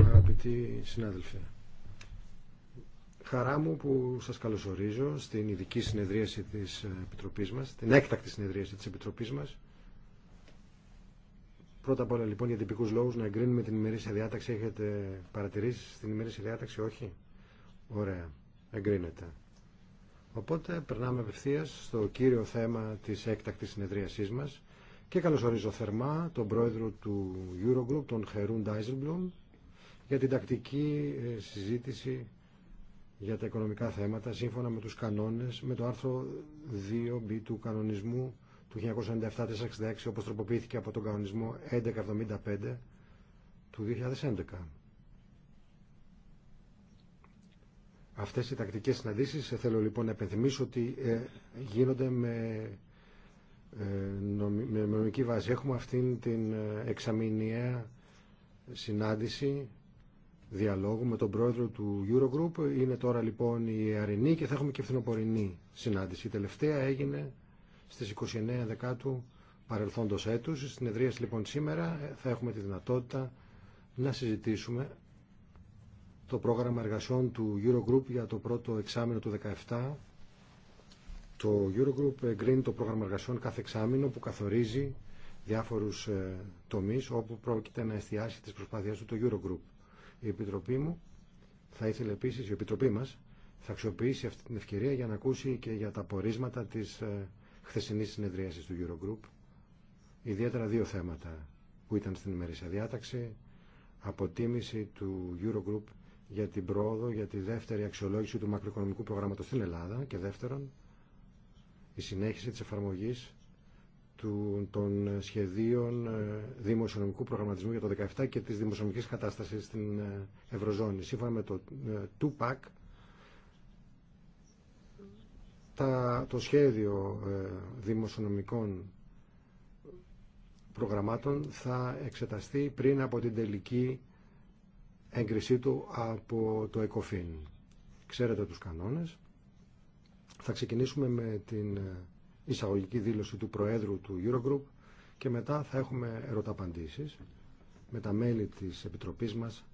Αγαπητοί συνάδελφοι, χαρά μου που σας καλωσορίζω στην ειδική συνεδρίαση της Επιτροπής μας, την έκτακτη συνεδρίαση της Επιτροπής μας. Πρώτα απ' όλα λοιπόν για τυπικούς λόγους να εγκρίνουμε την ημερήσια διάταξη. Έχετε παρατηρήσει στην ημερήσια διάταξη, όχι. Ωραία, εγκρίνεται. Οπότε περνάμε απευθεία στο κύριο θέμα της έκτακτη συνεδρίασής μας και καλωσορίζω θερμά τον πρόεδρο του Eurogroup, τον Χερούν Ντάιζελμπλουμ, για την τακτική ε, συζήτηση για τα οικονομικά θέματα σύμφωνα με τους κανόνες, με το άρθρο 2b του κανονισμού του 1997-466 όπως τροποποιήθηκε από τον κανονισμό 1175 του 2011. Αυτές οι τακτικές συναντήσεις ε, θέλω λοιπόν να επενθυμίσω ότι ε, γίνονται με ε, με νομική βάση. Έχουμε αυτήν την ε, εξαμηνιαία συνάντηση διαλόγου με τον πρόεδρο του Eurogroup. Είναι τώρα λοιπόν η αρεινή και θα έχουμε και φθινοπορεινή συνάντηση. Η τελευταία έγινε στις 29 Δεκάτου παρελθόντος έτους. Στην εδρία λοιπόν σήμερα ε, θα έχουμε τη δυνατότητα να συζητήσουμε το πρόγραμμα εργασιών του Eurogroup για το πρώτο εξάμεινο του 2017 το Eurogroup εγκρίνει το πρόγραμμα εργασιών κάθε εξάμεινο που καθορίζει διάφορους ε, τομεί όπου πρόκειται να εστιάσει τι προσπάθειέ του το Eurogroup. Η Επιτροπή μου θα ήθελε επίσης, η Επιτροπή μας θα αξιοποιήσει αυτή την ευκαιρία για να ακούσει και για τα πορίσματα της ε, χθεσινής συνεδρίασης του Eurogroup. Ιδιαίτερα δύο θέματα που ήταν στην ημερήσια διάταξη, αποτίμηση του Eurogroup για την πρόοδο, για τη δεύτερη αξιολόγηση του μακροοικονομικού προγράμματο στην Ελλάδα και δεύτερον, η συνέχιση της εφαρμογής του, των σχεδίων ε, δημοσιονομικού προγραμματισμού για το 2017 και της δημοσιονομικής κατάστασης στην ε, Ευρωζώνη. Σύμφωνα με το 2PAC, ε, τα, το σχέδιο δημοσιονομικών προγραμμάτων θα εξεταστεί πριν από την τελική έγκρισή του από το ΕΚΟΦΗΝ. Ξέρετε τους κανόνες. Θα ξεκινήσουμε με την ε, εισαγωγική δήλωση του Προέδρου του Eurogroup και μετά θα έχουμε ερωταπαντήσεις με τα μέλη της Επιτροπής μας.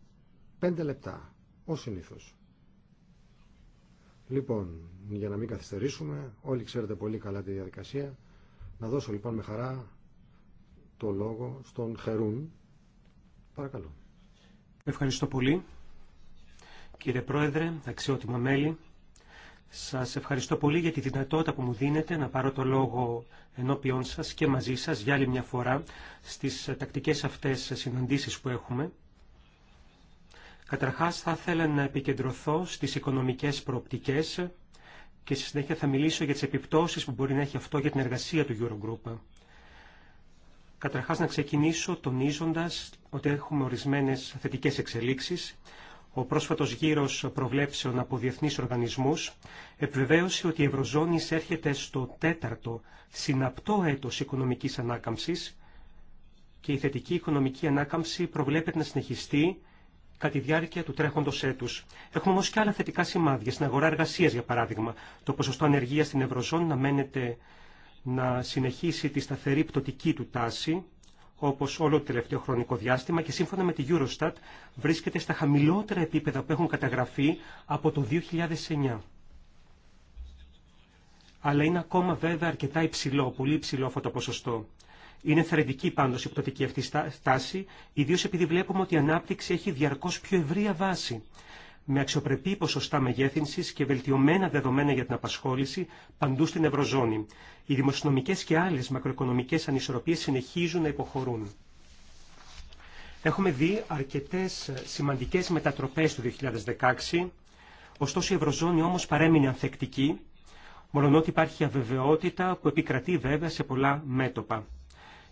Πέντε λεπτά, ως συνήθως. Λοιπόν, για να μην καθυστερήσουμε, όλοι ξέρετε πολύ καλά τη διαδικασία, να δώσω λοιπόν με χαρά το λόγο στον Χερούν. Παρακαλώ. Ευχαριστώ πολύ. Κύριε Πρόεδρε, αξιότιμα μέλη, σας ευχαριστώ πολύ για τη δυνατότητα που μου δίνετε να πάρω το λόγο ενώπιόν σας και μαζί σας για άλλη μια φορά στις τακτικές αυτές συναντήσεις που έχουμε. Καταρχάς θα ήθελα να επικεντρωθώ στις οικονομικές προοπτικές και στη συνέχεια θα μιλήσω για τις επιπτώσεις που μπορεί να έχει αυτό για την εργασία του Eurogroup. Καταρχάς να ξεκινήσω τονίζοντας ότι έχουμε ορισμένες θετικές εξελίξεις ο πρόσφατος γύρος προβλέψεων από διεθνείς οργανισμούς επιβεβαίωσε ότι η Ευρωζώνη εισέρχεται στο τέταρτο συναπτό έτος οικονομικής ανάκαμψης και η θετική οικονομική ανάκαμψη προβλέπεται να συνεχιστεί κατά τη διάρκεια του τρέχοντος έτους. Έχουμε όμως και άλλα θετικά σημάδια στην αγορά εργασία, για παράδειγμα. Το ποσοστό ανεργία στην Ευρωζώνη να μένεται να συνεχίσει τη σταθερή πτωτική του τάση όπως όλο το τελευταίο χρονικό διάστημα και σύμφωνα με τη Eurostat βρίσκεται στα χαμηλότερα επίπεδα που έχουν καταγραφεί από το 2009. Αλλά είναι ακόμα βέβαια αρκετά υψηλό, πολύ υψηλό αυτό το ποσοστό. Είναι θερετική πάντως η πτωτική αυτή στάση, ιδίως επειδή βλέπουμε ότι η ανάπτυξη έχει διαρκώς πιο ευρία βάση με αξιοπρεπή ποσοστά μεγέθυνση και βελτιωμένα δεδομένα για την απασχόληση παντού στην Ευρωζώνη. Οι δημοσιονομικέ και άλλε μακροοικονομικέ ανισορροπίε συνεχίζουν να υποχωρούν. Έχουμε δει αρκετέ σημαντικέ μετατροπέ του 2016, ωστόσο η Ευρωζώνη όμω παρέμεινε ανθεκτική, μόνο ότι υπάρχει αβεβαιότητα που επικρατεί βέβαια σε πολλά μέτωπα.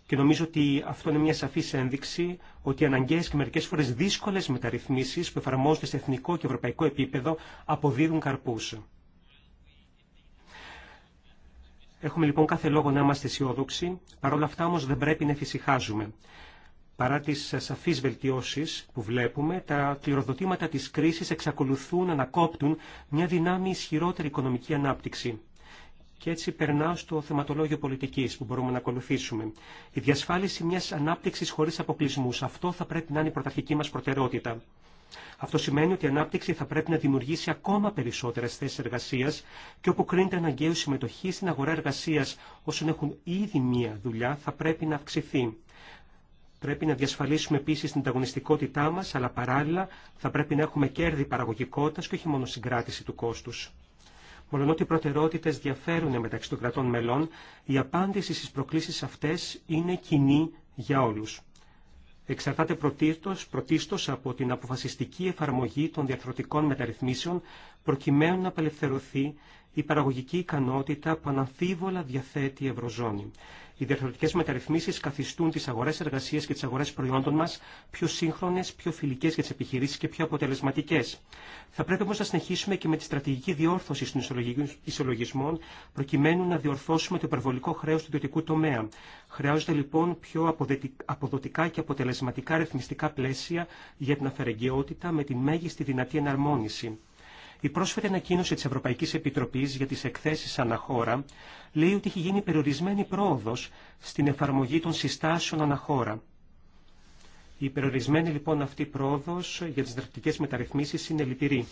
Και νομίζω ότι αυτό είναι μια σαφή ένδειξη ότι οι αναγκαίε και μερικέ φορέ δύσκολε μεταρρυθμίσει που εφαρμόζονται σε εθνικό και ευρωπαϊκό επίπεδο αποδίδουν καρπού. Έχουμε λοιπόν κάθε λόγο να είμαστε αισιόδοξοι, παρόλα αυτά όμω δεν πρέπει να εφησυχάζουμε. Παρά τι σαφεί βελτιώσει που βλέπουμε, τα κληροδοτήματα τη κρίση εξακολουθούν να ανακόπτουν μια δυνάμει ισχυρότερη οικονομική ανάπτυξη. Και έτσι περνάω στο θεματολόγιο πολιτική που μπορούμε να ακολουθήσουμε. Η διασφάλιση μια ανάπτυξη χωρί αποκλεισμού. Αυτό θα πρέπει να είναι η πρωταρχική μα προτεραιότητα. Αυτό σημαίνει ότι η ανάπτυξη θα πρέπει να δημιουργήσει ακόμα περισσότερε θέσει εργασία και όπου κρίνεται αναγκαίο συμμετοχή στην αγορά εργασία όσων έχουν ήδη μία δουλειά θα πρέπει να αυξηθεί. Πρέπει να διασφαλίσουμε επίση την ανταγωνιστικότητά μα, αλλά παράλληλα θα πρέπει να έχουμε κέρδη παραγωγικότητα και όχι μόνο συγκράτηση του κόστου. Μολονότι οι προτεραιότητε διαφέρουν μεταξύ των κρατών μελών, η απάντηση στι προκλήσει αυτέ είναι κοινή για όλου. Εξαρτάται πρωτίστως, από την αποφασιστική εφαρμογή των διαρθρωτικών μεταρρυθμίσεων προκειμένου να απελευθερωθεί η παραγωγική ικανότητα που αναμφίβολα διαθέτει η Ευρωζώνη. Οι διαρθρωτικέ μεταρρυθμίσει καθιστούν τι αγορέ εργασία και τι αγορέ προϊόντων μα πιο σύγχρονε, πιο φιλικέ για τι επιχειρήσει και πιο αποτελεσματικέ. Θα πρέπει όμω να συνεχίσουμε και με τη στρατηγική διόρθωση των ισολογισμών, προκειμένου να διορθώσουμε το υπερβολικό χρέο του ιδιωτικού τομέα. Χρειάζονται λοιπόν πιο αποδοτικά και αποτελεσματικά ρυθμιστικά πλαίσια για την αφαιρεγκαιότητα με τη μέγιστη δυνατή εναρμόνιση. Η πρόσφατη ανακοίνωση της Ευρωπαϊκής Επιτροπής για τις εκθέσεις αναχώρα λέει ότι έχει γίνει περιορισμένη πρόοδος στην εφαρμογή των συστάσεων αναχώρα. Η περιορισμένη λοιπόν αυτή πρόοδος για τις δραστικές μεταρρυθμίσεις είναι λυπηρή.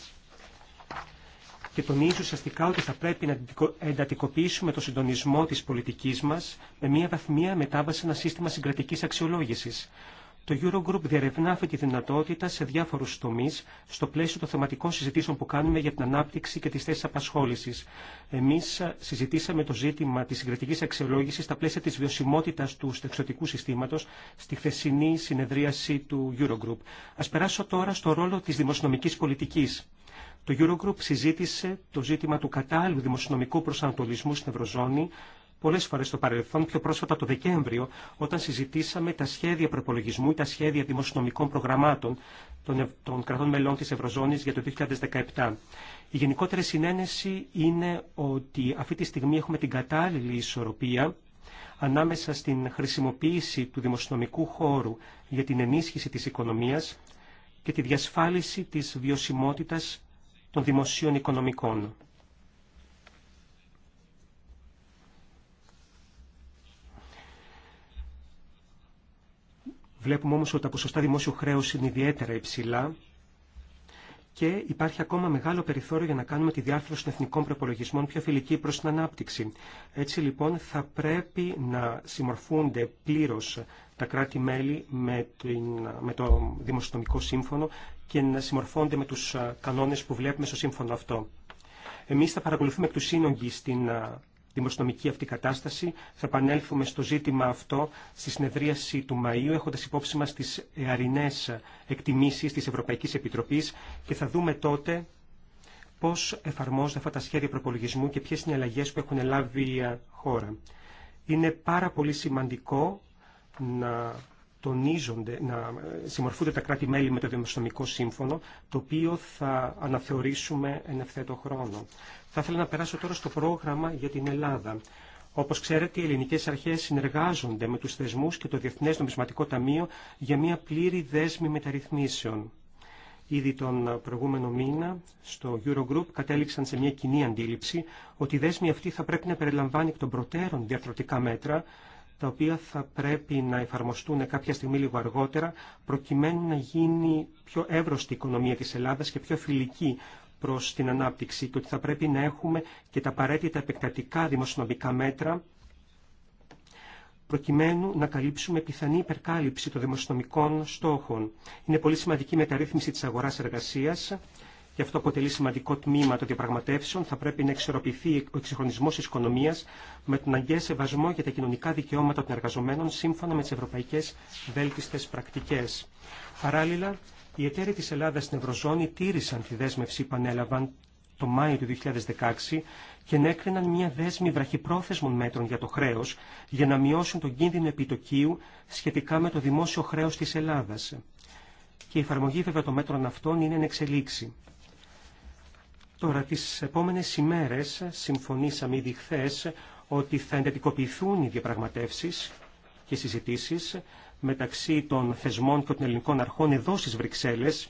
Και τονίζω, ουσιαστικά ότι θα πρέπει να εντατικοποιήσουμε το συντονισμό της πολιτικής μας με μια βαθμία μετάβαση σε ένα σύστημα συγκρατικής αξιολόγησης. Το Eurogroup διερευνά αυτή τη δυνατότητα σε διάφορου τομεί στο πλαίσιο των θεματικών συζητήσεων που κάνουμε για την ανάπτυξη και τι θέσει απασχόληση. Εμεί συζητήσαμε το ζήτημα τη συγκριτική αξιολόγηση στα πλαίσια τη βιωσιμότητα του στεξιωτικού συστήματο στη χθεσινή συνεδρίαση του Eurogroup. Α περάσω τώρα στο ρόλο τη δημοσιονομική πολιτική. Το Eurogroup συζήτησε το ζήτημα του κατάλληλου δημοσιονομικού προσανατολισμού στην Ευρωζώνη Πολλέ φορές στο παρελθόν, πιο πρόσφατα το Δεκέμβριο, όταν συζητήσαμε τα σχέδια προπολογισμού, τα σχέδια δημοσιονομικών προγραμμάτων των, των κρατών μελών της Ευρωζώνης για το 2017. Η γενικότερη συνένεση είναι ότι αυτή τη στιγμή έχουμε την κατάλληλη ισορροπία ανάμεσα στην χρησιμοποίηση του δημοσιονομικού χώρου για την ενίσχυση της οικονομίας και τη διασφάλιση της βιωσιμότητας των δημοσίων οικονομικών. Βλέπουμε όμως ότι τα ποσοστά δημόσιου χρέους είναι ιδιαίτερα υψηλά και υπάρχει ακόμα μεγάλο περιθώριο για να κάνουμε τη διάρθρωση των εθνικών προπολογισμών πιο φιλική προς την ανάπτυξη. Έτσι λοιπόν θα πρέπει να συμμορφούνται πλήρως τα κράτη-μέλη με, με το Δημοσιονομικό Σύμφωνο και να συμμορφώνται με τους κανόνες που βλέπουμε στο σύμφωνο αυτό. Εμείς θα παρακολουθούμε εκ του σύνογγι στην δημοσιονομική αυτή κατάσταση. Θα επανέλθουμε στο ζήτημα αυτό στη συνεδρίαση του Μαΐου, έχοντας υπόψη μας τις αρινές εκτιμήσεις της Ευρωπαϊκής Επιτροπής και θα δούμε τότε πώς εφαρμόζονται αυτά τα σχέδια προπολογισμού και ποιες είναι οι αλλαγές που έχουν λάβει η χώρα. Είναι πάρα πολύ σημαντικό να τονίζονται, να συμμορφούνται τα κράτη-μέλη με το Δημοσιονομικό Σύμφωνο, το οποίο θα αναθεωρήσουμε εν ευθέτω χρόνο. Θα ήθελα να περάσω τώρα στο πρόγραμμα για την Ελλάδα. Όπω ξέρετε, οι ελληνικέ αρχέ συνεργάζονται με του θεσμού και το Διεθνές Νομισματικό Ταμείο για μια πλήρη δέσμη μεταρρυθμίσεων. Ήδη τον προηγούμενο μήνα στο Eurogroup κατέληξαν σε μια κοινή αντίληψη ότι η δέσμη αυτή θα πρέπει να περιλαμβάνει εκ των προτέρων διαρθρωτικά μέτρα τα οποία θα πρέπει να εφαρμοστούν κάποια στιγμή λίγο αργότερα, προκειμένου να γίνει πιο εύρωστη η οικονομία της Ελλάδας και πιο φιλική προς την ανάπτυξη και ότι θα πρέπει να έχουμε και τα απαραίτητα επεκτατικά δημοσιονομικά μέτρα προκειμένου να καλύψουμε πιθανή υπερκάλυψη των δημοσιονομικών στόχων. Είναι πολύ σημαντική μεταρρύθμιση της αγοράς εργασίας και αυτό αποτελεί σημαντικό τμήμα των διαπραγματεύσεων. Θα πρέπει να εξορροπηθεί ο εξυγχρονισμό τη οικονομία με τον αγκαίο σεβασμό για τα κοινωνικά δικαιώματα των εργαζομένων σύμφωνα με τι ευρωπαϊκέ βέλτιστε πρακτικέ. Παράλληλα, οι εταίροι τη Ελλάδα στην Ευρωζώνη τήρησαν τη δέσμευση που ανέλαβαν το Μάιο του 2016 και ενέκριναν μια δέσμη βραχυπρόθεσμων μέτρων για το χρέο για να μειώσουν τον κίνδυνο επιτοκίου σχετικά με το δημόσιο χρέο τη Ελλάδα. Και η εφαρμογή βέβαια των μέτρων αυτών είναι εν εξελίξη. Τώρα, τις επόμενες ημέρες συμφωνήσαμε ήδη χθε ότι θα εντατικοποιηθούν οι διαπραγματεύσεις και συζητήσεις μεταξύ των θεσμών και των ελληνικών αρχών εδώ στις Βρυξέλλες,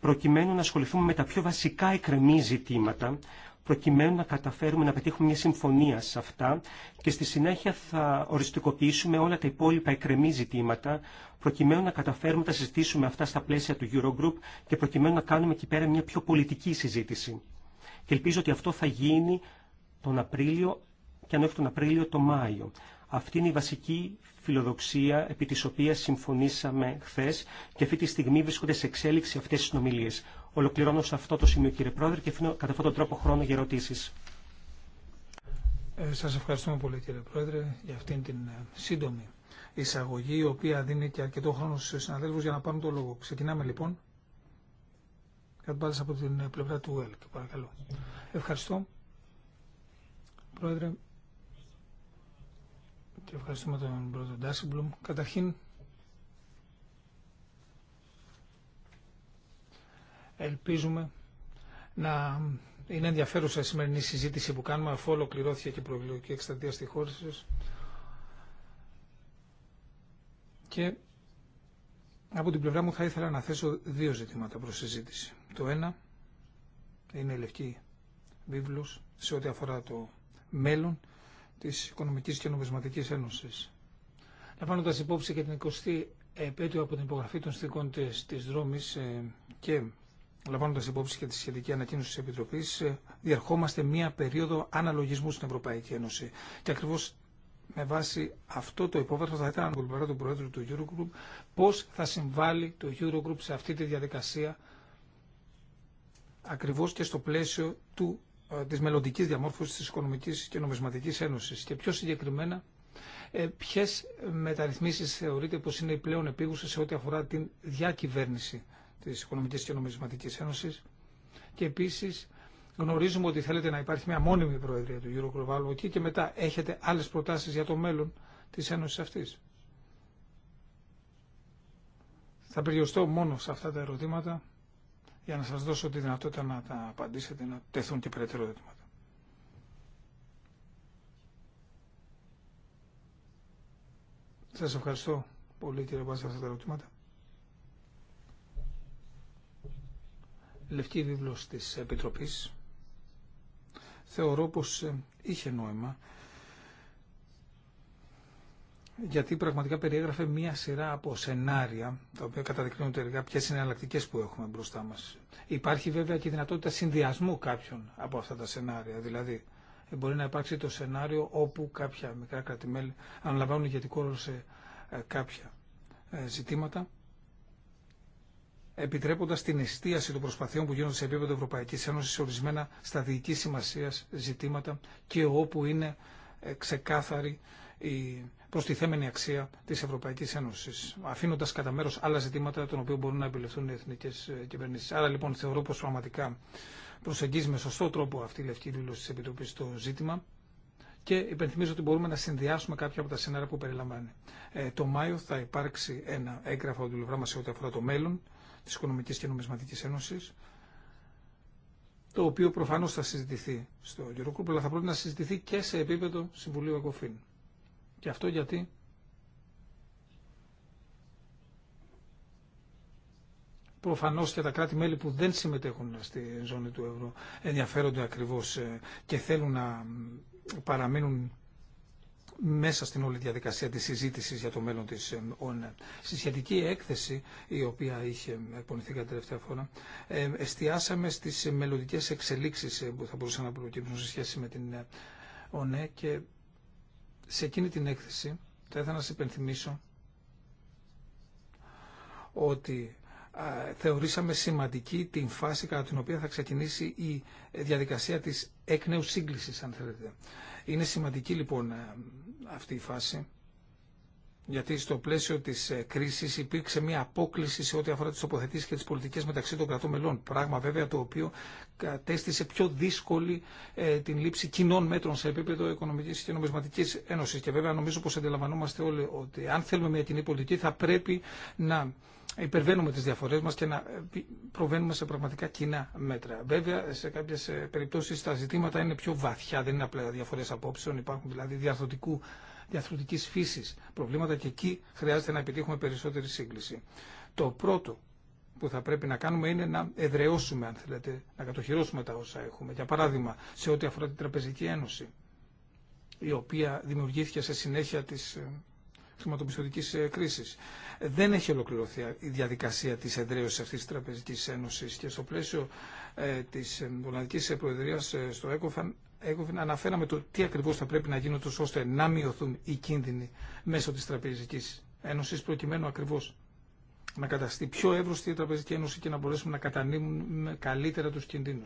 προκειμένου να ασχοληθούμε με τα πιο βασικά εκκρεμή ζητήματα προκειμένου να καταφέρουμε να πετύχουμε μια συμφωνία σε αυτά και στη συνέχεια θα οριστικοποιήσουμε όλα τα υπόλοιπα εκρεμή ζητήματα προκειμένου να καταφέρουμε να συζητήσουμε αυτά στα πλαίσια του Eurogroup και προκειμένου να κάνουμε εκεί πέρα μια πιο πολιτική συζήτηση. Και ελπίζω ότι αυτό θα γίνει τον Απρίλιο και αν όχι τον Απρίλιο, τον Μάιο. Αυτή είναι η βασική φιλοδοξία επί της οποίας συμφωνήσαμε χθες και αυτή τη στιγμή βρίσκονται σε εξέλιξη αυτές τις συνομιλίες. Ολοκληρώνω σε αυτό το σημείο κύριε Πρόεδρε και αφήνω κατά αυτόν τον τρόπο χρόνο για ερωτήσει. Ε, σας ευχαριστούμε πολύ κύριε Πρόεδρε για αυτήν την ε, σύντομη εισαγωγή η οποία δίνει και αρκετό χρόνο στους συναδέλφους για να πάρουν το λόγο. Ξεκινάμε λοιπόν. Κατ' από την ε, πλευρά του ΕΛΚ. Παρακαλώ. Ευχαριστώ. Πρόεδρε, και ευχαριστούμε τον πρόεδρο Ντάσιμπλουμ. Καταρχήν, Ελπίζουμε να είναι ενδιαφέρουσα η σημερινή συζήτηση που κάνουμε αφού ολοκληρώθηκε και η προεκλογική εκστρατεία στη χώρα σας. Και από την πλευρά μου θα ήθελα να θέσω δύο ζητήματα προς συζήτηση. Το ένα είναι η λευκή βίβλος σε ό,τι αφορά το μέλλον της Οικονομικής και Νομισματικής Ένωσης. Λαμβάνοντας υπόψη και την 20η επέτειο από την υπογραφή των συνθηκών της, της δρόμης ε, και λαμβάνοντα υπόψη και τη σχετική ανακοίνωση τη Επιτροπή, ε, διαρχόμαστε μία περίοδο αναλογισμού στην Ευρωπαϊκή Ένωση. Και ακριβώ με βάση αυτό το υπόβαθρο θα ήταν από του Προέδρου του Eurogroup πώ θα συμβάλλει το Eurogroup σε αυτή τη διαδικασία ακριβώ και στο πλαίσιο του ε, της μελλοντικής διαμόρφωσης της Οικονομικής και Νομισματικής Ένωσης και πιο συγκεκριμένα ε, ποιες μεταρρυθμίσεις θεωρείτε πως είναι οι πλέον επίγουσες σε ό,τι αφορά την διακυβέρνηση της Οικονομικής και Νομισματικής Ένωσης και επίσης γνωρίζουμε ότι θέλετε να υπάρχει μια μόνιμη προεδρία του Eurogroup Κροβάλλου εκεί και μετά έχετε άλλες προτάσεις για το μέλλον της Ένωσης αυτής. Θα περιοριστώ μόνο σε αυτά τα ερωτήματα για να σας δώσω τη δυνατότητα να τα απαντήσετε, να τεθούν και περαιτέρω ερωτήματα. Σας ευχαριστώ πολύ κύριε Βάση για αυτά τα ερωτήματα. λευκή βίβλος της Επιτροπής θεωρώ πως ε, είχε νόημα γιατί πραγματικά περιέγραφε μία σειρά από σενάρια, τα οποία καταδεικνύουν τελικά ποιε είναι εναλλακτικέ που έχουμε μπροστά μα. Υπάρχει βέβαια και η δυνατότητα συνδυασμού κάποιων από αυτά τα σενάρια. Δηλαδή, ε, μπορεί να υπάρξει το σενάριο όπου κάποια μικρά κρατημέλη αναλαμβάνουν ηγετικό ρόλο σε ε, κάποια ζητήματα επιτρέποντα την εστίαση των προσπαθειών που γίνονται σε επίπεδο Ευρωπαϊκή Ένωση σε ορισμένα σταδιακή σημασία ζητήματα και όπου είναι ε, ξεκάθαρη η προστιθέμενη αξία τη Ευρωπαϊκή Ένωση, αφήνοντα κατά μέρο άλλα ζητήματα των οποίων μπορούν να επιλεφθούν οι εθνικέ ε, κυβερνήσει. Άρα λοιπόν θεωρώ πω πραγματικά προσεγγίζει με σωστό τρόπο αυτή η λευκή δήλωση τη Επιτροπή το ζήτημα και υπενθυμίζω ότι μπορούμε να συνδυάσουμε κάποια από τα σενάρια που περιλαμβάνει. Ε, το Μάιο θα υπάρξει ένα έγγραφο από την πλευρά μα σε ό,τι αφορά το μέλλον της Οικονομικής και Νομισματικής Ένωσης, το οποίο προφανώς θα συζητηθεί στο Eurogroup, αλλά θα πρέπει να συζητηθεί και σε επίπεδο Συμβουλίου Αγκοφήν. Και αυτό γιατί προφανώς και τα κράτη-μέλη που δεν συμμετέχουν στη ζώνη του ευρώ ενδιαφέρονται ακριβώς ε, και θέλουν να παραμείνουν μέσα στην όλη διαδικασία της συζήτησης για το μέλλον της ε, ΟΝΕ. Στη σχετική έκθεση, η οποία είχε εκπονηθεί κατά τελευταία φορά, ε, εστιάσαμε στις μελλοντικέ εξελίξεις ε, που θα μπορούσαν να προκύψουν σε σχέση με την ΟΝΕ και σε εκείνη την έκθεση θα ήθελα να σας υπενθυμίσω ότι θεωρήσαμε σημαντική την φάση κατά την οποία θα ξεκινήσει η διαδικασία της εκ νέου σύγκλησης, αν θέλετε. Είναι σημαντική λοιπόν ε, αυτή η φάση γιατί στο πλαίσιο τη ε, κρίση υπήρξε μια απόκληση σε ό,τι αφορά τι τοποθετήσει και τι πολιτικέ μεταξύ των κρατών μελών. Πράγμα βέβαια το οποίο κατέστησε πιο δύσκολη ε, την λήψη κοινών μέτρων σε επίπεδο Οικονομική και Νομισματική Ένωση. Και βέβαια νομίζω πω αντιλαμβανόμαστε όλοι ότι αν θέλουμε μια κοινή πολιτική θα πρέπει να υπερβαίνουμε τις διαφορές μας και να ε, προβαίνουμε σε πραγματικά κοινά μέτρα. Βέβαια, σε κάποιες περιπτώσεις τα ζητήματα είναι πιο βαθιά, δεν είναι απλά διαφορές απόψεων, υπάρχουν δηλαδή διαρθωτικού διαθροτική φύση προβλήματα και εκεί χρειάζεται να επιτύχουμε περισσότερη σύγκληση. Το πρώτο που θα πρέπει να κάνουμε είναι να εδραιώσουμε, αν θέλετε, να κατοχυρώσουμε τα όσα έχουμε. Για παράδειγμα, σε ό,τι αφορά την Τραπεζική Ένωση, η οποία δημιουργήθηκε σε συνέχεια της ε, χρηματοπιστωτικής ε, κρίσης. Δεν έχει ολοκληρωθεί η διαδικασία τη εδραίωση αυτή τη Τραπεζική Ένωση και στο πλαίσιο ε, της Προεδρία Προεδρίας στο ΕΚΟΦΑΝ αναφέραμε το τι ακριβώ θα πρέπει να γίνει ώστε να μειωθούν οι κίνδυνοι μέσω τη Τραπεζική Ένωση, προκειμένου ακριβώ, να καταστεί πιο εύρωστη η Τραπεζική Ένωση και να μπορέσουμε να κατανείμουμε καλύτερα του κίνδυνου.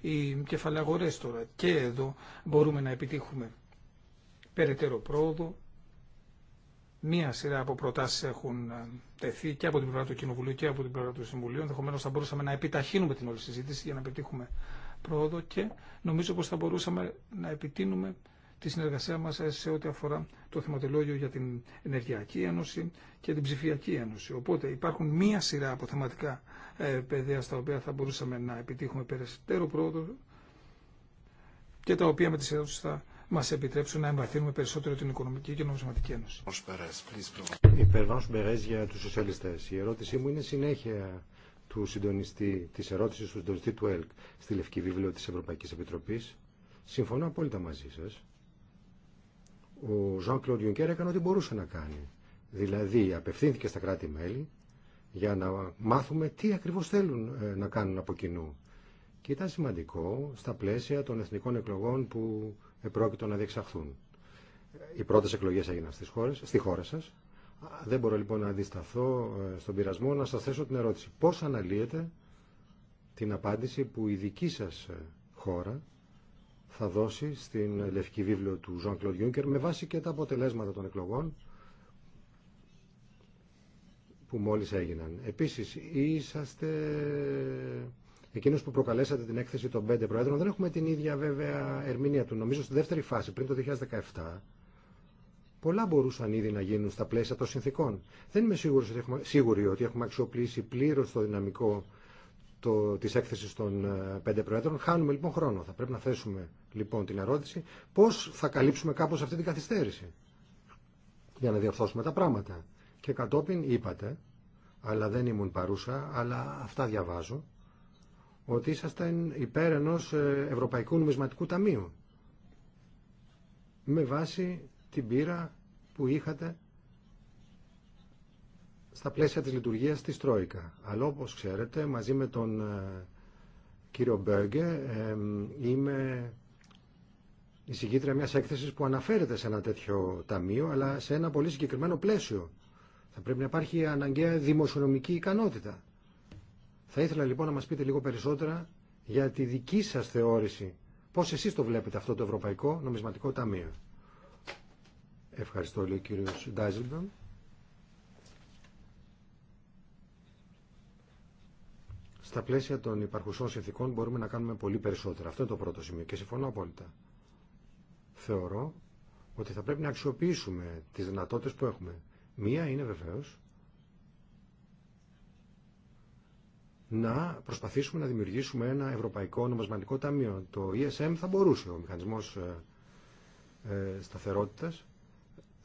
Οι κεφαλαγορέ τώρα και εδώ μπορούμε να επιτύχουμε περαιτέρω πρόοδο. Μία σειρά από προτάσει έχουν ε, τεθεί και από την πλευρά του Κοινοβουλίου και από την πλευρά του Συμβουλίου. Ενδεχομένω θα μπορούσαμε να επιταχύνουμε την όλη συζήτηση για να πετύχουμε πρόοδο και νομίζω πως θα μπορούσαμε να επιτείνουμε τη συνεργασία μας σε ό,τι αφορά το θεματολόγιο για την Ενεργειακή Ένωση και την Ψηφιακή Ένωση. Οπότε υπάρχουν μία σειρά από θεματικά ε, παιδεία στα οποία θα μπορούσαμε να επιτύχουμε περισσότερο πρόοδο και τα οποία με τη σειρά θα μας επιτρέψουν να εμβαθύνουμε περισσότερο την Οικονομική και Νομισματική Ένωση. Μπερές για τους σοσιαλιστές. Η ερώτησή μου είναι συνέχεια του συντονιστή, της ερώτησης του συντονιστή του ΕΛΚ στη Λευκή Βίβλιο της Ευρωπαϊκής Επιτροπής. Συμφωνώ απόλυτα μαζί σας. Ο Ζαν Κλοντ Ιουνκέρ έκανε ό,τι μπορούσε να κάνει. Δηλαδή απευθύνθηκε στα κράτη-μέλη για να μάθουμε τι ακριβώς θέλουν ε, να κάνουν από κοινού. Και ήταν σημαντικό στα πλαίσια των εθνικών εκλογών που επρόκειτο να διεξαχθούν. Οι πρώτες εκλογές έγιναν στις χώρες, στη χώρα σας δεν μπορώ λοιπόν να αντισταθώ ε, στον πειρασμό να σας θέσω την ερώτηση. Πώς αναλύεται την απάντηση που η δική σας ε, χώρα θα δώσει στην Λευκή Βίβλιο του Ζων Κλοντ Γιούνκερ με βάση και τα αποτελέσματα των εκλογών που μόλις έγιναν. Επίσης, είσαστε εκείνος που προκαλέσατε την έκθεση των πέντε προέδρων. Δεν έχουμε την ίδια βέβαια ερμηνεία του. Νομίζω στη δεύτερη φάση, πριν το 2017, Πολλά μπορούσαν ήδη να γίνουν στα πλαίσια των συνθήκων. Δεν είμαι σίγουρος ότι έχουμε, σίγουροι ότι έχουμε αξιοποιήσει πλήρω το δυναμικό το, της έκθεσης των ε, πέντε προέδρων. Χάνουμε λοιπόν χρόνο. Θα πρέπει να θέσουμε λοιπόν την ερώτηση πώς θα καλύψουμε κάπως αυτή την καθυστέρηση για να διορθώσουμε τα πράγματα. Και κατόπιν είπατε, αλλά δεν ήμουν παρούσα, αλλά αυτά διαβάζω, ότι ήσασταν υπέρ ενός ε, Ευρωπαϊκού Νομισματικού Ταμείου με βάση την πείρα που είχατε στα πλαίσια της λειτουργίας της Τρόικα. Αλλά όπως ξέρετε, μαζί με τον ε, κύριο Μπέργκε, είμαι η συγκήτρια μιας έκθεσης που αναφέρεται σε ένα τέτοιο ταμείο, αλλά σε ένα πολύ συγκεκριμένο πλαίσιο. Θα πρέπει να υπάρχει αναγκαία δημοσιονομική ικανότητα. Θα ήθελα λοιπόν να μας πείτε λίγο περισσότερα για τη δική σας θεώρηση, πώς εσείς το βλέπετε αυτό το Ευρωπαϊκό Νομισματικό Ταμείο. Ευχαριστώ, λέει ο κύριο Στα πλαίσια των υπαρχουσών συνθήκων μπορούμε να κάνουμε πολύ περισσότερα. Αυτό είναι το πρώτο σημείο και συμφωνώ απόλυτα. Θεωρώ ότι θα πρέπει να αξιοποιήσουμε τις δυνατότητες που έχουμε. Μία είναι βεβαίως να προσπαθήσουμε να δημιουργήσουμε ένα ευρωπαϊκό νομισματικό ταμείο. Το ESM θα μπορούσε, ο Μηχανισμός ε, ε, Σταθερότητας,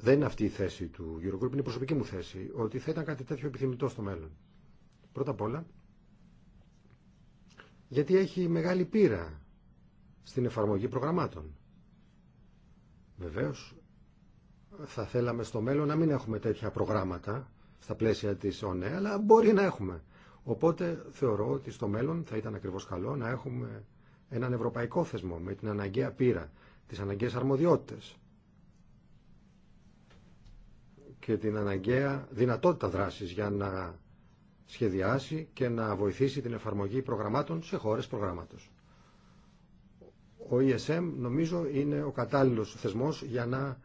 δεν είναι αυτή η θέση του Eurogroup, είναι η προσωπική μου θέση, ότι θα ήταν κάτι τέτοιο επιθυμητό στο μέλλον. Πρώτα απ' όλα, γιατί έχει μεγάλη πείρα στην εφαρμογή προγραμμάτων. Βεβαίως, θα θέλαμε στο μέλλον να μην έχουμε τέτοια προγράμματα στα πλαίσια της ΟΝΕ, αλλά μπορεί να έχουμε. Οπότε θεωρώ ότι στο μέλλον θα ήταν ακριβώς καλό να έχουμε έναν ευρωπαϊκό θεσμό με την αναγκαία πείρα, τις αναγκαίες αρμοδιότητες και την αναγκαία δυνατότητα δράσης για να σχεδιάσει και να βοηθήσει την εφαρμογή προγραμμάτων σε χώρες προγράμματος. Ο ESM νομίζω είναι ο κατάλληλος θεσμός για να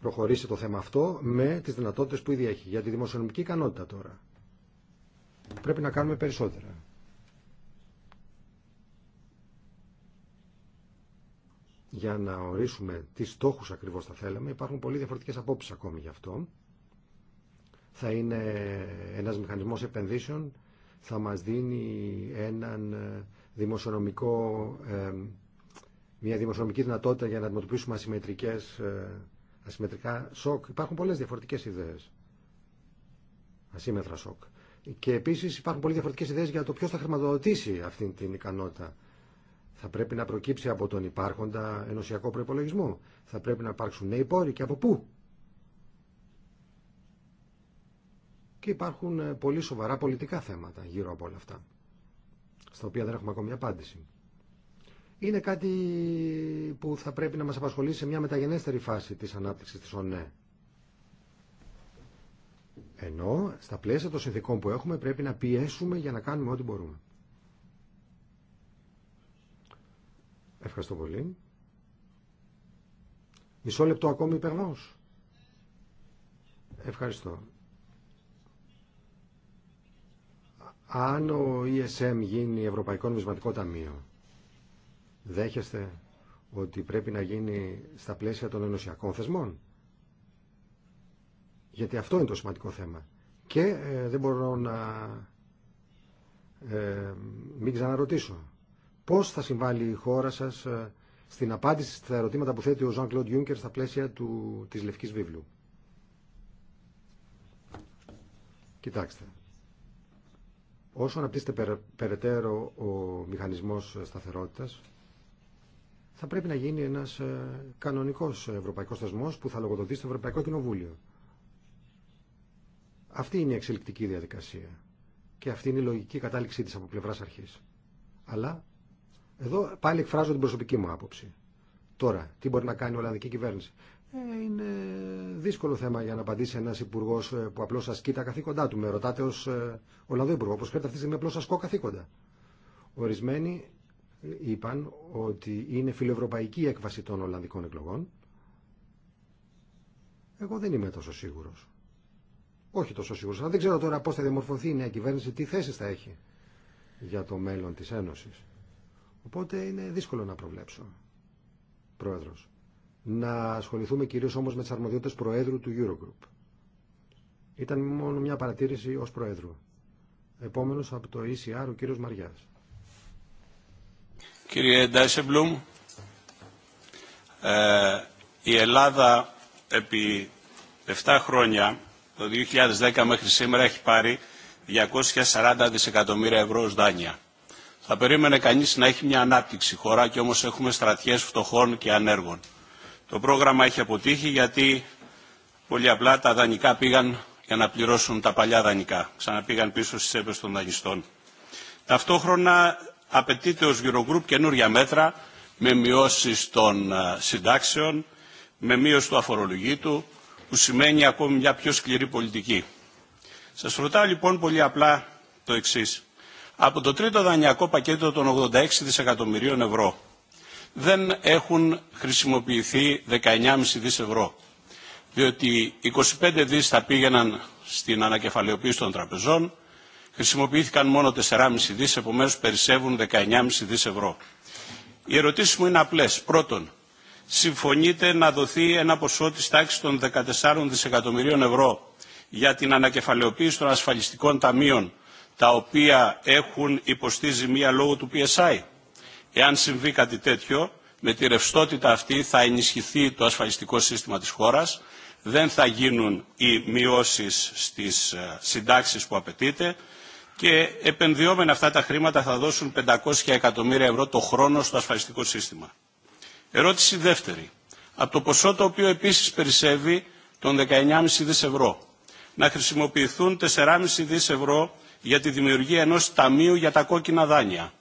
προχωρήσει το θέμα αυτό με τις δυνατότητες που ήδη έχει. Για τη δημοσιονομική ικανότητα τώρα. Πρέπει να κάνουμε περισσότερα. για να ορίσουμε τι στόχους ακριβώς θα θέλαμε. Υπάρχουν πολύ διαφορετικές απόψεις ακόμη γι' αυτό. Θα είναι ένας μηχανισμός επενδύσεων, θα μας δίνει έναν ε, δημοσιονομικό, ε, μια δημοσιονομική δυνατότητα για να αντιμετωπίσουμε ασυμμετρικές, ε, ασυμμετρικά σοκ. Υπάρχουν πολλές διαφορετικές ιδέες. Ασύμμετρα σοκ. Και επίσης υπάρχουν πολύ διαφορετικές ιδέες για το ποιος θα χρηματοδοτήσει αυτή την ικανότητα θα πρέπει να προκύψει από τον υπάρχοντα ενωσιακό προπολογισμό. Θα πρέπει να υπάρξουν νέοι πόροι και από πού. Και υπάρχουν ε, πολύ σοβαρά πολιτικά θέματα γύρω από όλα αυτά, στα οποία δεν έχουμε ακόμη απάντηση. Είναι κάτι που θα πρέπει να μας απασχολήσει σε μια μεταγενέστερη φάση της ανάπτυξης της ΟΝΕ. Ενώ στα πλαίσια των συνθήκων που έχουμε πρέπει να πιέσουμε για να κάνουμε ό,τι μπορούμε. Ευχαριστώ πολύ. Μισό λεπτό ακόμη υπερβάως. Ευχαριστώ. Αν ο ESM γίνει Ευρωπαϊκό Νομισματικό Ταμείο, δέχεστε ότι πρέπει να γίνει στα πλαίσια των ενωσιακών θεσμών. Γιατί αυτό είναι το σημαντικό θέμα. Και ε, δεν μπορώ να ε, μην ξαναρωτήσω πώς θα συμβάλλει η χώρα σας ε, στην απάντηση στα ερωτήματα που θέτει ο Ζαν Κλοντ Juncker στα πλαίσια του, της Λευκής Βίβλου. Κοιτάξτε, όσο αναπτύσσεται περαιτέρω ο μηχανισμός σταθερότητας, θα πρέπει να γίνει ένας ε, κανονικός ευρωπαϊκός θεσμός που θα λογοδοτεί στο Ευρωπαϊκό Κοινοβούλιο. Αυτή είναι η εξελικτική διαδικασία και αυτή είναι η λογική κατάληξή της από πλευράς αρχής. Αλλά εδώ πάλι εκφράζω την προσωπική μου άποψη. Τώρα, τι μπορεί να κάνει η Ολλανδική κυβέρνηση. Ε, είναι δύσκολο θέμα για να απαντήσει ένα υπουργό ε, που απλώ ασκεί τα καθήκοντά του. Με ρωτάτε ω ε, Ολλανδό υπουργό. Όπω ξέρετε, αυτή τη στιγμή απλώ ασκώ καθήκοντα. Ορισμένοι ε, είπαν ότι είναι φιλοευρωπαϊκή έκβαση των Ολλανδικών εκλογών. Εγώ δεν είμαι τόσο σίγουρο. Όχι τόσο σίγουρο. Αλλά δεν ξέρω τώρα πώ θα διαμορφωθεί η νέα κυβέρνηση, τι θέσει θα έχει για το μέλλον τη Ένωση. Οπότε είναι δύσκολο να προβλέψω. Πρόεδρος. Να ασχοληθούμε κυρίω όμως με τι αρμοδιότητε Προέδρου του Eurogroup. Ήταν μόνο μια παρατήρηση ως Προέδρου. επόμενο από το ECR ο κύριος Μαριά. Κύριε Ντάισεμπλουμ, ε, η Ελλάδα επί 7 χρόνια, το 2010 μέχρι σήμερα, έχει πάρει 240 δισεκατομμύρια ευρώ ως δάνεια. Θα περίμενε κανείς να έχει μια ανάπτυξη χώρα και όμως έχουμε στρατιέ φτωχών και ανέργων. Το πρόγραμμα έχει αποτύχει γιατί πολύ απλά τα δανεικά πήγαν για να πληρώσουν τα παλιά δανεικά. Ξαναπήγαν πίσω στι έπε των δανειστών. Ταυτόχρονα απαιτείται ως Eurogroup καινούρια μέτρα με μειώσεις των ε, συντάξεων, με μείωση του αφορολογήτου, που σημαίνει ακόμη μια πιο σκληρή πολιτική. Σας ρωτάω λοιπόν πολύ απλά το εξής από το τρίτο δανειακό πακέτο των 86 δισεκατομμυρίων ευρώ. Δεν έχουν χρησιμοποιηθεί 19,5 δις ευρώ, διότι 25 δις θα πήγαιναν στην ανακεφαλαιοποίηση των τραπεζών, χρησιμοποιήθηκαν μόνο 4,5 δις, επομένως περισσεύουν 19,5 δις ευρώ. Οι ερωτήσεις μου είναι απλές. Πρώτον, συμφωνείτε να δοθεί ένα ποσό της τάξης των 14 δισεκατομμυρίων ευρώ για την ανακεφαλαιοποίηση των ασφαλιστικών ταμείων τα οποία έχουν υποστεί ζημία λόγω του PSI. Εάν συμβεί κάτι τέτοιο, με τη ρευστότητα αυτή θα ενισχυθεί το ασφαλιστικό σύστημα της χώρας, δεν θα γίνουν οι μειώσεις στις ε, συντάξεις που απαιτείται και επενδυόμενα αυτά τα χρήματα θα δώσουν 500 εκατομμύρια ευρώ το χρόνο στο ασφαλιστικό σύστημα. Ερώτηση δεύτερη. Από το ποσό το οποίο επίσης περισσεύει των 19,5 δις ευρώ να χρησιμοποιηθούν 4,5 δις ευρώ για τη δημιουργία ενός ταμείου για τα κόκκινα δάνεια,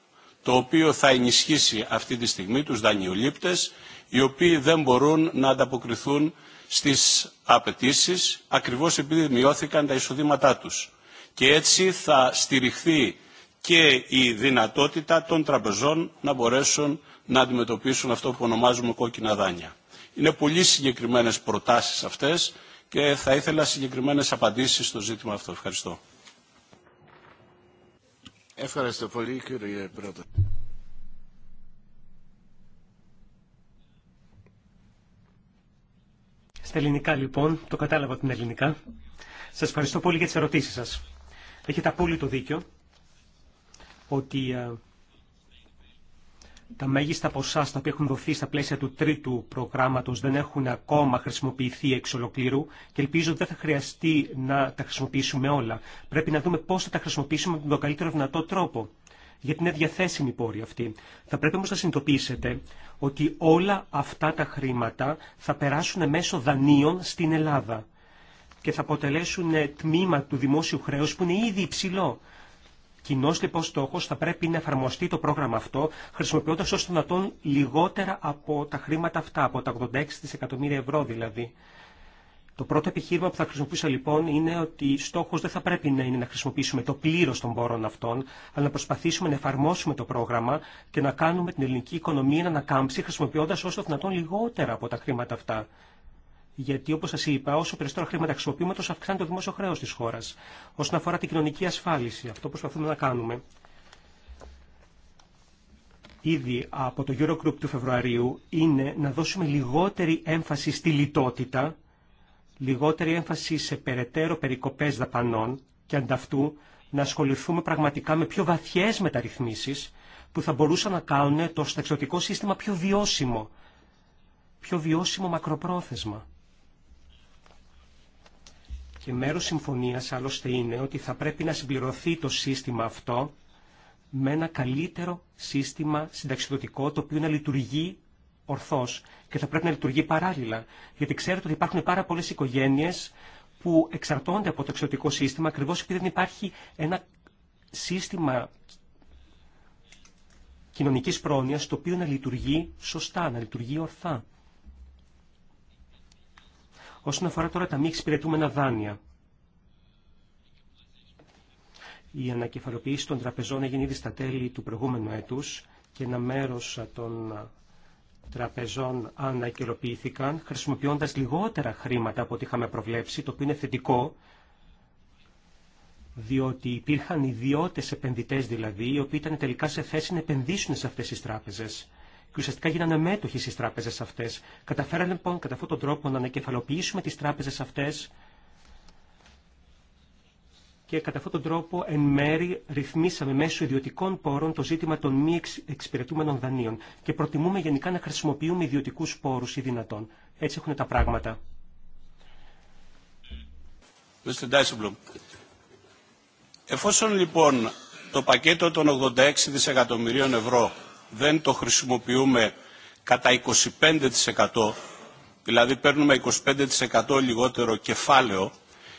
το οποίο θα ενισχύσει αυτή τη στιγμή τους δανειολήπτες, οι οποίοι δεν μπορούν να ανταποκριθούν στις απαιτήσει ακριβώς επειδή μειώθηκαν τα εισοδήματά τους. Και έτσι θα στηριχθεί και η δυνατότητα των τραπεζών να μπορέσουν να αντιμετωπίσουν αυτό που ονομάζουμε κόκκινα δάνεια. Είναι πολύ συγκεκριμένες προτάσεις αυτές και θα ήθελα συγκεκριμένες απαντήσεις στο ζήτημα αυτό. Ευχαριστώ. Ευχαριστώ πολύ κύριε Πρόεδρε. Στα ελληνικά λοιπόν, το κατάλαβα την ελληνικά. Σας ευχαριστώ πολύ για τις ερωτήσεις σας. Έχετε απόλυτο δίκιο ότι ε, τα μέγιστα ποσά στα οποία έχουν δοθεί στα πλαίσια του τρίτου προγράμματος δεν έχουν ακόμα χρησιμοποιηθεί εξ ολοκλήρου και ελπίζω δεν θα χρειαστεί να τα χρησιμοποιήσουμε όλα. Πρέπει να δούμε πώς θα τα χρησιμοποιήσουμε με τον καλύτερο δυνατό τρόπο. Γιατί είναι διαθέσιμη η πόρη αυτή. Θα πρέπει όμως να συνειδητοποιήσετε ότι όλα αυτά τα χρήματα θα περάσουν μέσω δανείων στην Ελλάδα και θα αποτελέσουν τμήμα του δημόσιου χρέους που είναι ήδη υψηλό. Κοινό λοιπόν στόχο θα πρέπει να εφαρμοστεί το πρόγραμμα αυτό, χρησιμοποιώντα όσο δυνατόν λιγότερα από τα χρήματα αυτά, από τα 86 δισεκατομμύρια ευρώ δηλαδή. Το πρώτο επιχείρημα που θα χρησιμοποιήσω λοιπόν είναι ότι στόχο δεν θα πρέπει να είναι να χρησιμοποιήσουμε το πλήρω των πόρων αυτών, αλλά να προσπαθήσουμε να εφαρμόσουμε το πρόγραμμα και να κάνουμε την ελληνική οικονομία να ανακάμψει χρησιμοποιώντα όσο δυνατόν λιγότερα από τα χρήματα αυτά γιατί όπω σα είπα, όσο περισσότερα χρήματα χρησιμοποιούμε, τόσο αυξάνεται το δημόσιο χρέο τη χώρα. Όσον αφορά την κοινωνική ασφάλιση, αυτό που προσπαθούμε να κάνουμε, ήδη από το Eurogroup του Φεβρουαρίου, είναι να δώσουμε λιγότερη έμφαση στη λιτότητα, λιγότερη έμφαση σε περαιτέρω περικοπές δαπανών και ανταυτού να ασχοληθούμε πραγματικά με πιο βαθιές μεταρρυθμίσεις που θα μπορούσαν να κάνουν το σταξιωτικό σύστημα πιο βιώσιμο, πιο βιώσιμο μακροπρόθεσμα. Και μέρος συμφωνίας άλλωστε είναι ότι θα πρέπει να συμπληρωθεί το σύστημα αυτό με ένα καλύτερο σύστημα συνταξιδοτικό το οποίο να λειτουργεί ορθώς και θα πρέπει να λειτουργεί παράλληλα. Γιατί ξέρετε ότι υπάρχουν πάρα πολλές οικογένειες που εξαρτώνται από το εξωτικό σύστημα ακριβώς επειδή δεν υπάρχει ένα σύστημα κοινωνικής πρόνοιας το οποίο να λειτουργεί σωστά, να λειτουργεί ορθά. Όσον αφορά τώρα τα μη εξυπηρετούμενα δάνεια. Η ανακεφαλοποίηση των τραπεζών έγινε ήδη στα τέλη του προηγούμενου έτους και ένα μέρος των τραπεζών ανακαιροποιήθηκαν χρησιμοποιώντας λιγότερα χρήματα από ό,τι είχαμε προβλέψει, το οποίο είναι θετικό, διότι υπήρχαν ιδιώτες επενδυτές δηλαδή, οι οποίοι ήταν τελικά σε θέση να επενδύσουν σε αυτές τις τράπεζες και ουσιαστικά γίνανε μέτοχοι στις τράπεζε αυτέ, Καταφέραμε λοιπόν κατά αυτόν τον τρόπο να ανακεφαλοποιήσουμε τι τράπεζε αυτέ, και κατά αυτόν τον τρόπο εν μέρη ρυθμίσαμε μέσω ιδιωτικών πόρων το ζήτημα των μη εξυπηρετούμενων δανείων και προτιμούμε γενικά να χρησιμοποιούμε ιδιωτικού πόρου ή δυνατόν. Έτσι έχουν τα πράγματα. Εφόσον λοιπόν το πακέτο των 86 δισεκατομμυρίων ευρώ δεν το χρησιμοποιούμε κατά 25%, δηλαδή παίρνουμε 25% λιγότερο κεφάλαιο,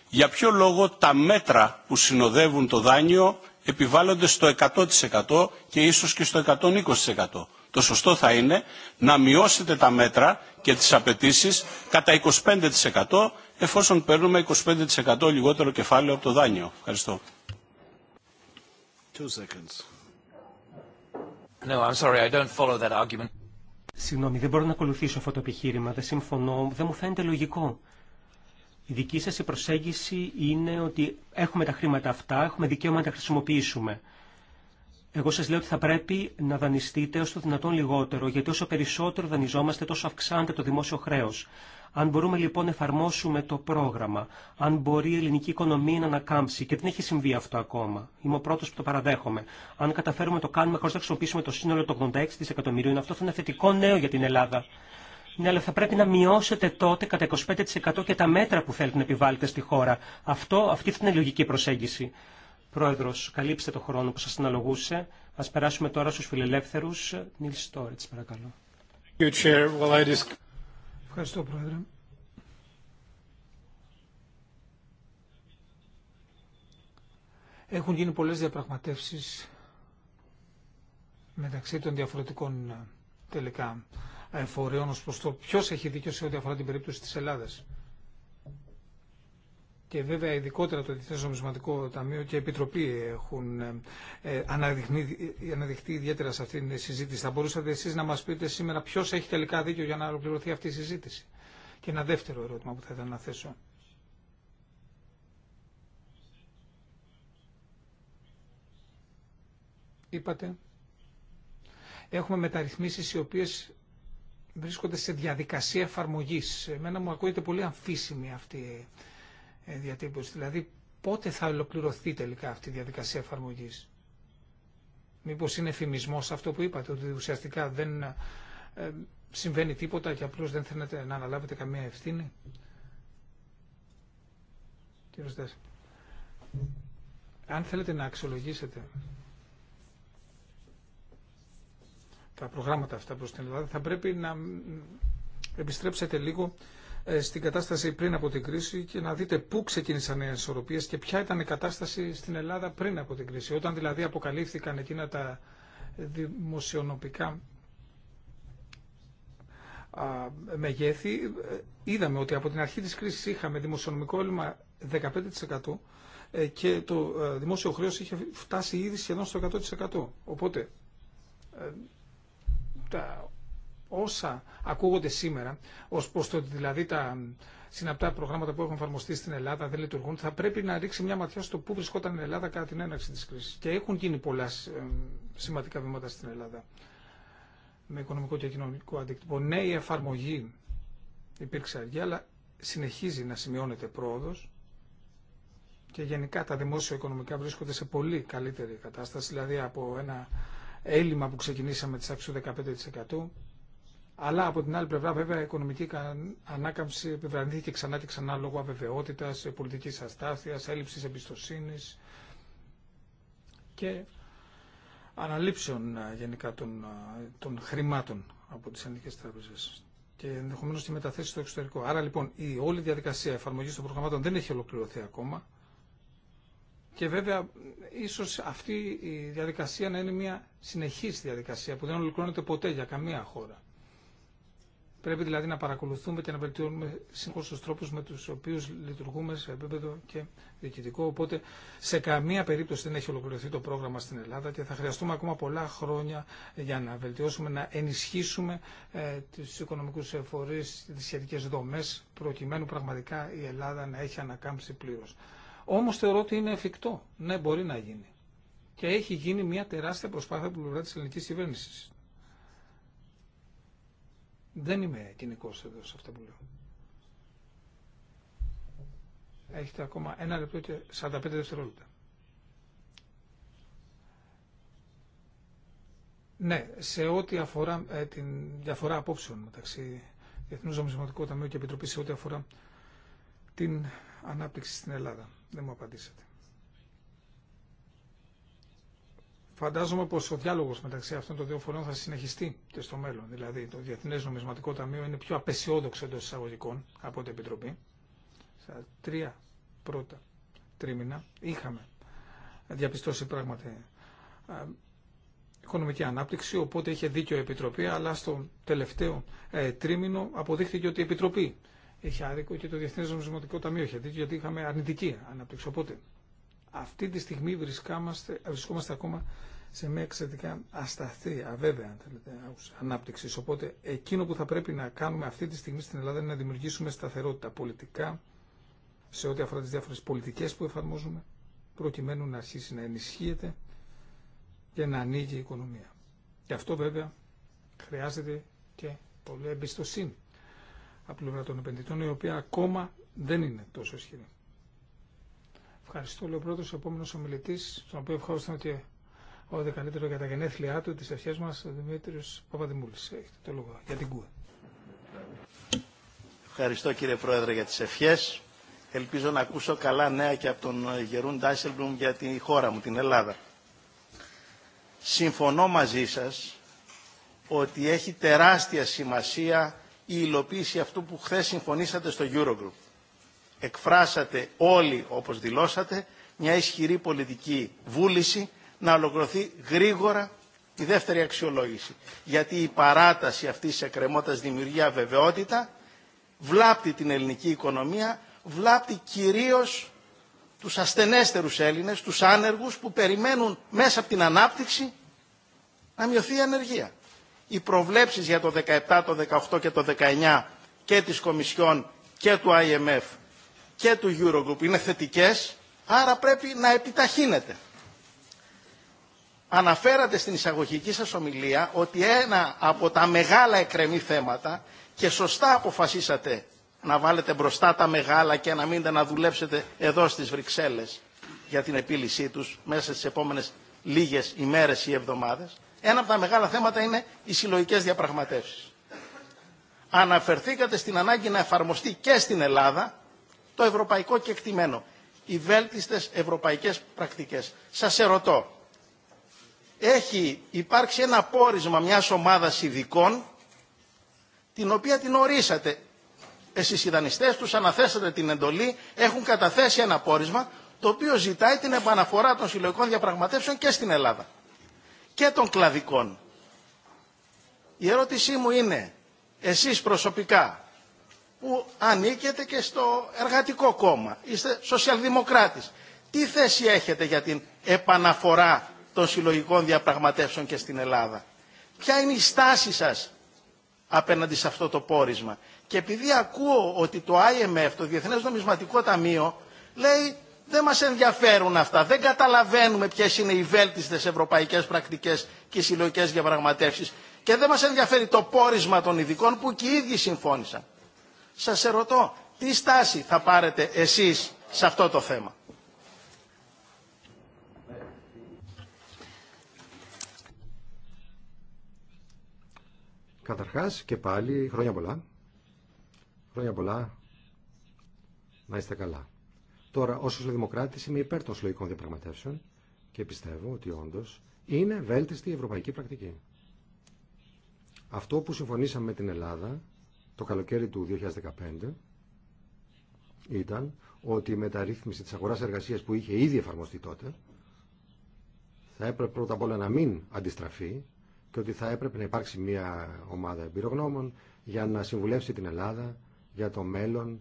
για ποιο λόγο τα μέτρα που συνοδεύουν το δάνειο επιβάλλονται στο 100% και ίσως και στο 120%. Το σωστό θα είναι να μειώσετε τα μέτρα και τις απαιτήσει κατά 25% εφόσον παίρνουμε 25% λιγότερο κεφάλαιο από το δάνειο. Ευχαριστώ. No, I'm sorry, I don't follow that argument. Συγγνώμη, δεν μπορώ να ακολουθήσω αυτό το επιχείρημα. Δεν συμφωνώ, δεν μου φαίνεται λογικό. Η δική σας η προσέγγιση είναι ότι έχουμε τα χρήματα αυτά, έχουμε δικαίωμα να τα χρησιμοποιήσουμε. Εγώ σας λέω ότι θα πρέπει να δανειστείτε όσο το δυνατόν λιγότερο, γιατί όσο περισσότερο δανειζόμαστε, τόσο αυξάνεται το δημόσιο χρέος. Αν μπορούμε λοιπόν να εφαρμόσουμε το πρόγραμμα, αν μπορεί η ελληνική οικονομία να ανακάμψει, και δεν έχει συμβεί αυτό ακόμα, είμαι ο πρώτο που το παραδέχομαι. Αν καταφέρουμε να το κάνουμε χωρί να χρησιμοποιήσουμε το σύνολο των 86 δισεκατομμυρίων, αυτό θα είναι θετικό νέο για την Ελλάδα. Ναι, αλλά θα πρέπει να μειώσετε τότε κατά 25% και τα μέτρα που θέλετε να επιβάλλετε στη χώρα. Αυτό, αυτή θα είναι η λογική προσέγγιση. Πρόεδρο, καλύψτε το χρόνο που σα αναλογούσε. Α περάσουμε τώρα στου φιλελεύθερου. Νίλ Στόρετ, παρακαλώ. Ευχαριστώ, Πρόεδρε. Έχουν γίνει πολλές διαπραγματεύσεις μεταξύ των διαφορετικών ε, τελικά ε, φορέων ως προς το ποιος έχει δίκιο σε ό,τι αφορά την περίπτωση της Ελλάδας και βέβαια ειδικότερα το Διεθνές Νομισματικό Ταμείο και η Επιτροπή έχουν ε, ε, αναδειχθεί ε, ιδιαίτερα σε αυτήν τη συζήτηση. Θα μπορούσατε εσείς να μας πείτε σήμερα ποιος έχει τελικά δίκιο για να ολοκληρωθεί αυτή η συζήτηση. Και ένα δεύτερο ερώτημα που θα ήθελα να θέσω. Είπατε, έχουμε μεταρρυθμίσεις οι οποίες βρίσκονται σε διαδικασία εφαρμογής. Εμένα μου ακούγεται πολύ αμφίσιμη αυτή ε, διατύπωση. Δηλαδή πότε θα ολοκληρωθεί τελικά αυτή η διαδικασία εφαρμογή. Μήπως είναι φημισμός αυτό που είπατε, ότι ουσιαστικά δεν ε, συμβαίνει τίποτα και απλώ δεν θέλετε να αναλάβετε καμία ευθύνη. Κύριε Στέσσα, αν θέλετε να αξιολογήσετε τα προγράμματα αυτά προς την Ελλάδα, θα πρέπει να επιστρέψετε λίγο ε, στην κατάσταση πριν από την κρίση και να δείτε πού ξεκίνησαν οι ανισορροπίες και ποια ήταν η κατάσταση στην Ελλάδα πριν από την κρίση. Όταν δηλαδή αποκαλύφθηκαν εκείνα τα δημοσιονομικά μεγέθη, ε, είδαμε ότι από την αρχή της κρίσης είχαμε δημοσιονομικό έλλειμμα 15% ε, και το δημόσιο χρέος είχε φτάσει ήδη σχεδόν στο 100%. Οπότε τα όσα ακούγονται σήμερα, ω προς το ότι δηλαδή τα συναπτά προγράμματα που έχουν εφαρμοστεί στην Ελλάδα δεν λειτουργούν, θα πρέπει να ρίξει μια ματιά στο πού βρισκόταν η Ελλάδα κατά την έναρξη τη κρίση Και έχουν γίνει πολλά ε, σημαντικά βήματα στην Ελλάδα με οικονομικό και κοινωνικό αντίκτυπο. Ναι, η εφαρμογή υπήρξε αργή, αλλά συνεχίζει να σημειώνεται πρόοδο και γενικά τα δημόσια οικονομικά βρίσκονται σε πολύ καλύτερη κατάσταση, δηλαδή από ένα έλλειμμα που ξεκινήσαμε τη άξιου 15% αλλά από την άλλη πλευρά, βέβαια, η οικονομική ανάκαμψη επιβραδύνθηκε ξανά και ξανά λόγω αβεβαιότητα, πολιτική αστάθεια, έλλειψη εμπιστοσύνη και αναλήψεων ε, γενικά των, ε, των χρημάτων από τι ελληνικέ τράπεζε και ενδεχομένω τη μεταθέση στο εξωτερικό. Άρα λοιπόν η όλη διαδικασία εφαρμογή των προγραμμάτων δεν έχει ολοκληρωθεί ακόμα. Και βέβαια, ίσω αυτή η διαδικασία να είναι μια συνεχή διαδικασία που δεν ολοκληρώνεται ποτέ για καμία χώρα. Πρέπει δηλαδή να παρακολουθούμε και να βελτιώνουμε σύγχρονου του τρόπου με του οποίου λειτουργούμε σε επίπεδο και διοικητικό. Οπότε σε καμία περίπτωση δεν έχει ολοκληρωθεί το πρόγραμμα στην Ελλάδα και θα χρειαστούμε ακόμα πολλά χρόνια για να βελτιώσουμε, να ενισχύσουμε ε, του οικονομικού φορεί, τι σχετικέ δομέ, προκειμένου πραγματικά η Ελλάδα να έχει ανακάμψει πλήρω. Όμω θεωρώ ότι είναι εφικτό. Ναι, μπορεί να γίνει. Και έχει γίνει μια τεράστια προσπάθεια από τη ελληνική κυβέρνηση. Δεν είμαι κοινικό εδώ σε αυτά που λέω. Έχετε ακόμα ένα λεπτό και 45 δευτερόλεπτα. Ναι, σε ό,τι αφορά ε, την διαφορά απόψεων μεταξύ Διεθνούς Νομισματικού Ταμείου και Επιτροπής σε ό,τι αφορά την ανάπτυξη στην Ελλάδα. Δεν μου απαντήσατε. Φαντάζομαι πω ο διάλογο μεταξύ αυτών των δύο φορών θα συνεχιστεί και στο μέλλον. Δηλαδή το Διεθνέ Νομισματικό Ταμείο είναι πιο απεσιόδοξο εντό εισαγωγικών από την Επιτροπή. Στα τρία πρώτα τρίμηνα είχαμε διαπιστώσει πράγματι ε, οικονομική ανάπτυξη, οπότε είχε δίκιο η Επιτροπή, αλλά στο τελευταίο ε, τρίμηνο αποδείχθηκε ότι η Επιτροπή είχε άδικο και το Διεθνέ Νομισματικό Ταμείο είχε δίκιο, γιατί είχαμε αρνητική ανάπτυξη. Οπότε αυτή τη στιγμή βρισκόμαστε ακόμα σε μια εξαιρετικά ασταθή, αβέβαια αν θέλετε, ανάπτυξη. Οπότε εκείνο που θα πρέπει να κάνουμε αυτή τη στιγμή στην Ελλάδα είναι να δημιουργήσουμε σταθερότητα πολιτικά σε ό,τι αφορά τι διάφορε πολιτικέ που εφαρμόζουμε, προκειμένου να αρχίσει να ενισχύεται και να ανοίγει η οικονομία. Και αυτό βέβαια χρειάζεται και πολλή εμπιστοσύνη από πλευρά των επενδυτών, η οποία ακόμα δεν είναι τόσο ισχυρή. Ευχαριστώ, λέει ο πρώτο επόμενο ομιλητή, τον οποίο ευχαριστώ και ο καλύτερο για τα γενέθλιά του, της ευχές μας, ο Δημήτρης Παπαδημούλης. Έχετε το λόγο για την ΚΟΥΕ. Ευχαριστώ κύριε Πρόεδρε για τις ευχές. Ελπίζω να ακούσω καλά νέα και από τον Γερούν Ντάισελμπλουμ για τη χώρα μου, την Ελλάδα. Συμφωνώ μαζί σας ότι έχει τεράστια σημασία η υλοποίηση αυτού που χθες συμφωνήσατε στο Eurogroup. Εκφράσατε όλοι, όπως δηλώσατε, μια ισχυρή πολιτική βούληση να ολοκληρωθεί γρήγορα η δεύτερη αξιολόγηση. Γιατί η παράταση αυτής τη εκκρεμότητα δημιουργεί αβεβαιότητα, βλάπτει την ελληνική οικονομία, βλάπτει κυρίως τους ασθενέστερους Έλληνες, τους άνεργους που περιμένουν μέσα από την ανάπτυξη να μειωθεί η ανεργία. Οι προβλέψεις για το 17, το 18 και το 19 και τη Κομισιόν και του IMF και του Eurogroup είναι θετικές, άρα πρέπει να επιταχύνεται αναφέρατε στην εισαγωγική σας ομιλία ότι ένα από τα μεγάλα εκρεμή θέματα και σωστά αποφασίσατε να βάλετε μπροστά τα μεγάλα και να μείνετε να δουλέψετε εδώ στις Βρυξέλλες για την επίλυσή τους μέσα στις επόμενες λίγες ημέρες ή εβδομάδες. Ένα από τα μεγάλα θέματα είναι οι συλλογικέ διαπραγματεύσεις. Αναφερθήκατε στην ανάγκη να εφαρμοστεί και στην Ελλάδα το ευρωπαϊκό κεκτημένο, οι βέλτιστες ευρωπαϊκές πρακτικές. Σας ερωτώ, έχει υπάρξει ένα πόρισμα μιας ομάδας ειδικών την οποία την ορίσατε. Εσείς οι δανειστές τους αναθέσατε την εντολή, έχουν καταθέσει ένα πόρισμα το οποίο ζητάει την επαναφορά των συλλογικών διαπραγματεύσεων και στην Ελλάδα και των κλαδικών. Η ερώτησή μου είναι, εσείς προσωπικά που ανήκετε και στο εργατικό κόμμα, είστε σοσιαλδημοκράτης, τι θέση έχετε για την επαναφορά των συλλογικών διαπραγματεύσεων και στην Ελλάδα. Ποια είναι η στάση σας απέναντι σε αυτό το πόρισμα. Και επειδή ακούω ότι το IMF, το Διεθνές Νομισματικό Ταμείο, λέει δεν μας ενδιαφέρουν αυτά, δεν καταλαβαίνουμε ποιες είναι οι βέλτιστες ευρωπαϊκές πρακτικές και οι συλλογικές διαπραγματεύσεις και δεν μας ενδιαφέρει το πόρισμα των ειδικών που και οι ίδιοι συμφώνησαν. Σας ερωτώ, τι στάση θα πάρετε εσείς σε αυτό το θέμα. Καταρχάς και πάλι χρόνια πολλά. Χρόνια πολλά. Να είστε καλά. Τώρα, ως σοσιαλδημοκράτης είμαι υπέρ των συλλογικών διαπραγματεύσεων και πιστεύω ότι όντως είναι βέλτιστη η ευρωπαϊκή πρακτική. Αυτό που συμφωνήσαμε με την Ελλάδα το καλοκαίρι του 2015 ήταν ότι η μεταρρύθμιση της αγοράς εργασίας που είχε ήδη εφαρμοστεί τότε θα έπρεπε πρώτα απ' όλα να μην αντιστραφεί και ότι θα έπρεπε να υπάρξει μια ομάδα εμπειρογνώμων για να συμβουλεύσει την Ελλάδα για το μέλλον,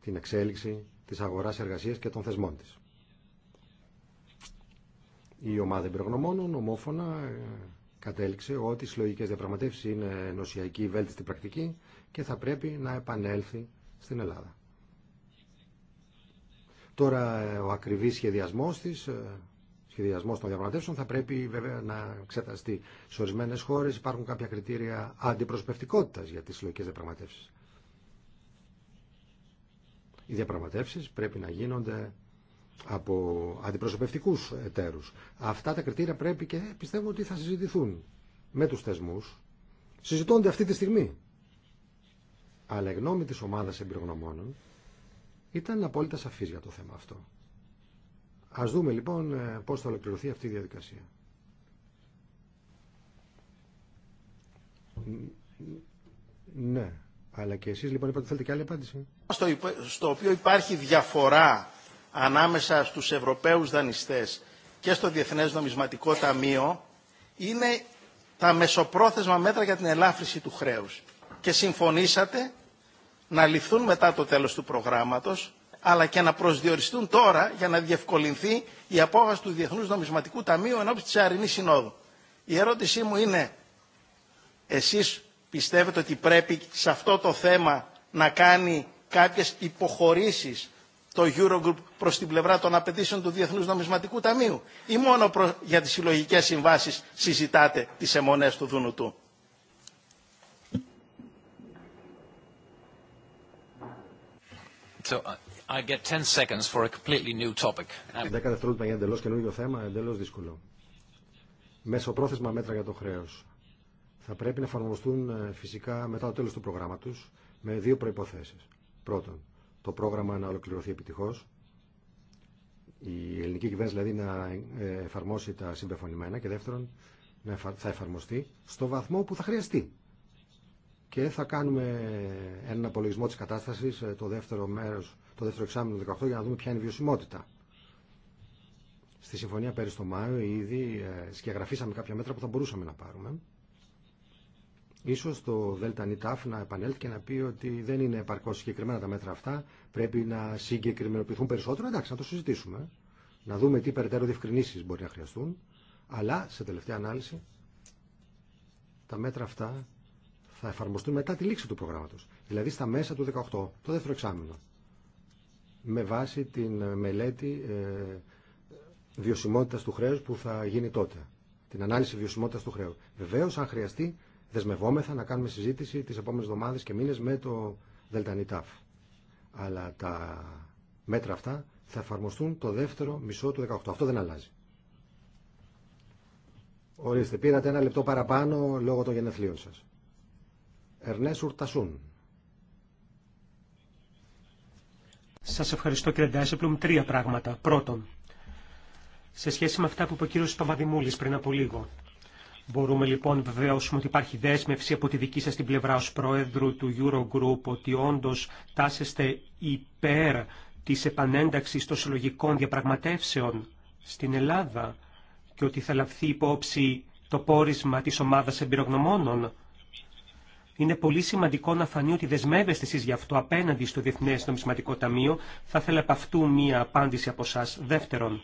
την εξέλιξη της αγοράς εργασίας και των θεσμών της. Η ομάδα εμπειρογνωμόνων ομόφωνα κατέληξε ότι οι συλλογικέ διαπραγματεύσει είναι νοσιακή βέλτιστη πρακτική και θα πρέπει να επανέλθει στην Ελλάδα. Τώρα ο ακριβής σχεδιασμός της ε, σχεδιασμό των διαπραγματεύσεων θα πρέπει βέβαια να εξεταστεί. Σε ορισμένε χώρε υπάρχουν κάποια κριτήρια αντιπροσωπευτικότητα για τι συλλογικέ διαπραγματεύσει. Οι διαπραγματεύσει πρέπει να γίνονται από αντιπροσωπευτικού εταίρου. Αυτά τα κριτήρια πρέπει και πιστεύω ότι θα συζητηθούν με του θεσμού. Συζητώνται αυτή τη στιγμή. Αλλά η γνώμη τη ομάδα εμπειρογνωμόνων ήταν απόλυτα σαφή για το θέμα αυτό. Ας δούμε λοιπόν ε, πώς θα ολοκληρωθεί αυτή η διαδικασία. Ναι, αλλά και εσείς λοιπόν είπατε θέλετε και άλλη απάντηση. Στο, στο οποίο υπάρχει διαφορά ανάμεσα στους Ευρωπαίους δανειστές και στο Διεθνές Νομισματικό Ταμείο είναι τα μεσοπρόθεσμα μέτρα για την ελάφρυση του χρέους. Και συμφωνήσατε να ληφθούν μετά το τέλος του προγράμματος αλλά και να προσδιοριστούν τώρα για να διευκολυνθεί η απόφαση του Διεθνούς Νομισματικού Ταμείου ενώπιση της Αρινής Συνόδου. Η ερώτησή μου είναι, εσείς πιστεύετε ότι πρέπει σε αυτό το θέμα να κάνει κάποιες υποχωρήσεις το Eurogroup προς την πλευρά των απαιτήσεων του Διεθνούς Νομισματικού Ταμείου ή μόνο για τις συλλογικές συμβάσεις συζητάτε τις αιμονές του Δουνουτού. So, I get 10 seconds for a completely new topic. Um, δευτερόλεπτα για εντελώ καινούργιο θέμα, εντελώ δύσκολο. πρόθεσμα μέτρα για το χρέο. Θα πρέπει να εφαρμοστούν ε, φυσικά μετά το τέλο του προγράμματο με δύο προποθέσει. Πρώτον, το πρόγραμμα να ολοκληρωθεί επιτυχώ. Η ελληνική κυβέρνηση δηλαδή να ε, εφαρμόσει τα συμπεφωνημένα. Και δεύτερον, να θα εφαρμοστεί στο βαθμό που θα χρειαστεί. Και θα κάνουμε έναν απολογισμό τη κατάσταση ε, το δεύτερο μέρο το δεύτερο εξάμεινο 18 για να δούμε ποια είναι η βιωσιμότητα. Στη συμφωνία πέρυσι το Μάιο ήδη ε, σκιαγραφίσαμε κάποια μέτρα που θα μπορούσαμε να πάρουμε. Ίσως το ΔΕΛΤΑ ΝΙΤΑΦ να επανέλθει και να πει ότι δεν είναι επαρκώς συγκεκριμένα τα μέτρα αυτά, πρέπει να συγκεκριμενοποιηθούν περισσότερο, εντάξει, να το συζητήσουμε, να δούμε τι περαιτέρω διευκρινήσεις μπορεί να χρειαστούν, αλλά σε τελευταία ανάλυση τα μέτρα αυτά θα εφαρμοστούν μετά τη λήξη του προγράμματος, δηλαδή στα μέσα του 18, το δεύτερο εξάμεινο με βάση την μελέτη ε, βιωσιμότητας του χρέους που θα γίνει τότε. Την ανάλυση βιωσιμότητας του χρέους. Βεβαίως, αν χρειαστεί, δεσμευόμεθα να κάνουμε συζήτηση τις επόμενες εβδομάδες και μήνες με το ΔΕΛΤΑΝΙΤΑΦ. Αλλά τα μέτρα αυτά θα εφαρμοστούν το δεύτερο μισό του 18. Αυτό δεν αλλάζει. Ορίστε, πήρατε ένα λεπτό παραπάνω λόγω των γενεθλίων σας. Ερνέσουρ Ουρτασούν. Σας ευχαριστώ κύριε Ντάισεπλουμ. Τρία πράγματα. Πρώτον, σε σχέση με αυτά που είπε ο κύριος Παπαδημούλης πριν από λίγο, Μπορούμε λοιπόν βεβαίωσουμε ότι υπάρχει δέσμευση από τη δική σας την πλευρά ως πρόεδρου του Eurogroup ότι όντως τάσεστε υπέρ της επανένταξης των συλλογικών διαπραγματεύσεων στην Ελλάδα και ότι θα λαφθεί υπόψη το πόρισμα της ομάδας εμπειρογνωμόνων είναι πολύ σημαντικό να φανεί ότι δεσμεύεστε εσεί γι' αυτό απέναντι στο Διεθνέ Νομισματικό Ταμείο. Θα ήθελα από αυτού μία απάντηση από εσά. Δεύτερον,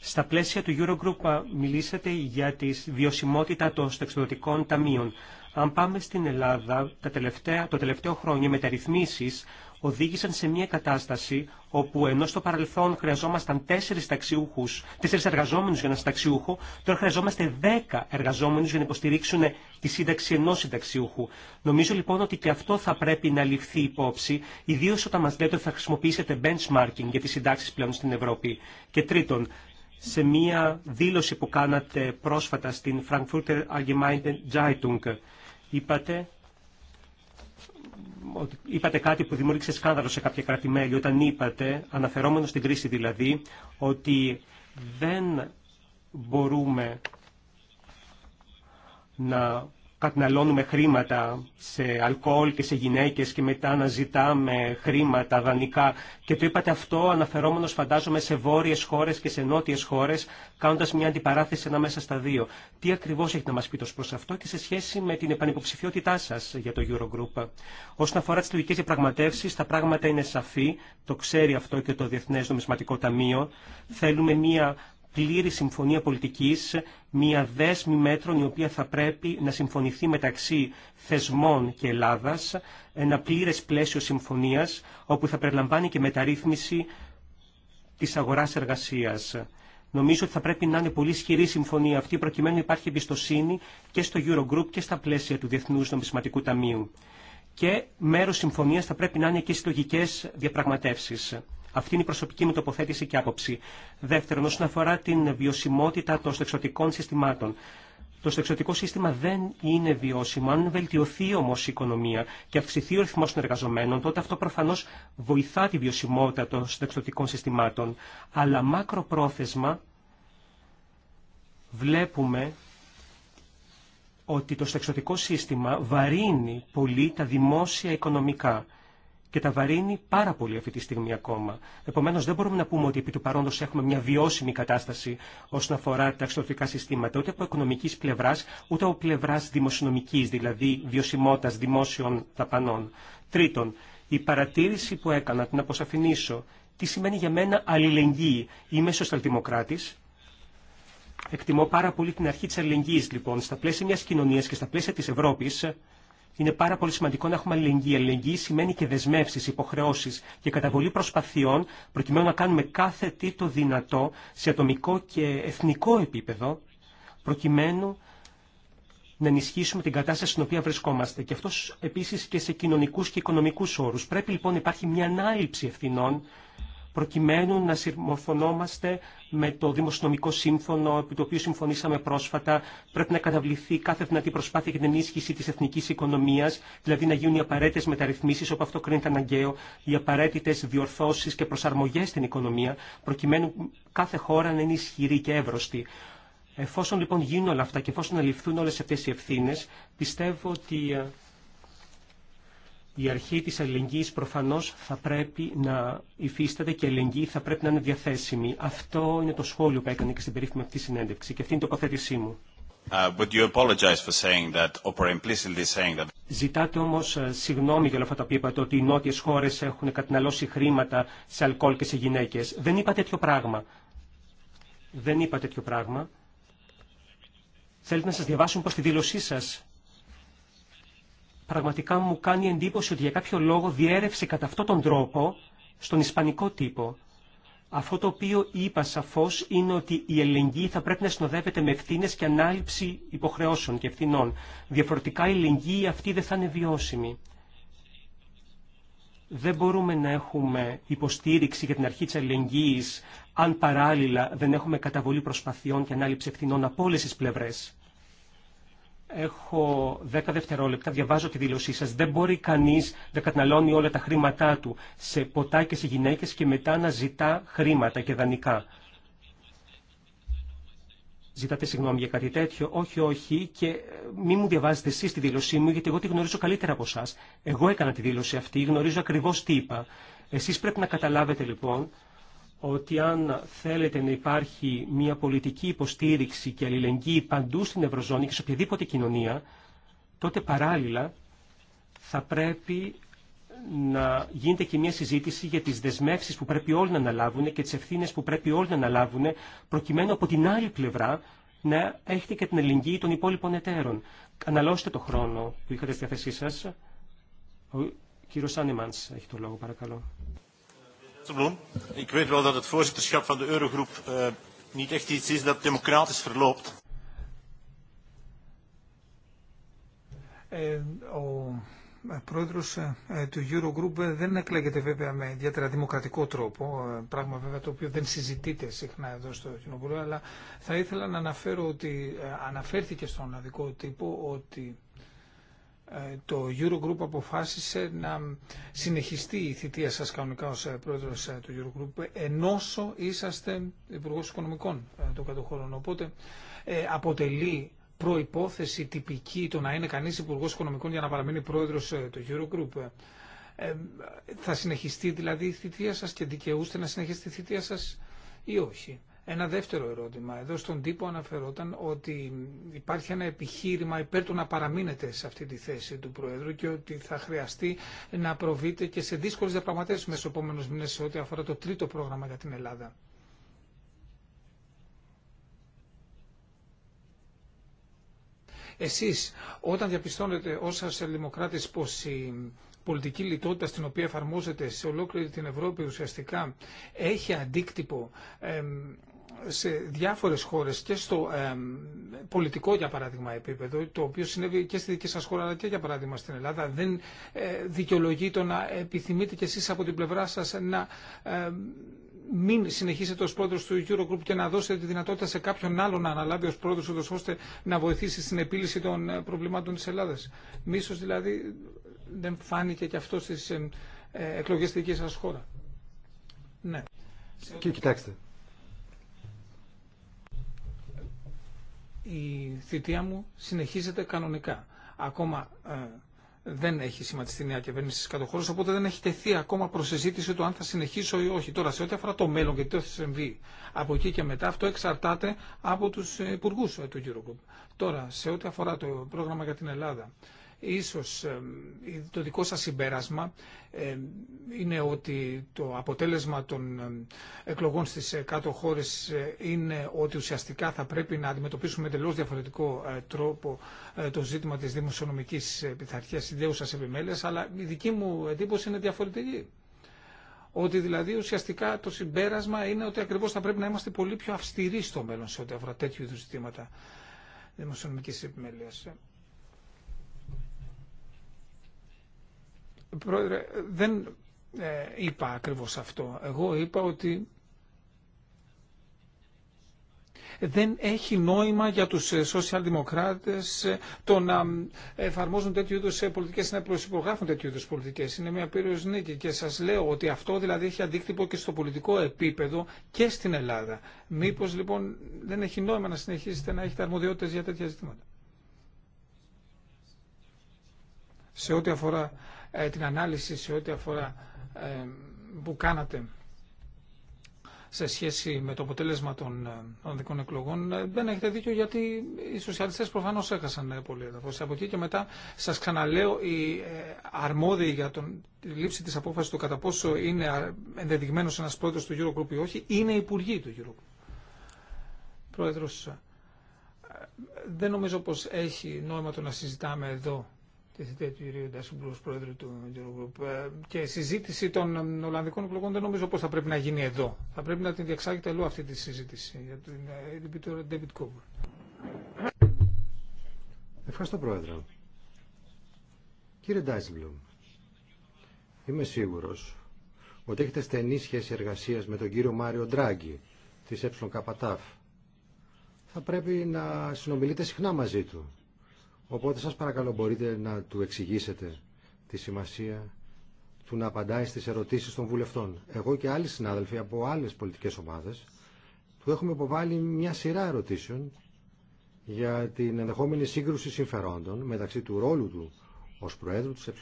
στα πλαίσια του Eurogroup μιλήσατε για τη βιωσιμότητα των στεξιδοτικών ταμείων. Αν πάμε στην Ελλάδα, τα τελευταία, το τελευταίο χρόνο οι μεταρρυθμίσεις οδήγησαν σε μια κατάσταση όπου ενώ στο παρελθόν χρειαζόμασταν τέσσερις, ταξιούχους, τέσσερις εργαζόμενους για ένα συνταξιούχο, τώρα χρειαζόμαστε δέκα εργαζόμενους για να υποστηρίξουν τη σύνταξη ενός συνταξιούχου. Νομίζω λοιπόν ότι και αυτό θα πρέπει να ληφθεί υπόψη, ιδίως όταν μας λέτε ότι θα χρησιμοποιήσετε benchmarking για τις συντάξει πλέον στην Ευρώπη. Και τρίτον, σε μία δήλωση που κάνατε πρόσφατα στην Frankfurter Allgemeine Zeitung. Είπατε είπατε κάτι που δημιούργησε σκάνδαλο σε καποια κρατημέλη όταν είπατε, αναφερόμενο στην κρίση δηλαδή, ότι δεν μπορούμε να καταναλώνουμε χρήματα σε αλκοόλ και σε γυναίκες και μετά να ζητάμε χρήματα δανεικά. Και το είπατε αυτό αναφερόμενος φαντάζομαι σε βόρειες χώρες και σε νότιες χώρες κάνοντας μια αντιπαράθεση ανάμεσα στα δύο. Τι ακριβώς έχετε να μας πείτε ως προς αυτό και σε σχέση με την επανυποψηφιότητά σας για το Eurogroup. Όσον αφορά τις λογικές διαπραγματεύσεις, τα πράγματα είναι σαφή, το ξέρει αυτό και το Διεθνές Νομισματικό Ταμείο. Θέλουμε μια πλήρη συμφωνία πολιτικής, μια δέσμη μέτρων η οποία θα πρέπει να συμφωνηθεί μεταξύ θεσμών και Ελλάδας, ένα πλήρες πλαίσιο συμφωνίας όπου θα περιλαμβάνει και μεταρρύθμιση της αγοράς εργασίας. Νομίζω ότι θα πρέπει να είναι πολύ ισχυρή συμφωνία αυτή προκειμένου να υπάρχει εμπιστοσύνη και στο Eurogroup και στα πλαίσια του Διεθνούς Νομισματικού Ταμείου. Και μέρος συμφωνίας θα πρέπει να είναι και συλλογικέ διαπραγματεύσεις. Αυτή είναι η προσωπική μου τοποθέτηση και άποψη. Δεύτερον, όσον αφορά την βιωσιμότητα των στεξωτικών συστημάτων. Το στεξωτικό σύστημα δεν είναι βιώσιμο. Αν βελτιωθεί όμω η οικονομία και αυξηθεί ο ρυθμό των εργαζομένων, τότε αυτό προφανώ βοηθά τη βιωσιμότητα των στεξωτικών συστημάτων. Αλλά μακροπρόθεσμα βλέπουμε ότι το στεξωτικό σύστημα βαρύνει πολύ τα δημόσια οικονομικά και τα βαρύνει πάρα πολύ αυτή τη στιγμή ακόμα. Επομένω, δεν μπορούμε να πούμε ότι επί του παρόντο έχουμε μια βιώσιμη κατάσταση όσον αφορά τα αξιωτικά συστήματα, ούτε από οικονομική πλευρά, ούτε από πλευρά δημοσιονομική, δηλαδή βιωσιμότητα δημόσιων δαπανών. Τρίτον, η παρατήρηση που έκανα, την αποσαφηνίσω, τι σημαίνει για μένα αλληλεγγύη. Είμαι σοσιαλδημοκράτη, Εκτιμώ πάρα πολύ την αρχή τη αλληλεγγύη, λοιπόν. Στα πλαίσια μια κοινωνία και στα πλαίσια τη Ευρώπη, είναι πάρα πολύ σημαντικό να έχουμε αλληλεγγύη. Αλληλεγγύη σημαίνει και δεσμεύσει, υποχρεώσει και καταβολή προσπαθειών προκειμένου να κάνουμε κάθε τι το δυνατό σε ατομικό και εθνικό επίπεδο προκειμένου να ενισχύσουμε την κατάσταση στην οποία βρισκόμαστε. Και αυτό επίση και σε κοινωνικού και οικονομικού όρου. Πρέπει λοιπόν να υπάρχει μια ανάληψη ευθυνών προκειμένου να συμμορφωνόμαστε με το Δημοσιονομικό Σύμφωνο, επί το οποίο συμφωνήσαμε πρόσφατα. Πρέπει να καταβληθεί κάθε δυνατή προσπάθεια για την ενίσχυση τη εθνική οικονομία, δηλαδή να γίνουν οι απαραίτητε μεταρρυθμίσει, όπου αυτό κρίνεται αναγκαίο, οι απαραίτητε διορθώσει και προσαρμογέ στην οικονομία, προκειμένου κάθε χώρα να είναι ισχυρή και εύρωστη. Εφόσον λοιπόν γίνουν όλα αυτά και εφόσον αληφθούν όλε αυτέ οι ευθύνε, πιστεύω ότι ε, η αρχή της αλληλεγγύης προφανώς θα πρέπει να υφίσταται και η ελεγγύη θα πρέπει να είναι διαθέσιμη. Αυτό είναι το σχόλιο που έκανε και στην περίφημη αυτή συνέντευξη και αυτή είναι η τοποθέτησή μου. Ζητάτε όμως ε, συγγνώμη για όλα αυτά τα οποία είπατε, ότι οι νότιε χώρες έχουν καταναλώσει χρήματα σε αλκοόλ και σε γυναίκες. Δεν είπα τέτοιο πράγμα. Δεν είπα τέτοιο πράγμα. Θέλετε να σας διαβάσουμε πώς τη δήλωσή σας πραγματικά μου κάνει εντύπωση ότι για κάποιο λόγο διέρευσε κατά αυτόν τον τρόπο στον ισπανικό τύπο. Αυτό το οποίο είπα σαφώ είναι ότι η ελεγγύη θα πρέπει να συνοδεύεται με ευθύνε και ανάληψη υποχρεώσεων και ευθυνών. Διαφορετικά η ελεγγύη αυτή δεν θα είναι βιώσιμη. Δεν μπορούμε να έχουμε υποστήριξη για την αρχή τη ελεγγύη αν παράλληλα δεν έχουμε καταβολή προσπαθειών και ανάληψη ευθυνών από όλε τι πλευρέ. Έχω δέκα δευτερόλεπτα, διαβάζω τη δήλωσή σας. Δεν μπορεί κανείς να καταναλώνει όλα τα χρήματά του σε ποτά και σε γυναίκες και μετά να ζητά χρήματα και δανεικά. Ζητάτε συγγνώμη για κάτι τέτοιο. Όχι, όχι. Και ε, μη μου διαβάζετε εσείς τη δήλωσή μου, γιατί εγώ τη γνωρίζω καλύτερα από εσά. Εγώ έκανα τη δήλωση αυτή, γνωρίζω ακριβώς τι είπα. Εσείς πρέπει να καταλάβετε λοιπόν ότι αν θέλετε να υπάρχει μια πολιτική υποστήριξη και αλληλεγγύη παντού στην Ευρωζώνη και σε οποιαδήποτε κοινωνία, τότε παράλληλα θα πρέπει να γίνεται και μια συζήτηση για τις δεσμεύσεις που πρέπει όλοι να αναλάβουν και τις ευθύνες που πρέπει όλοι να αναλάβουν, προκειμένου από την άλλη πλευρά να έχετε και την ελληνική των υπόλοιπων εταίρων. Αναλώστε το χρόνο που είχατε στη διάθεσή σας. Ο κύριος Άνεμανς έχει το λόγο, παρακαλώ. Ik weet wel dat het voorzitterschap van de Eurogroep eh, niet echt iets is dat democratisch verloopt. Ο oh, eh, πρόεδρος ε, ε, του Eurogroup ε, δεν εκλέγεται βέβαια με ιδιαίτερα δημοκρατικό τρόπο, πράγμα βέβαια το οποίο δεν συζητείται συχνά εδώ στο Κοινοβουλίο, αλλά θα ήθελα να αναφέρω ότι αναφέρθηκε στον αδικό τύπο ότι ε, το Eurogroup αποφάσισε να συνεχιστεί η θητεία σας κανονικά ως ε, πρόεδρος ε, του Eurogroup ενώσο είσαστε υπουργό Οικονομικών των κατοχωρών. Οπότε αποτελεί προϋπόθεση τυπική το να είναι κανείς υπουργό Οικονομικών για να παραμείνει πρόεδρος του Eurogroup. θα συνεχιστεί δηλαδή η θητεία σας και δικαιούστε να συνεχίσετε τη θητεία σας ή όχι. Ένα δεύτερο ερώτημα. Εδώ στον τύπο αναφερόταν ότι υπάρχει ένα επιχείρημα υπέρ του να παραμείνετε σε αυτή τη θέση του Προέδρου και ότι θα χρειαστεί να προβείτε και σε δύσκολε διαπραγματεύσει μέσα στου επόμενου μήνε σε ό,τι αφορά το τρίτο πρόγραμμα για την Ελλάδα. Εσείς, όταν διαπιστώνετε ως σοσιαλδημοκράτης πως η πολιτική λιτότητα στην οποία εφαρμόζεται σε ολόκληρη την Ευρώπη ουσιαστικά έχει αντίκτυπο σε διάφορες χώρες και στο πολιτικό για παράδειγμα επίπεδο, το οποίο συνέβη και στη δική σας χώρα αλλά και για παράδειγμα στην Ελλάδα, δεν ε, δικαιολογεί το να επιθυμείτε κι εσείς από την πλευρά σας να ε, μην συνεχίσετε ως πρόεδρος του Eurogroup και να δώσετε τη δυνατότητα σε κάποιον άλλο να αναλάβει ως πρόεδρος ώστε να βοηθήσει στην επίλυση των ε, προβλημάτων της Ελλάδας. Μίσος δηλαδή δεν φάνηκε και αυτό στις ε, εκλογές της δικής σας χώρα. Ναι. Και κοιτάξτε, η θητεία μου συνεχίζεται κανονικά. Ακόμα ε, δεν έχει σχηματιστεί νέα κυβέρνηση στι κατοχώρε, οπότε δεν έχει τεθεί ακόμα προ το αν θα συνεχίσω ή όχι. Τώρα, σε ό,τι αφορά το μέλλον και τι θα συμβεί από εκεί και μετά, αυτό εξαρτάται από τους υπουργούς του ε, υπουργού του Eurogroup. Τώρα, σε ό,τι αφορά το πρόγραμμα για την Ελλάδα, ίσως ε, το δικό σας συμπέρασμα ε, είναι ότι το αποτέλεσμα των ε, εκλογών στις κάτω χώρες είναι ότι ουσιαστικά θα πρέπει να αντιμετωπίσουμε εντελώ διαφορετικό τρόπο το ζήτημα της δημοσιονομικής πειθαρχίας σας επιμέλειας, αλλά η δική μου εντύπωση είναι διαφορετική. Ότι δηλαδή ουσιαστικά το συμπέρασμα είναι ότι ακριβώς θα πρέπει να είμαστε πολύ πιο αυστηροί στο μέλλον σε ό,τι αφορά τέτοιου είδους ζητήματα δημοσιονομικής επιμέλειας. Πρόεδρε, δεν ε, είπα ακριβώς αυτό. Εγώ είπα ότι δεν έχει νόημα για τους ε, σοσιαλδημοκράτες ε, το να εφαρμόζουν τέτοιου είδους πολιτικές, να προσυπογράφουν τέτοιου είδους πολιτικές. Είναι μια περίοδος νίκη και σας λέω ότι αυτό δηλαδή έχει αντίκτυπο και στο πολιτικό επίπεδο και στην Ελλάδα. Μήπως λοιπόν δεν έχει νόημα να συνεχίσετε να έχετε αρμοδιότητες για τέτοια ζητήματα. Σε ό,τι αφορά ε, την ανάλυση σε ό,τι αφορά ε, που κάνατε σε σχέση με το αποτέλεσμα των ανδικών ε, εκλογών. Δεν έχετε δίκιο γιατί οι σοσιαλιστές προφανώς έχασαν πολύ έδαφος. Από εκεί και μετά σας ξαναλέω οι αρμόδιοι για τον, τη λήψη της απόφασης του κατά πόσο είναι ενδεδειγμένος ένας πρόεδρος του Eurogroup ή όχι είναι υπουργοί του Eurogroup. Πρόεδρος, δεν νομίζω πως έχει νόημα το να συζητάμε εδώ θητεία του κυρίου Ντάσιμπλου, πρόεδρου του Eurogroup. Και η συζήτηση των ε, Ολλανδικών εκλογών δεν νομίζω πω θα πρέπει να γίνει εδώ. Θα πρέπει να την διεξάγετε αλλού αυτή τη συζήτηση για την LP ε, του David Coburn. Ευχαριστώ, Πρόεδρε. Κύριε Ντάισμπλουμ, είμαι σίγουρο ότι έχετε στενή σχέση εργασία με τον κύριο Μάριο Ντράγκη τη ΕΚΤΑΦ. Θα πρέπει να συνομιλείτε συχνά μαζί του Οπότε σας παρακαλώ μπορείτε να του εξηγήσετε τη σημασία του να απαντάει στις ερωτήσεις των βουλευτών. Εγώ και άλλοι συνάδελφοι από άλλες πολιτικές ομάδες του έχουμε υποβάλει μια σειρά ερωτήσεων για την ενδεχόμενη σύγκρουση συμφερόντων μεταξύ του ρόλου του ως Προέδρου της ΕΚΤ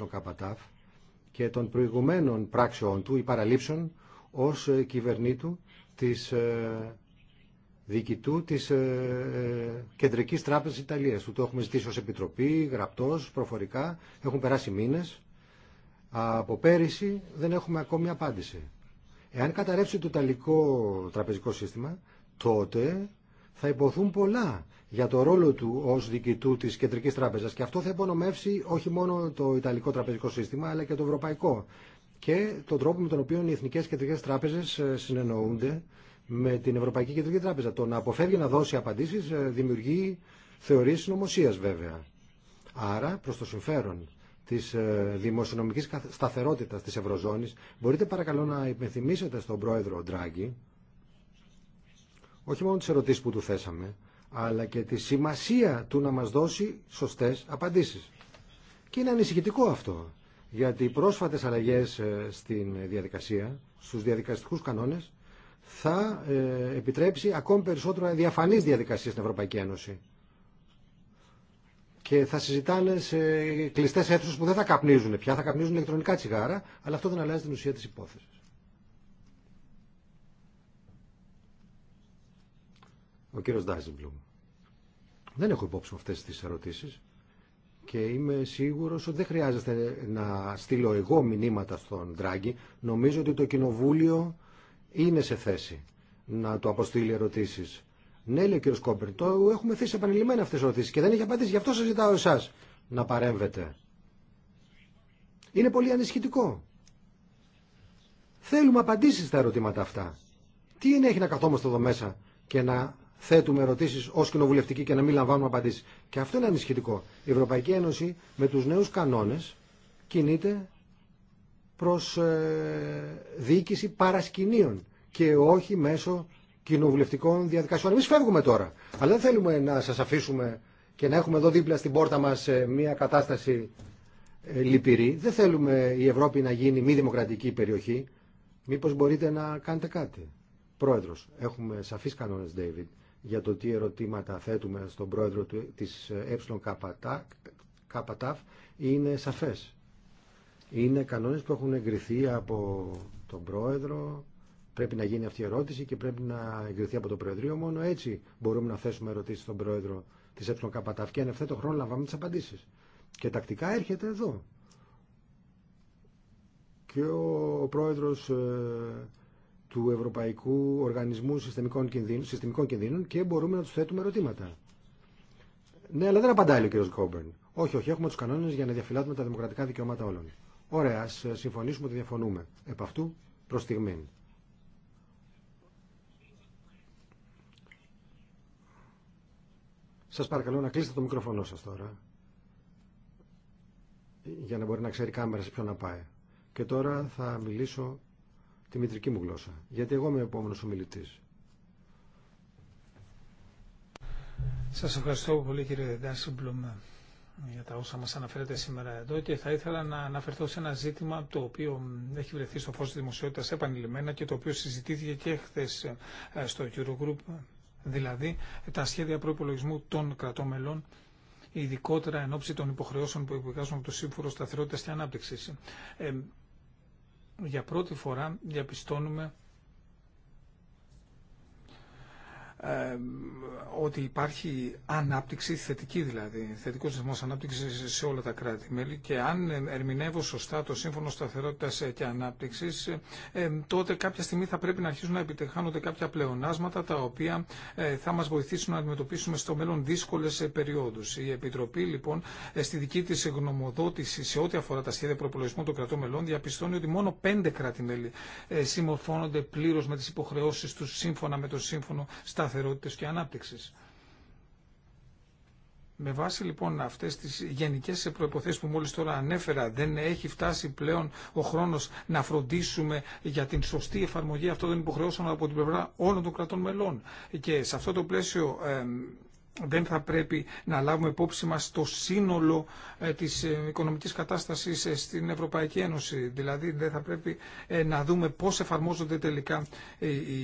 και των προηγουμένων πράξεων του ή παραλήψεων ως κυβερνήτου της ε, διοικητού της ε, ε, κεντρική τράπεζα Ιταλία. Του το έχουμε ζητήσει ω Επιτροπή, γραπτό, προφορικά. Έχουν περάσει μήνε, Από πέρυσι δεν έχουμε ακόμη απάντηση. Εάν καταρρεύσει το Ιταλικό τραπεζικό σύστημα, τότε θα υποθούν πολλά για το ρόλο του ω διοικητού τη Κεντρική Τράπεζα. Και αυτό θα υπονομεύσει όχι μόνο το Ιταλικό τραπεζικό σύστημα, αλλά και το Ευρωπαϊκό. Και τον τρόπο με τον οποίο οι Εθνικέ Κεντρικέ Τράπεζε ε, συνεννοούνται με την Ευρωπαϊκή Κεντρική Τράπεζα. Το να αποφεύγει να δώσει απαντήσει ε, δημιουργεί θεωρίε συνωμοσία βέβαια. Άρα προ το συμφέρον τη ε, δημοσιονομική σταθερότητα τη Ευρωζώνη μπορείτε παρακαλώ να υπενθυμίσετε στον πρόεδρο Ντράγκη όχι μόνο τι ερωτήσει που του θέσαμε αλλά και τη σημασία του να μα δώσει σωστέ απαντήσει. Και είναι ανησυχητικό αυτό γιατί οι πρόσφατες αλλαγές ε, στην διαδικασία, στους διαδικαστικούς κανόνες, θα ε, επιτρέψει ακόμη περισσότερο διαφανείς διαδικασίες στην Ευρωπαϊκή Ένωση. Και θα συζητάνε σε κλειστέ αίθουσε που δεν θα καπνίζουν πια, θα καπνίζουν ηλεκτρονικά τσιγάρα, αλλά αυτό δεν αλλάζει την ουσία τη υπόθεση. Ο κύριο Ντάζιμπλουμ. Δεν έχω υπόψη μου αυτέ τι ερωτήσει και είμαι σίγουρο ότι δεν χρειάζεται να στείλω εγώ μηνύματα στον Ντράγκη. Νομίζω ότι το κοινοβούλιο είναι σε θέση να του αποστείλει ερωτήσει. Ναι, λέει ο κύριο Κόμπερντ, το έχουμε θέσει επανειλημμένα αυτέ τι ερωτήσει και δεν έχει απαντήσει. Γι' αυτό σα ζητάω εσά να παρέμβετε. Είναι πολύ ανησυχητικό. Θέλουμε απαντήσει στα ερωτήματα αυτά. Τι είναι έχει να καθόμαστε εδώ μέσα και να θέτουμε ερωτήσει ω κοινοβουλευτικοί και να μην λαμβάνουμε απαντήσει. Και αυτό είναι ανησυχητικό. Η Ευρωπαϊκή Ένωση με του νέου κανόνε κινείται προς ε, διοίκηση παρασκηνίων και όχι μέσω κοινοβουλευτικών διαδικασιών. Εμεί φεύγουμε τώρα. Αλλά δεν θέλουμε να σας αφήσουμε και να έχουμε εδώ δίπλα στην πόρτα μας ε, μια κατάσταση ε, λυπηρή. Δεν θέλουμε η Ευρώπη να γίνει μη δημοκρατική περιοχή. Μήπως μπορείτε να κάνετε κάτι. Πρόεδρος, έχουμε σαφείς κανόνες, David, για το τι ερωτήματα θέτουμε στον πρόεδρο της ΕΚΤ Είναι σαφές είναι κανόνες που έχουν εγκριθεί από τον πρόεδρο, πρέπει να γίνει αυτή η ερώτηση και πρέπει να εγκριθεί από το Προεδρείο. Μόνο έτσι μπορούμε να θέσουμε ερωτήσει στον Πρόεδρο της ΕΚΤΑΦ και αν χρόνο λαμβάνουμε τις απαντήσεις. Και τακτικά έρχεται εδώ. Και ο Πρόεδρο ε, του Ευρωπαϊκού Οργανισμού Συστημικών Κινδύνων, Συστημικών Κινδύνων και μπορούμε να του θέτουμε ερωτήματα. Ναι, αλλά δεν απαντάει ο κ. Κόμπερν. Όχι, όχι, έχουμε του κανόνε για να διαφυλάτουμε τα δημοκρατικά δικαιώματα όλων. Ωραία, ας συμφωνήσουμε ότι διαφωνούμε. Επ' αυτού προς Σας παρακαλώ να κλείσετε το μικροφωνό σας τώρα. Για να μπορεί να ξέρει η κάμερα σε ποιον να πάει. Και τώρα θα μιλήσω τη μητρική μου γλώσσα. Γιατί εγώ είμαι ο επόμενος ομιλητής. Σας ευχαριστώ πολύ κύριε Δάσιμπλουμ για τα όσα μας αναφέρεται σήμερα εδώ και θα ήθελα να αναφερθώ σε ένα ζήτημα το οποίο έχει βρεθεί στο φως της δημοσιότητας επανειλημμένα και το οποίο συζητήθηκε και χθε ε, στο Eurogroup, δηλαδή τα σχέδια προπολογισμού των κρατών μελών ειδικότερα εν ώψη των υποχρεώσεων που υποκάζουν από το Σύμφωνο Σταθερότητας και Ανάπτυξης. Ε, για πρώτη φορά διαπιστώνουμε Ε, ότι υπάρχει ανάπτυξη, θετική δηλαδή, θετικός ρυθμό ανάπτυξης σε όλα τα κράτη-μέλη και αν ερμηνεύω σωστά το Σύμφωνο Σταθερότητας και Ανάπτυξης, ε, τότε κάποια στιγμή θα πρέπει να αρχίσουν να επιτεχάνονται κάποια πλεονάσματα τα οποία ε, θα μας βοηθήσουν να αντιμετωπίσουμε στο μέλλον δύσκολες περιόδους. Η Επιτροπή λοιπόν στη δική της γνωμοδότηση σε ό,τι αφορά τα σχέδια προπολογισμού των κρατών μελών διαπιστώνει ότι μόνο πέντε κράτη-μέλη συμμορφώνονται πλήρως με τις υποχρεώσεις του σύμφωνα με το Σύμφωνο Σταθερότητας σταθερότητας και ανάπτυξης. Με βάση λοιπόν αυτές τις γενικές προϋποθέσεις που μόλις τώρα ανέφερα, δεν έχει φτάσει πλέον ο χρόνος να φροντίσουμε για την σωστή εφαρμογή αυτών των υποχρεώσεων από την πλευρά όλων των κρατών μελών. Και σε αυτό το πλαίσιο δεν θα πρέπει να λάβουμε υπόψη μας το σύνολο ε, της ε, οικονομικής κατάστασης ε, στην Ευρωπαϊκή Ένωση. Δηλαδή δεν θα πρέπει να δούμε πώς εφαρμόζονται τελικά οι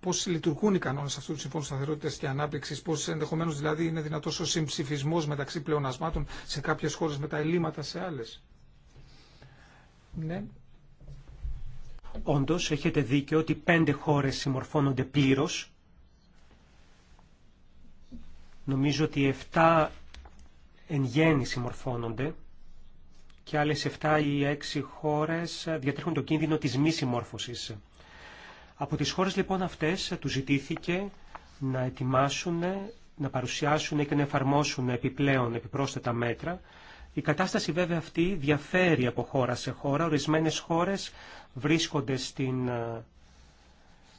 πώ λειτουργούν οι κανόνε αυτού του Συμφώνου Σταθερότητα και Ανάπτυξη, πώ ενδεχομένω δηλαδή είναι δυνατό ο συμψηφισμό μεταξύ πλεονασμάτων σε κάποιε χώρε με τα ελλείμματα σε άλλε. Ναι. Όντω, έχετε δίκιο ότι πέντε χώρε συμμορφώνονται πλήρω. Νομίζω ότι 7 εν γέννη συμμορφώνονται και άλλες 7 ή 6 χώρες διατρέχουν το κίνδυνο της μη συμμόρφωσης. Από τις χώρες λοιπόν αυτές ε, του ζητήθηκε να ετοιμάσουν, ε, να παρουσιάσουν και να εφαρμόσουν επιπλέον επιπρόσθετα μέτρα. Η κατάσταση βέβαια αυτή διαφέρει από χώρα σε χώρα. Ορισμένες χώρες βρίσκονται στην ε,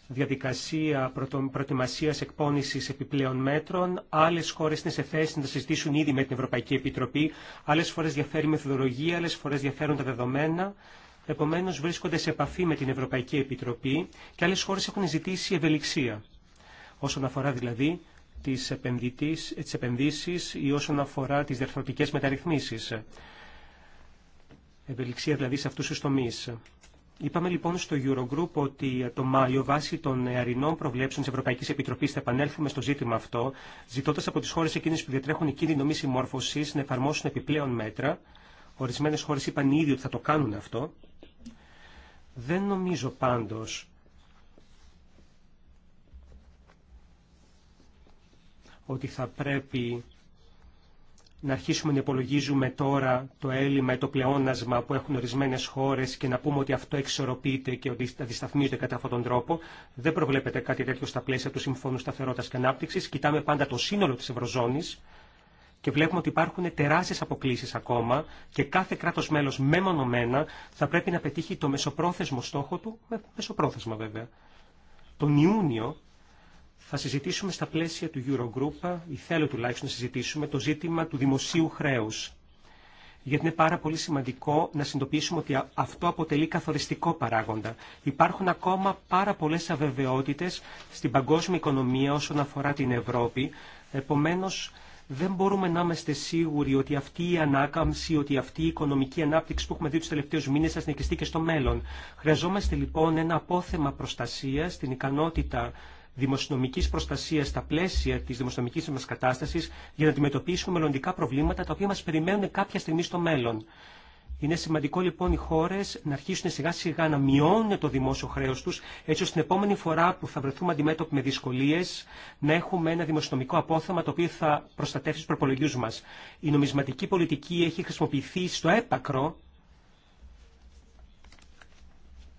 διαδικασία προετοιμασία εκπόνηση επιπλέον μέτρων. Άλλε χώρε είναι σε θέση να τα συζητήσουν ήδη με την Ευρωπαϊκή Επιτροπή. Άλλε φορέ διαφέρει η μεθοδολογία, άλλε φορέ διαφέρουν τα δεδομένα επομένω βρίσκονται σε επαφή με την Ευρωπαϊκή Επιτροπή και άλλε χώρε έχουν ζητήσει ευελιξία. Όσον αφορά δηλαδή τι επενδύσει ή όσον αφορά τι διαρθρωτικέ μεταρρυθμίσει. Ευελιξία δηλαδή σε αυτού του τομεί. Είπαμε λοιπόν στο Eurogroup ότι το Μάιο βάσει των αρινών προβλέψεων τη Ευρωπαϊκή Επιτροπή θα επανέλθουμε στο ζήτημα αυτό, ζητώντα από τι χώρε εκείνε που διατρέχουν κίνδυνο μη συμμόρφωση να εφαρμόσουν επιπλέον μέτρα. Ορισμένε χώρε είπαν ήδη ότι θα το κάνουν αυτό. Δεν νομίζω πάντως ότι θα πρέπει να αρχίσουμε να υπολογίζουμε τώρα το έλλειμμα ή το πλεόνασμα που έχουν ορισμένες χώρες και να πούμε ότι αυτό εξορροπείται και ότι αντισταθμίζεται κατά αυτόν τον τρόπο. Δεν προβλέπεται κάτι τέτοιο στα πλαίσια του Συμφώνου Σταθερότητας και Ανάπτυξης. Κοιτάμε πάντα το σύνολο της Ευρωζώνης και βλέπουμε ότι υπάρχουν τεράστιες αποκλήσεις ακόμα και κάθε κράτος μέλος μεμονωμένα θα πρέπει να πετύχει το μεσοπρόθεσμο στόχο του, με μεσοπρόθεσμα βέβαια. Τον Ιούνιο θα συζητήσουμε στα πλαίσια του Eurogroup, ή θέλω τουλάχιστον να συζητήσουμε, το ζήτημα του δημοσίου χρέους. Γιατί είναι πάρα πολύ σημαντικό να συνειδητοποιήσουμε ότι αυτό αποτελεί καθοριστικό παράγοντα. Υπάρχουν ακόμα πάρα πολλές αβεβαιότητες στην παγκόσμια οικονομία όσον αφορά την Ευρώπη. Επομένως, δεν μπορούμε να είμαστε σίγουροι ότι αυτή η ανάκαμψη, ότι αυτή η οικονομική ανάπτυξη που έχουμε δει του τελευταίου μήνε θα συνεχιστεί και στο μέλλον. Χρειαζόμαστε λοιπόν ένα απόθεμα προστασία, την ικανότητα δημοσιονομική προστασία στα πλαίσια τη δημοσιονομική μα κατάσταση για να αντιμετωπίσουμε μελλοντικά προβλήματα τα οποία μα περιμένουν κάποια στιγμή στο μέλλον. Είναι σημαντικό λοιπόν οι χώρε να αρχίσουν σιγά σιγά να μειώνουν το δημόσιο χρέο του, έτσι ώστε την επόμενη φορά που θα βρεθούμε αντιμέτωποι με δυσκολίε να έχουμε ένα δημοσιονομικό απόθεμα το οποίο θα προστατεύσει του προπολογιού μα. Η νομισματική πολιτική έχει χρησιμοποιηθεί στο έπακρο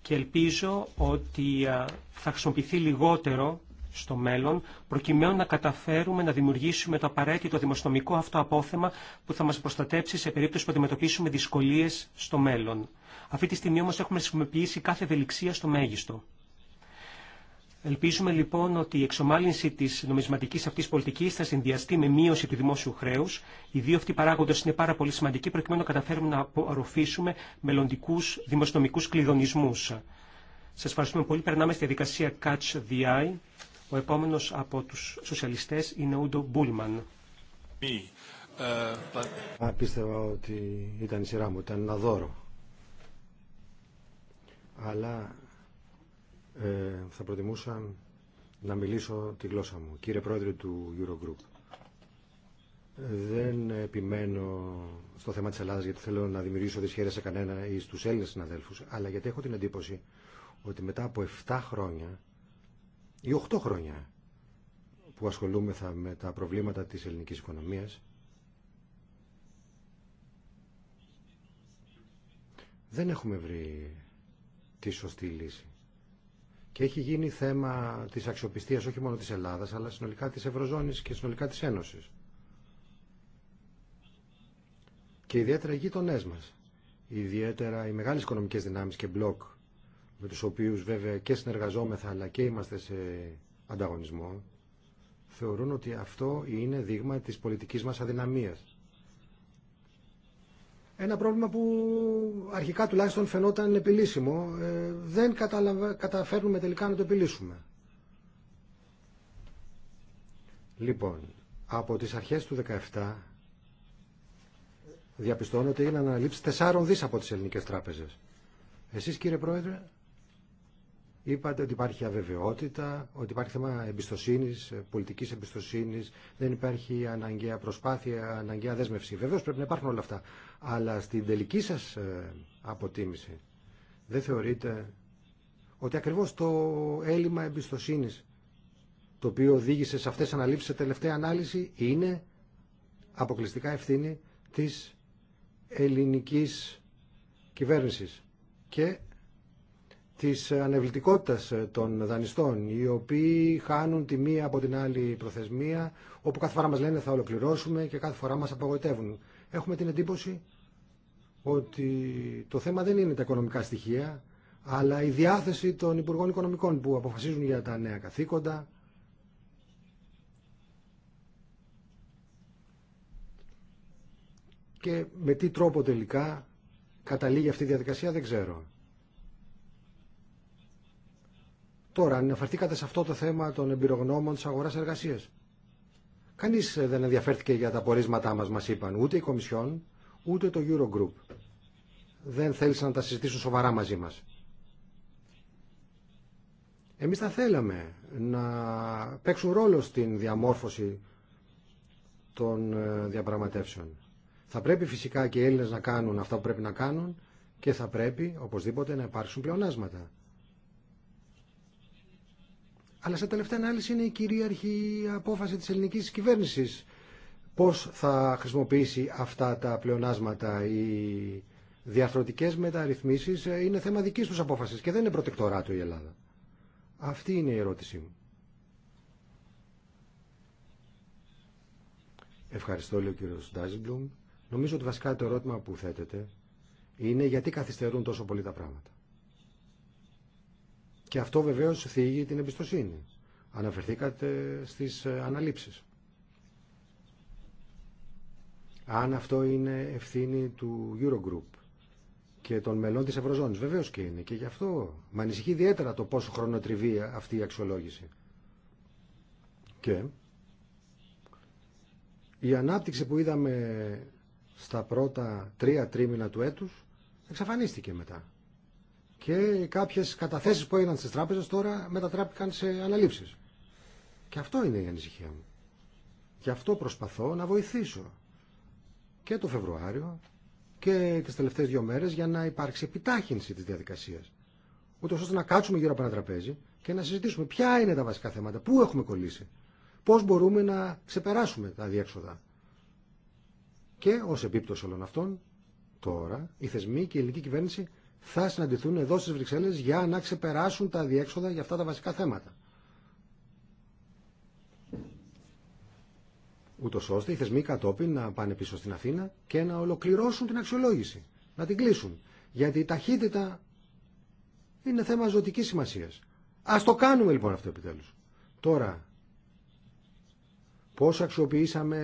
και ελπίζω ότι θα χρησιμοποιηθεί λιγότερο στο μέλλον, προκειμένου να καταφέρουμε να δημιουργήσουμε το απαραίτητο δημοσιονομικό αυτό απόθεμα που θα μα προστατέψει σε περίπτωση που αντιμετωπίσουμε δυσκολίε στο μέλλον. Αυτή τη στιγμή όμω έχουμε χρησιμοποιήσει κάθε ευελιξία στο μέγιστο. Ελπίζουμε λοιπόν ότι η εξομάλυνση τη νομισματική αυτή πολιτική θα συνδυαστεί με μείωση του δημόσιου χρέου. Οι δύο αυτοί παράγοντε είναι πάρα πολύ σημαντικοί προκειμένου να καταφέρουμε να απορροφήσουμε μελλοντικού δημοσιονομικού κλειδονισμού. Σα ευχαριστούμε πολύ. Περνάμε στη διαδικασία Catch the Eye. Ο επόμενος από τους σοσιαλιστές είναι ο Ούντο Μπούλμαν. Uh, πίστευα ότι ήταν η σειρά μου, ήταν ένα δώρο. Αλλά ε, θα προτιμούσα να μιλήσω τη γλώσσα μου. Κύριε Πρόεδρε του Eurogroup, δεν επιμένω στο θέμα της Ελλάδας γιατί θέλω να δημιουργήσω δυσχέρεια σε κανένα ή στους Έλληνες συναδέλφους, αλλά γιατί έχω την εντύπωση ότι μετά από 7 χρόνια οι 8 χρόνια που ασχολούμεθα με τα προβλήματα της ελληνικής οικονομίας δεν έχουμε βρει τη σωστή λύση. Και έχει γίνει θέμα της αξιοπιστίας όχι μόνο της Ελλάδας, αλλά συνολικά της Ευρωζώνης και συνολικά της Ένωσης. Και ιδιαίτερα οι γείτονέ μας. Ιδιαίτερα οι μεγάλες οικονομικές δυνάμεις και μπλοκ με τους οποίους βέβαια και συνεργαζόμεθα αλλά και είμαστε σε ανταγωνισμό, θεωρούν ότι αυτό είναι δείγμα της πολιτικής μας αδυναμίας. Ένα πρόβλημα που αρχικά τουλάχιστον φαινόταν επιλύσιμο, ε, δεν καταφέρνουμε τελικά να το επιλύσουμε. Λοιπόν, από τις αρχές του 2017 διαπιστώνω ότι έγιναν αναλήψεις 4 δις από τις ελληνικές τράπεζες. Εσείς κύριε Πρόεδρε, Είπατε ότι υπάρχει αβεβαιότητα, ότι υπάρχει θέμα εμπιστοσύνης, ε, πολιτικής εμπιστοσύνης, δεν υπάρχει αναγκαία προσπάθεια, αναγκαία δέσμευση. Βεβαίω πρέπει να υπάρχουν όλα αυτά. Αλλά στην τελική σας ε, αποτίμηση δεν θεωρείτε ότι ακριβώς το έλλειμμα εμπιστοσύνης το οποίο οδήγησε σε αυτές τις αναλήψει σε τελευταία ανάλυση είναι αποκλειστικά ευθύνη τη ελληνική κυβέρνηση. και της ανεβλητικότητας ε, των δανειστών, οι οποίοι χάνουν τη μία από την άλλη προθεσμία, όπου κάθε φορά μας λένε θα ολοκληρώσουμε και κάθε φορά μας απογοητεύουν. Έχουμε την εντύπωση ότι το θέμα δεν είναι τα οικονομικά στοιχεία, αλλά η διάθεση των Υπουργών Οικονομικών που αποφασίζουν για τα νέα καθήκοντα, και με τι τρόπο τελικά καταλήγει αυτή η διαδικασία δεν ξέρω. Τώρα, αναφερθήκατε σε αυτό το θέμα των εμπειρογνώμων τη αγορά-εργασία. Κανεί δεν ενδιαφέρθηκε για τα πορίσματά μα, μα είπαν, ούτε η Κομισιόν, ούτε το Eurogroup. Δεν θέλησαν να τα συζητήσουν σοβαρά μαζί μα. Εμεί θα θέλαμε να παίξουν ρόλο στην διαμόρφωση των ε, διαπραγματεύσεων. Θα πρέπει φυσικά και οι Έλληνε να κάνουν αυτά που πρέπει να κάνουν και θα πρέπει οπωσδήποτε να υπάρξουν πλεονάσματα. Αλλά σε τελευταία ανάλυση είναι η κυρίαρχη απόφαση της ελληνικής κυβέρνησης. Πώς θα χρησιμοποιήσει αυτά τα πλεονάσματα οι διαρθρωτικές μεταρρυθμίσεις ε, είναι θέμα δικής τους απόφασης και δεν είναι προτεκτορά του η Ελλάδα. Αυτή είναι η ερώτησή μου. Ευχαριστώ, λέει ο κύριος Ντάζιμπλουμ. Νομίζω ότι βασικά το ερώτημα που θέτεται είναι γιατί καθυστερούν τόσο πολύ τα πράγματα. Και αυτό βεβαίως θίγει την εμπιστοσύνη. Αναφερθήκατε στις ε, αναλήψει. Αν αυτό είναι ευθύνη του Eurogroup και των μελών τη Ευρωζώνης, βεβαίως και είναι. Και γι' αυτό με ανησυχεί ιδιαίτερα το πόσο χρονοτριβεί αυτή η αξιολόγηση. Και η ανάπτυξη που είδαμε στα πρώτα τρία τρίμηνα του έτους εξαφανίστηκε μετά και κάποιε καταθέσει που έγιναν στι τράπεζε τώρα μετατράπηκαν σε αναλήψεις. Και αυτό είναι η ανησυχία μου. Γι' αυτό προσπαθώ να βοηθήσω και το Φεβρουάριο και τι τελευταίε δύο μέρε για να υπάρξει επιτάχυνση τη διαδικασία. Ούτω ώστε να κάτσουμε γύρω από ένα τραπέζι και να συζητήσουμε ποια είναι τα βασικά θέματα, πού έχουμε κολλήσει, Πώ μπορούμε να ξεπεράσουμε τα διέξοδα. Και ω επίπτωση όλων αυτών, τώρα οι θεσμοί και η ελληνική κυβέρνηση θα συναντηθούν εδώ στις Βρυξέλλες για να ξεπεράσουν τα διέξοδα για αυτά τα βασικά θέματα. Ούτως ώστε οι θεσμοί κατόπιν να πάνε πίσω στην Αθήνα και να ολοκληρώσουν την αξιολόγηση, να την κλείσουν. Γιατί η ταχύτητα είναι θέμα ζωτικής σημασίας. Ας το κάνουμε λοιπόν αυτό επιτέλους. Τώρα, πώς αξιοποιήσαμε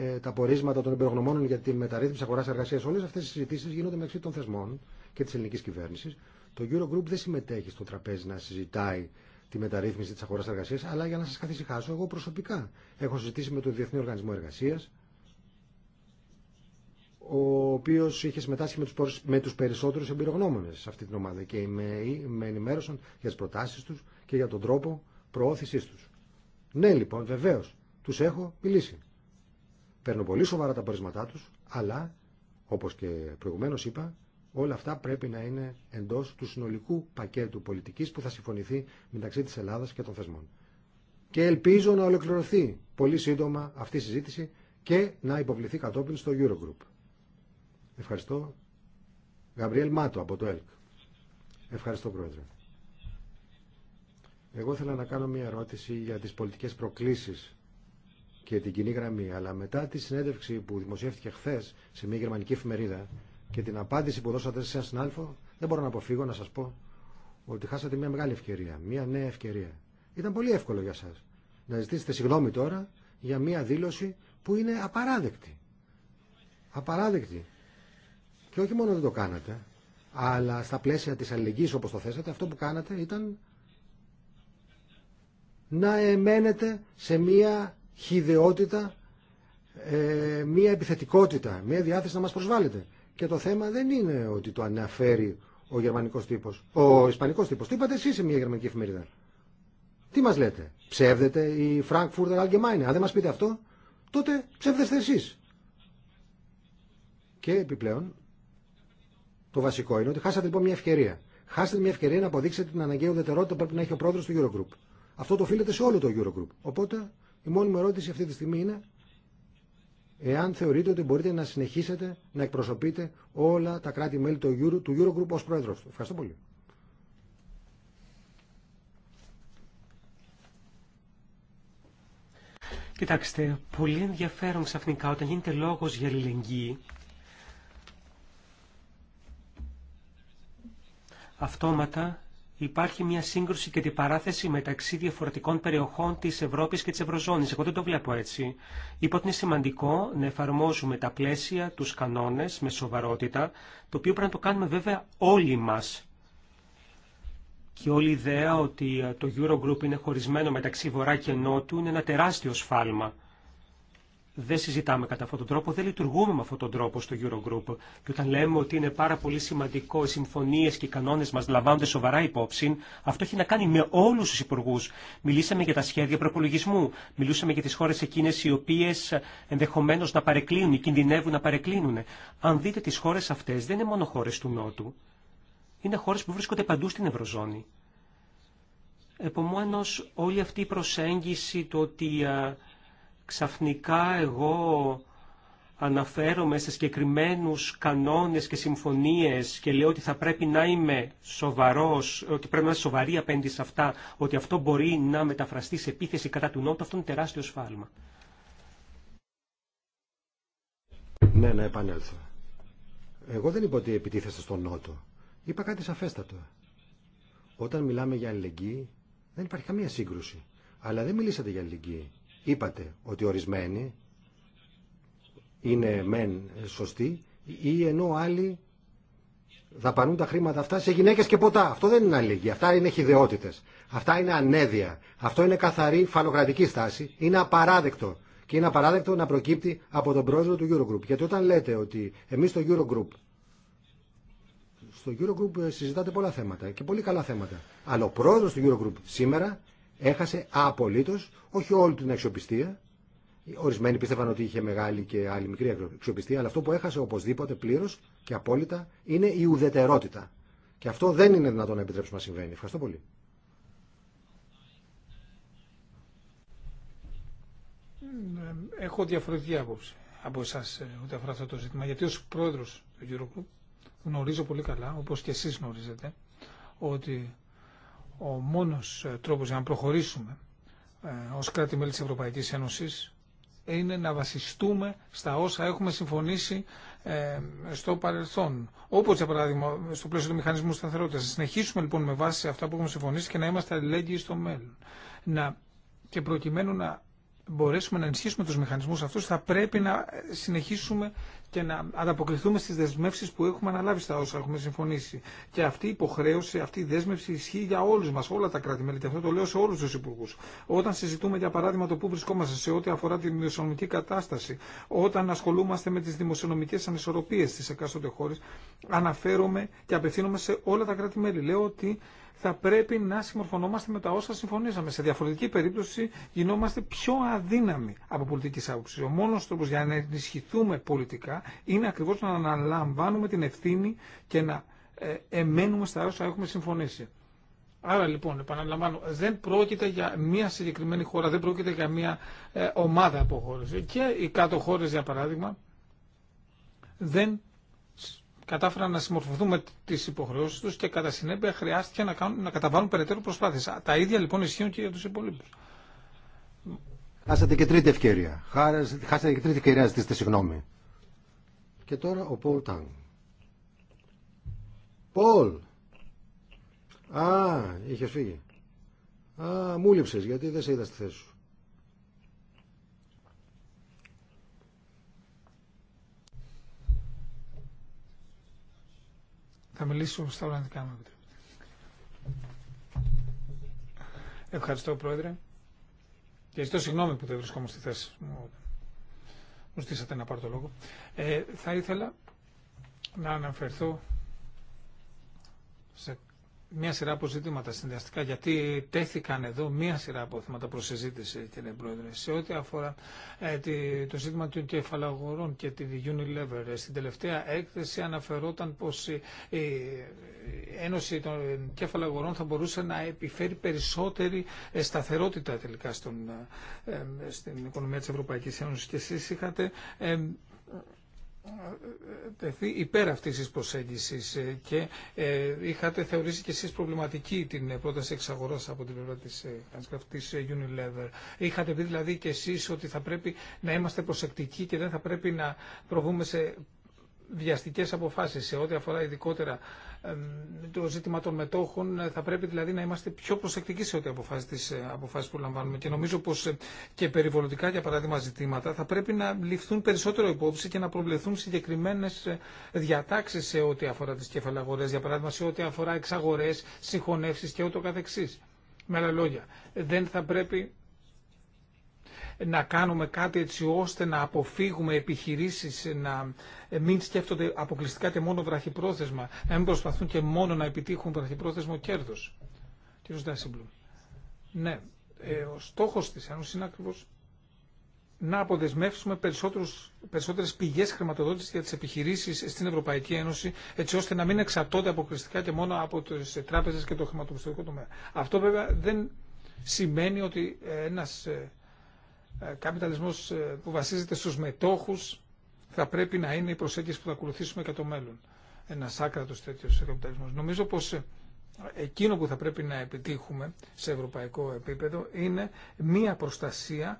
ε, τα πορίσματα των υπερογνωμόνων για τη μεταρρύθμιση αγοράς εργασίας, όλες αυτές οι συζητήσεις γίνονται μεταξύ των θεσμών και τη ελληνική κυβέρνηση. Το Eurogroup δεν συμμετέχει στο τραπέζι να συζητάει τη μεταρρύθμιση τη αγορά εργασία, αλλά για να σα καθησυχάσω, εγώ προσωπικά έχω συζητήσει με το Διεθνή Οργανισμό Εργασία, ο οποίο είχε συμμετάσχει με του περισσότερου εμπειρογνώμονε σε αυτή την ομάδα και με, με ενημέρωσαν για τι προτάσει του και για τον τρόπο προώθησή του. Ναι, λοιπόν, βεβαίω, του έχω μιλήσει. Παίρνω πολύ σοβαρά τα πορίσματά του, αλλά, όπω και προηγουμένω είπα, Όλα αυτά πρέπει να είναι εντό του συνολικού πακέτου πολιτική που θα συμφωνηθεί μεταξύ τη Ελλάδα και των θεσμών. Και ελπίζω να ολοκληρωθεί πολύ σύντομα αυτή η συζήτηση και να υποβληθεί κατόπιν στο Eurogroup. Ευχαριστώ. Γαμπριέλ Μάτο από το ΕΛΚ. Ευχαριστώ, Πρόεδρε. Εγώ ήθελα να κάνω μια ερώτηση για τις πολιτικές προκλήσεις και την κοινή γραμμή, αλλά μετά τη συνέντευξη που δημοσιεύτηκε χθε σε μια γερμανική εφημερίδα, και την απάντηση που δώσατε σε έναν συνάδελφο, δεν μπορώ να αποφύγω να σας πω ότι χάσατε μια μεγάλη ευκαιρία, μια νέα ευκαιρία. Ήταν πολύ εύκολο για σας να ζητήσετε συγγνώμη τώρα για μια δήλωση που είναι απαράδεκτη. Απαράδεκτη. Και όχι μόνο δεν το κάνατε, αλλά στα πλαίσια της αλληλεγγύης όπως το θέσατε, αυτό που κάνατε ήταν να εμένετε σε μια χιδεότητα, ε, μια επιθετικότητα, μια διάθεση να μας προσβάλλετε. Και το θέμα δεν είναι ότι το αναφέρει ο γερμανικό τύπο, ο ισπανικό τύπο. Τι είπατε εσεί σε μια γερμανική εφημερίδα. Τι μα λέτε, ψεύδετε η Frankfurter Allgemeine. Αν δεν μα πείτε αυτό, τότε ψεύδεστε εσεί. Και επιπλέον, το βασικό είναι ότι χάσατε λοιπόν μια ευκαιρία. Χάσατε μια ευκαιρία να αποδείξετε την αναγκαία ουδετερότητα που πρέπει να έχει ο πρόεδρο του Eurogroup. Αυτό το οφείλεται σε όλο το Eurogroup. Οπότε η μόνη μου ερώτηση αυτή τη στιγμή είναι εάν θεωρείτε ότι μπορείτε να συνεχίσετε να εκπροσωπείτε όλα τα κράτη-μέλη του, Euro, του Eurogroup ως πρόεδρος του. Ευχαριστώ πολύ. Κοιτάξτε, πολύ ενδιαφέρον ξαφνικά όταν γίνεται λόγος για αλληλεγγύη. Αυτόματα υπάρχει μια σύγκρουση και την παράθεση μεταξύ διαφορετικών περιοχών της Ευρώπης και της Ευρωζώνης. Εγώ δεν το βλέπω έτσι. Είπα ότι είναι σημαντικό να εφαρμόζουμε τα πλαίσια, τους κανόνες με σοβαρότητα, το οποίο πρέπει να το κάνουμε βέβαια όλοι μας. Και όλη η ιδέα ότι το Eurogroup είναι χωρισμένο μεταξύ Βορρά και Νότου είναι ένα τεράστιο σφάλμα δεν συζητάμε κατά αυτόν τον τρόπο, δεν λειτουργούμε με αυτόν τον τρόπο στο Eurogroup. Και όταν λέμε ότι είναι πάρα πολύ σημαντικό οι συμφωνίε και οι κανόνε μα λαμβάνονται σοβαρά υπόψη, αυτό έχει να κάνει με όλου του υπουργού. Μιλήσαμε για τα σχέδια προπολογισμού, μιλούσαμε για τι χώρε εκείνε οι οποίε ενδεχομένω να παρεκκλίνουν ή κινδυνεύουν να παρεκκλίνουν. Αν δείτε τι χώρε αυτέ, δεν είναι μόνο χώρε του Νότου. Είναι χώρε που βρίσκονται παντού στην Ευρωζώνη. Επομένω, όλη αυτή η προσέγγιση του ότι ξαφνικά εγώ αναφέρομαι σε συγκεκριμένου κανόνες και συμφωνίες και λέω ότι θα πρέπει να είμαι σοβαρός, ότι πρέπει να είμαι σοβαρή απέντηση σε αυτά, ότι αυτό μπορεί να μεταφραστεί σε επίθεση κατά του Νότου, αυτό είναι τεράστιο σφάλμα. Ναι, να επανέλθω. Εγώ δεν είπα ότι επιτίθεστε στον Νότο. Είπα κάτι σαφέστατο. Όταν μιλάμε για αλληλεγγύη, δεν υπάρχει καμία σύγκρουση. Αλλά δεν μιλήσατε για αλληλεγγύη. Είπατε ότι ορισμένοι είναι μεν σωστοί ή ενώ άλλοι δαπανούν τα χρήματα αυτά σε γυναίκες και ποτά. Αυτό δεν είναι αλήγη. Αυτά είναι χιδεότητες. Αυτά είναι ανέδεια. Αυτό είναι καθαρή φαλοκρατική στάση. Είναι απαράδεκτο. Και είναι απαράδεκτο να προκύπτει από τον πρόεδρο του Eurogroup. Γιατί όταν λέτε ότι εμείς στο Eurogroup στο Eurogroup συζητάτε πολλά θέματα και πολύ καλά θέματα. Αλλά ο πρόεδρος του Eurogroup σήμερα έχασε απολύτω, όχι όλη την αξιοπιστία. Ορισμένοι πίστευαν ότι είχε μεγάλη και άλλη μικρή αξιοπιστία, αλλά αυτό που έχασε οπωσδήποτε πλήρω και απόλυτα είναι η ουδετερότητα. Και αυτό δεν είναι δυνατόν να επιτρέψουμε να συμβαίνει. Ευχαριστώ πολύ. Ναι, έχω διαφορετική άποψη από εσά ε, ό,τι αφορά αυτό το ζήτημα. Γιατί ω πρόεδρο του Eurogroup γνωρίζω πολύ καλά, όπω και εσεί γνωρίζετε, ότι ο μόνος ε, τρόπος για να προχωρήσουμε ε, ως κράτη-μέλη της Ευρωπαϊκής Ένωσης είναι να βασιστούμε στα όσα έχουμε συμφωνήσει ε, στο παρελθόν. Όπως για παράδειγμα στο πλαίσιο του μηχανισμού σταθερότητας. Να συνεχίσουμε λοιπόν με βάση αυτά που έχουμε συμφωνήσει και να είμαστε αλληλέγγυοι στο μέλλον. Να, και προκειμένου να μπορέσουμε να ενισχύσουμε τους μηχανισμούς αυτούς θα πρέπει να συνεχίσουμε και να ανταποκριθούμε στις δεσμεύσεις που έχουμε αναλάβει στα όσα έχουμε συμφωνήσει. Και αυτή η υποχρέωση, αυτή η δέσμευση ισχύει για όλους μας, όλα τα κράτη-μέλη. Και αυτό το λέω σε όλους τους υπουργούς. Όταν συζητούμε για παράδειγμα το που βρισκόμαστε σε ό,τι αφορά τη δημοσιονομική κατάσταση, όταν ασχολούμαστε με τις δημοσιονομικές ανισορροπίες στις εκάστοτε χώρες, αναφέρομαι και απευθύνομαι σε όλα τα κράτη-μέλη. Λέω ότι θα πρέπει να συμμορφωνόμαστε με τα όσα συμφωνήσαμε. Σε διαφορετική περίπτωση γινόμαστε πιο αδύναμοι από πολιτική άποψη. Ο μόνο τρόπο για να ενισχυθούμε πολιτικά είναι ακριβώ να αναλαμβάνουμε την ευθύνη και να ε, εμένουμε στα όσα έχουμε συμφωνήσει. Άρα λοιπόν, επαναλαμβάνω, δεν πρόκειται για μία συγκεκριμένη χώρα, δεν πρόκειται για μία ε, ομάδα από χώρε. Και οι κάτω χώρε, για παράδειγμα, δεν κατάφεραν να συμμορφωθούν με τι υποχρεώσει του και κατά συνέπεια χρειάστηκε να, κάνουν, να καταβάλουν περαιτέρω προσπάθειε. Τα ίδια λοιπόν ισχύουν και για του υπολείπου. Χάσατε και τρίτη ευκαιρία. Χάσατε και τρίτη ευκαιρία, ζητήστε συγγνώμη. Και τώρα ο Πολ Τάγκ. Πολ! Α, είχε φύγει. Α, μου λείψες, γιατί δεν σε είδα στη θέση σου. Θα μιλήσω στα Ολλανδικά, μου Ευχαριστώ, Πρόεδρε. Και ζητώ συγγνώμη που δεν βρισκόμουν στη θέση μου. Μου στήσατε να πάρω το λόγο. Ε, θα ήθελα να αναφερθώ σε μια σειρά από ζητήματα συνδυαστικά, γιατί τέθηκαν εδώ μια σειρά από θέματα προ συζήτηση, κύριε Πρόεδρε, σε ό,τι αφορά ε, το ζήτημα των κεφαλαγορών και τη Unilever. Ε, στην τελευταία έκθεση αναφερόταν πω η Ένωση των Κεφαλαγορών θα μπορούσε να επιφέρει περισσότερη ε, σταθερότητα τελικά στον, στην οικονομία τη Ευρωπαϊκή Ένωση. Και εσεί είχατε τεθεί υπέρ αυτής της προσέγγισης ε, και ε, είχατε θεωρήσει και εσείς προβληματική την ε, πρόταση εξαγοράς από την πλευρά της της Unilever. Είχατε πει δηλαδή και εσείς ότι θα πρέπει να είμαστε προσεκτικοί και δεν θα πρέπει να προβούμε σε βιαστικές αποφάσεις σε ό,τι αφορά ειδικότερα ε, το ζήτημα των μετόχων. Ε, θα πρέπει δηλαδή να είμαστε πιο προσεκτικοί σε ό,τι αποφάσει ε, αποφάσεις που λαμβάνουμε. Και νομίζω πω και περιβολικά, για παράδειγμα, ζητήματα θα πρέπει να ληφθούν περισσότερο υπόψη και να προβλεφθούν συγκεκριμένε διατάξει σε ό,τι αφορά τι κεφαλαγορέ, για παράδειγμα, σε ό,τι αφορά εξαγορέ, συγχωνεύσει και ούτω καθεξή. Με άλλα λόγια, δεν θα πρέπει να κάνουμε κάτι έτσι ώστε να αποφύγουμε επιχειρήσεις να ε, μην σκέφτονται αποκλειστικά και μόνο βραχυπρόθεσμα, να μην προσπαθούν και μόνο να επιτύχουν βραχυπρόθεσμο κέρδος. Κύριος Ντάσιμπλουμ. Ναι, ε, ο στόχος της Ένωσης είναι ακριβώς να αποδεσμεύσουμε περισσότερε πηγέ χρηματοδότηση για τι επιχειρήσει στην Ευρωπαϊκή Ένωση, έτσι ώστε να μην εξαρτώνται αποκλειστικά και μόνο από τι τράπεζε και το χρηματοπιστωτικό τομέα. Αυτό βέβαια δεν σημαίνει ότι ένας ε, ε, καπιταλισμός ε, που βασίζεται στους μετόχους θα πρέπει να είναι η προσέγγιση που θα ακολουθήσουμε για το μέλλον. Ένα άκρατο τέτοιο καπιταλισμό. Νομίζω πως ε, εκείνο που θα πρέπει να επιτύχουμε σε ευρωπαϊκό επίπεδο είναι μία προστασία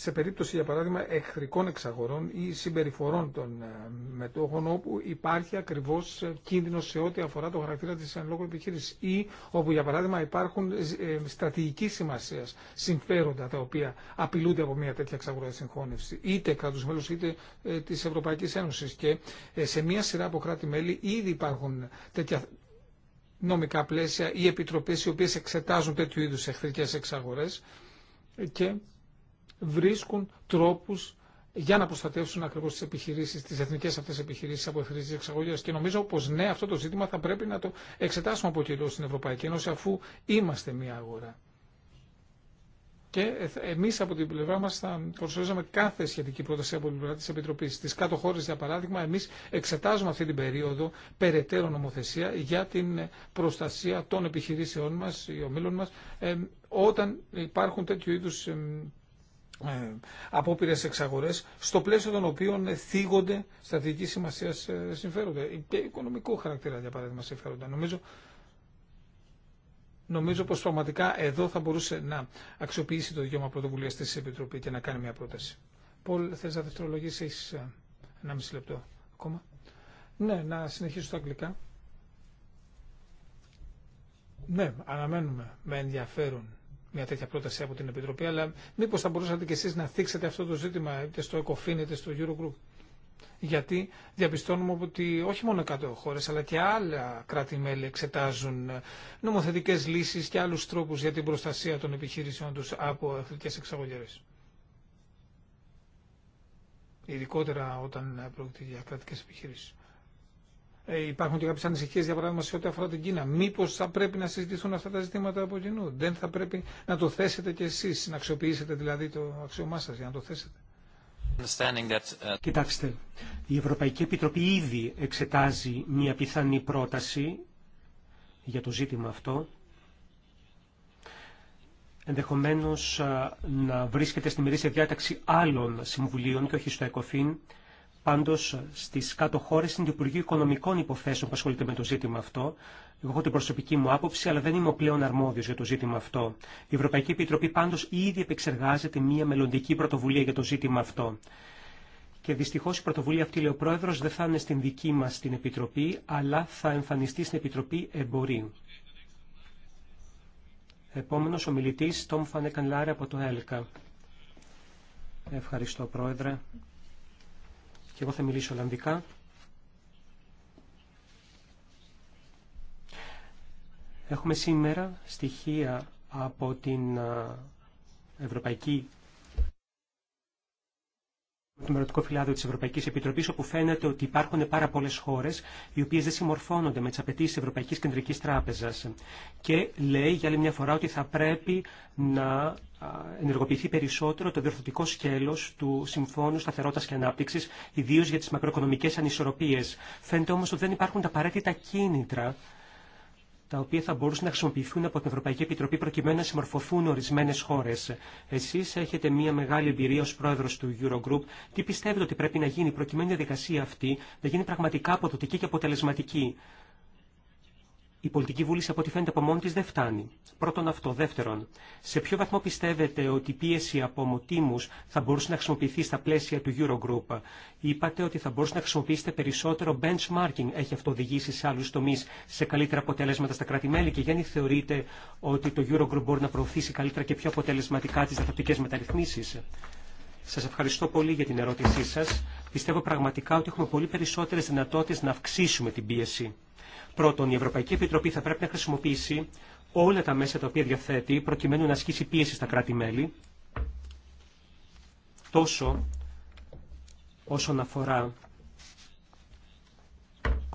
σε περίπτωση, για παράδειγμα, εχθρικών εξαγορών ή συμπεριφορών των ε, μετόχων, όπου υπάρχει ακριβώ ε, κίνδυνο σε ό,τι αφορά το χαρακτήρα τη εν λόγω επιχείρηση ή όπου, για παράδειγμα, υπάρχουν ε, στρατηγική σημασία συμφέροντα τα οποία απειλούνται από μια τέτοια εξαγορά συγχώνευση, είτε κράτου μέλου είτε τη Ευρωπαϊκή Ένωση. Και σε μια σειρά από κράτη-μέλη ήδη υπάρχουν τέτοια νομικά πλαίσια ή επιτροπές οι οποίες εξετάζουν τέτοιου είδου εχθρικές εξαγορές και βρίσκουν τρόπους για να προστατεύσουν ακριβώ τι επιχειρήσει, τι εθνικέ αυτέ επιχειρήσει από εχθρικέ εξαγωγέ. Και νομίζω πω ναι, αυτό το ζήτημα θα πρέπει να το εξετάσουμε από κοινού στην Ευρωπαϊκή Ένωση, αφού είμαστε μια αγορά. Και εμεί από την πλευρά μας θα προσφέραμε κάθε σχετική πρόταση από την πλευρά τη Επιτροπής. Στις κάτω χώρε, για παράδειγμα, εμεί εξετάζουμε αυτή την περίοδο περαιτέρω νομοθεσία για την προστασία των επιχειρήσεών μα, ομίλων μα όταν υπάρχουν τέτοιου είδου. Ε, απόπειρε εξαγορέ, στο πλαίσιο των οποίων θίγονται στρατηγική σημασία ε, συμφέροντα και οικονομικού χαρακτήρα, για παράδειγμα, συμφέροντα. Νομίζω, νομίζω πω πραγματικά εδώ θα μπορούσε να αξιοποιήσει το δικαίωμα πρωτοβουλία τη Επιτροπή και να κάνει μια πρόταση. Πολ, θε να δευτερολογήσει, ε, ένα μισή λεπτό ακόμα. Ναι, να συνεχίσω στα αγγλικά. Ναι, αναμένουμε με ενδιαφέρον μια τέτοια πρόταση από την Επιτροπή, αλλά μήπω θα μπορούσατε κι εσεί να θίξετε αυτό το ζήτημα είτε στο ECOFIN είτε στο Eurogroup. Γιατί διαπιστώνουμε ότι όχι μόνο 100 χώρε, αλλά και άλλα κράτη-μέλη εξετάζουν νομοθετικέ λύσει και άλλου τρόπου για την προστασία των επιχειρήσεων του από εθνικέ εξαγωγέ. Ειδικότερα όταν πρόκειται για κρατικέ επιχειρήσει. Ε, υπάρχουν και κάποιε ανησυχίε, για παράδειγμα, σε ό,τι αφορά την Κίνα. Μήπω θα πρέπει να συζητηθούν αυτά τα ζητήματα από κοινού. Δεν θα πρέπει να το θέσετε κι εσεί, να αξιοποιήσετε δηλαδή το αξιωμά σα για να το θέσετε. Uh, Κοιτάξτε, η Ευρωπαϊκή Επιτροπή ήδη εξετάζει μια πιθανή πρόταση για το ζήτημα αυτό ενδεχομένως να βρίσκεται στη μερίσια διάταξη άλλων συμβουλίων και όχι στο ΕΚΟΦΗΝ Πάντω στι κάτω χώρε είναι το Υπουργείο Οικονομικών Υποθέσεων που ασχολείται με το ζήτημα αυτό. Εγώ έχω την προσωπική μου άποψη, αλλά δεν είμαι ο πλέον αρμόδιο για το ζήτημα αυτό. Η Ευρωπαϊκή Επιτροπή πάντως ήδη επεξεργάζεται μια μελλοντική πρωτοβουλία για το ζήτημα αυτό. Και δυστυχώ, η πρωτοβουλία αυτή, λέει ο πρόεδρο, δεν θα είναι στην δική μα την Επιτροπή, αλλά θα εμφανιστεί στην Επιτροπή Εμπορίου. Επόμενος ομιλητής, Τόμ Φανέκαν Λάρε από το ΕΛΚΑ. Ευχαριστώ, Πρόεδρε και εγώ θα μιλήσω Ολλανδικά. Έχουμε σήμερα στοιχεία από την Ευρωπαϊκή το μερωτικό φυλάδιο της Ευρωπαϊκής Επιτροπής, όπου φαίνεται ότι υπάρχουν πάρα πολλές χώρες οι οποίες δεν συμμορφώνονται με τις απαιτήσεις της Ευρωπαϊκής Κεντρικής Τράπεζας. Και λέει για άλλη μια φορά ότι θα πρέπει να ενεργοποιηθεί περισσότερο το διορθωτικό σκέλο του Συμφώνου Σταθερότητα και Ανάπτυξη, ιδίω για τι μακροοικονομικέ ανισορροπίε. Φαίνεται όμω ότι δεν υπάρχουν τα απαραίτητα κίνητρα τα οποία θα μπορούσαν να χρησιμοποιηθούν από την Ευρωπαϊκή Επιτροπή προκειμένου να συμμορφωθούν ορισμένε χώρε. Εσεί έχετε μία μεγάλη εμπειρία ω πρόεδρο του Eurogroup. Τι πιστεύετε ότι πρέπει να γίνει προκειμένου η διαδικασία αυτή να γίνει πραγματικά αποδοτική και αποτελεσματική η πολιτική βούληση από ό,τι φαίνεται από μόνη τη δεν φτάνει. Πρώτον αυτό. Δεύτερον, σε ποιο βαθμό πιστεύετε ότι η πίεση από μοτίμους θα μπορούσε να χρησιμοποιηθεί στα πλαίσια του Eurogroup. Είπατε ότι θα μπορούσε να χρησιμοποιήσετε περισσότερο benchmarking. Έχει αυτό οδηγήσει σε άλλου τομεί σε καλύτερα αποτελέσματα στα κράτη-μέλη και Γέννη, θεωρείτε ότι το Eurogroup μπορεί να προωθήσει καλύτερα και πιο αποτελεσματικά τι δαθαπτικέ μεταρρυθμίσει. Σας ευχαριστώ πολύ για την ερώτησή σας. Πιστεύω πραγματικά ότι έχουμε πολύ περισσότερες δυνατότητες να αυξήσουμε την πίεση. Πρώτον, η Ευρωπαϊκή Επιτροπή θα πρέπει να χρησιμοποιήσει όλα τα μέσα τα οποία διαθέτει προκειμένου να ασκήσει πίεση στα κράτη-μέλη, τόσο όσον αφορά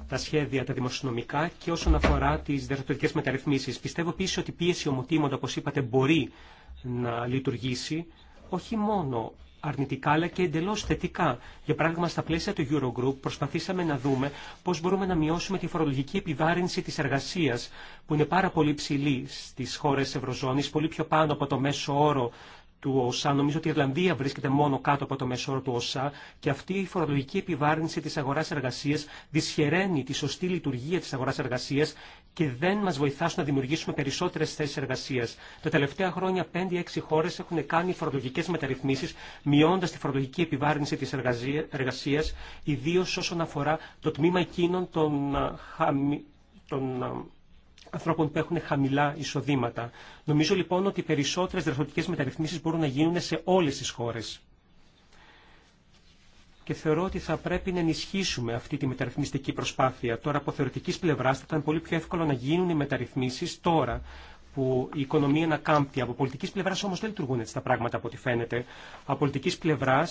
τα σχέδια τα δημοσιονομικά και όσον αφορά τις διαρθρωτικές μεταρρυθμίσεις. Πιστεύω επίση ότι πίεση ομοτήμων, όπως είπατε, μπορεί να λειτουργήσει όχι μόνο αρνητικά αλλά και εντελώ θετικά. Για παράδειγμα, στα πλαίσια του Eurogroup προσπαθήσαμε να δούμε πώ μπορούμε να μειώσουμε τη φορολογική επιβάρυνση τη εργασία, που είναι πάρα πολύ ψηλή στι χώρε Ευρωζώνη, πολύ πιο πάνω από το μέσο όρο του ΟΣΑ. Νομίζω ότι η Ιρλανδία βρίσκεται μόνο κάτω από το μέσο όρο του ΟΣΑ και αυτή η φορολογική επιβάρυνση τη αγορά-εργασία δυσχεραίνει τη σωστή λειτουργία τη αγορά-εργασία και δεν μα στο να δημιουργήσουμε περισσότερε θέσει εργασία. Τα τελευταία χρόνια 5-6 χώρε έχουν κάνει φορολογικέ μεταρρυθμίσει, μειώντα τη φορολογική επιβάρυνση τη εργασία, ιδίω όσον αφορά το τμήμα εκείνων των, των ανθρώπων που έχουν χαμηλά εισοδήματα. Νομίζω λοιπόν ότι περισσότερε δραστηριοτικέ μεταρρυθμίσεις μπορούν να γίνουν σε όλε τι χώρε. Και θεωρώ ότι θα πρέπει να ενισχύσουμε αυτή τη μεταρρυθμιστική προσπάθεια. Τώρα από θεωρητική πλευρά θα ήταν πολύ πιο εύκολο να γίνουν οι μεταρρυθμίσει τώρα που η οικονομία ανακάμπτει. Από πολιτική πλευρά όμω δεν λειτουργούν έτσι τα πράγματα από ό,τι φαίνεται. Από πολιτική πλευρά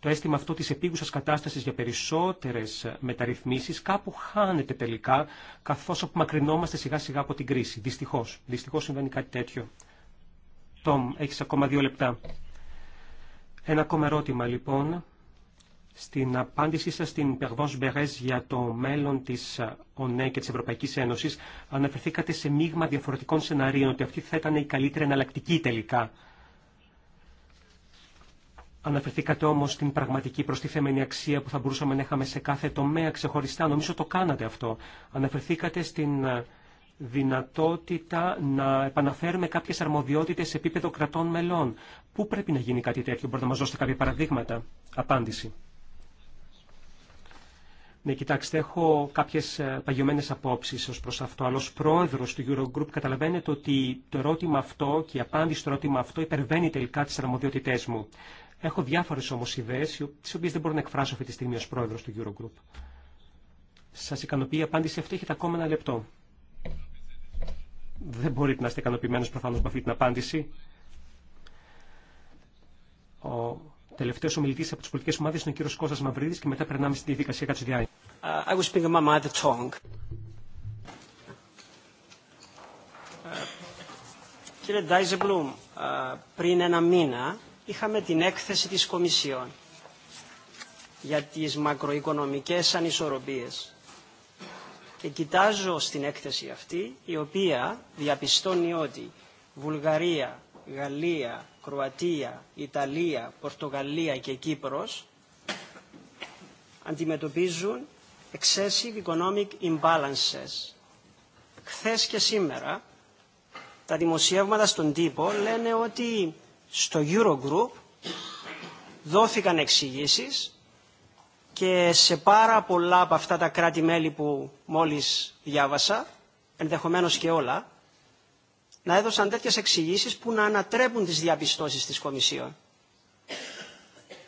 το αίσθημα αυτό της επίγουσας κατάστασης για περισσότερες μεταρρυθμίσεις κάπου χάνεται τελικά, καθώς απομακρυνόμαστε σιγά σιγά από την κρίση. Δυστυχώς. Δυστυχώς συμβαίνει κάτι τέτοιο. Τόμ, έχεις ακόμα δύο λεπτά. Ένα ακόμα ερώτημα λοιπόν. Στην απάντησή σας στην Περβάνς Μπερές για το μέλλον της ε, ΟΝΕ και της Ευρωπαϊκής Ένωσης αναφερθήκατε σε μείγμα διαφορετικών σενάριων ότι αυτή θα ήταν η καλύτερη εναλλακτική τελικά Αναφερθήκατε όμω στην πραγματική προστιθέμενη αξία που θα μπορούσαμε να είχαμε σε κάθε τομέα ξεχωριστά. Νομίζω το κάνατε αυτό. Αναφερθήκατε στην ε, δυνατότητα να επαναφέρουμε κάποιε αρμοδιότητε σε επίπεδο κρατών μελών. Πού πρέπει να γίνει κάτι τέτοιο, μπορείτε να μα δώσετε κάποια παραδείγματα. Απάντηση. Ναι, κοιτάξτε, έχω κάποιε παγιωμένε απόψει ω προ αυτό, αλλά ω πρόεδρο του Eurogroup καταλαβαίνετε ότι το ερώτημα αυτό και η απάντηση στο ερώτημα αυτό υπερβαίνει τελικά τι αρμοδιότητέ μου. Έχω διάφορε όμω ιδέε, τι οποίε δεν μπορώ να εκφράσω αυτή τη στιγμή ω πρόεδρο του Eurogroup. Σα ικανοποιεί η απάντηση αυτή, έχετε ακόμα ένα λεπτό. Δεν μπορείτε να είστε ικανοποιημένο προφανώ με αυτή την απάντηση. Ο τελευταίο ομιλητή από τι πολιτικέ ομάδε είναι ο κύριο Κώστα Μαυρίδη και μετά περνάμε στην διαδικασία uh, tongue. Uh, κύριε Ντάιζεμπλουμ, uh, πριν ένα μήνα είχαμε την έκθεση της Κομισιόν για τις μακροοικονομικές ανισορροπίες. Και κοιτάζω στην έκθεση αυτή, η οποία διαπιστώνει ότι Βουλγαρία, Γαλλία, Κροατία, Ιταλία, Πορτογαλία και Κύπρος αντιμετωπίζουν excessive economic imbalances. Χθες και σήμερα τα δημοσιεύματα στον τύπο λένε ότι στο Eurogroup δόθηκαν εξηγήσει και σε πάρα πολλά από αυτά τα κράτη-μέλη που μόλις διάβασα, ενδεχομένως και όλα, να έδωσαν τέτοιες εξηγήσει που να ανατρέπουν τις διαπιστώσεις της Κομισιόν.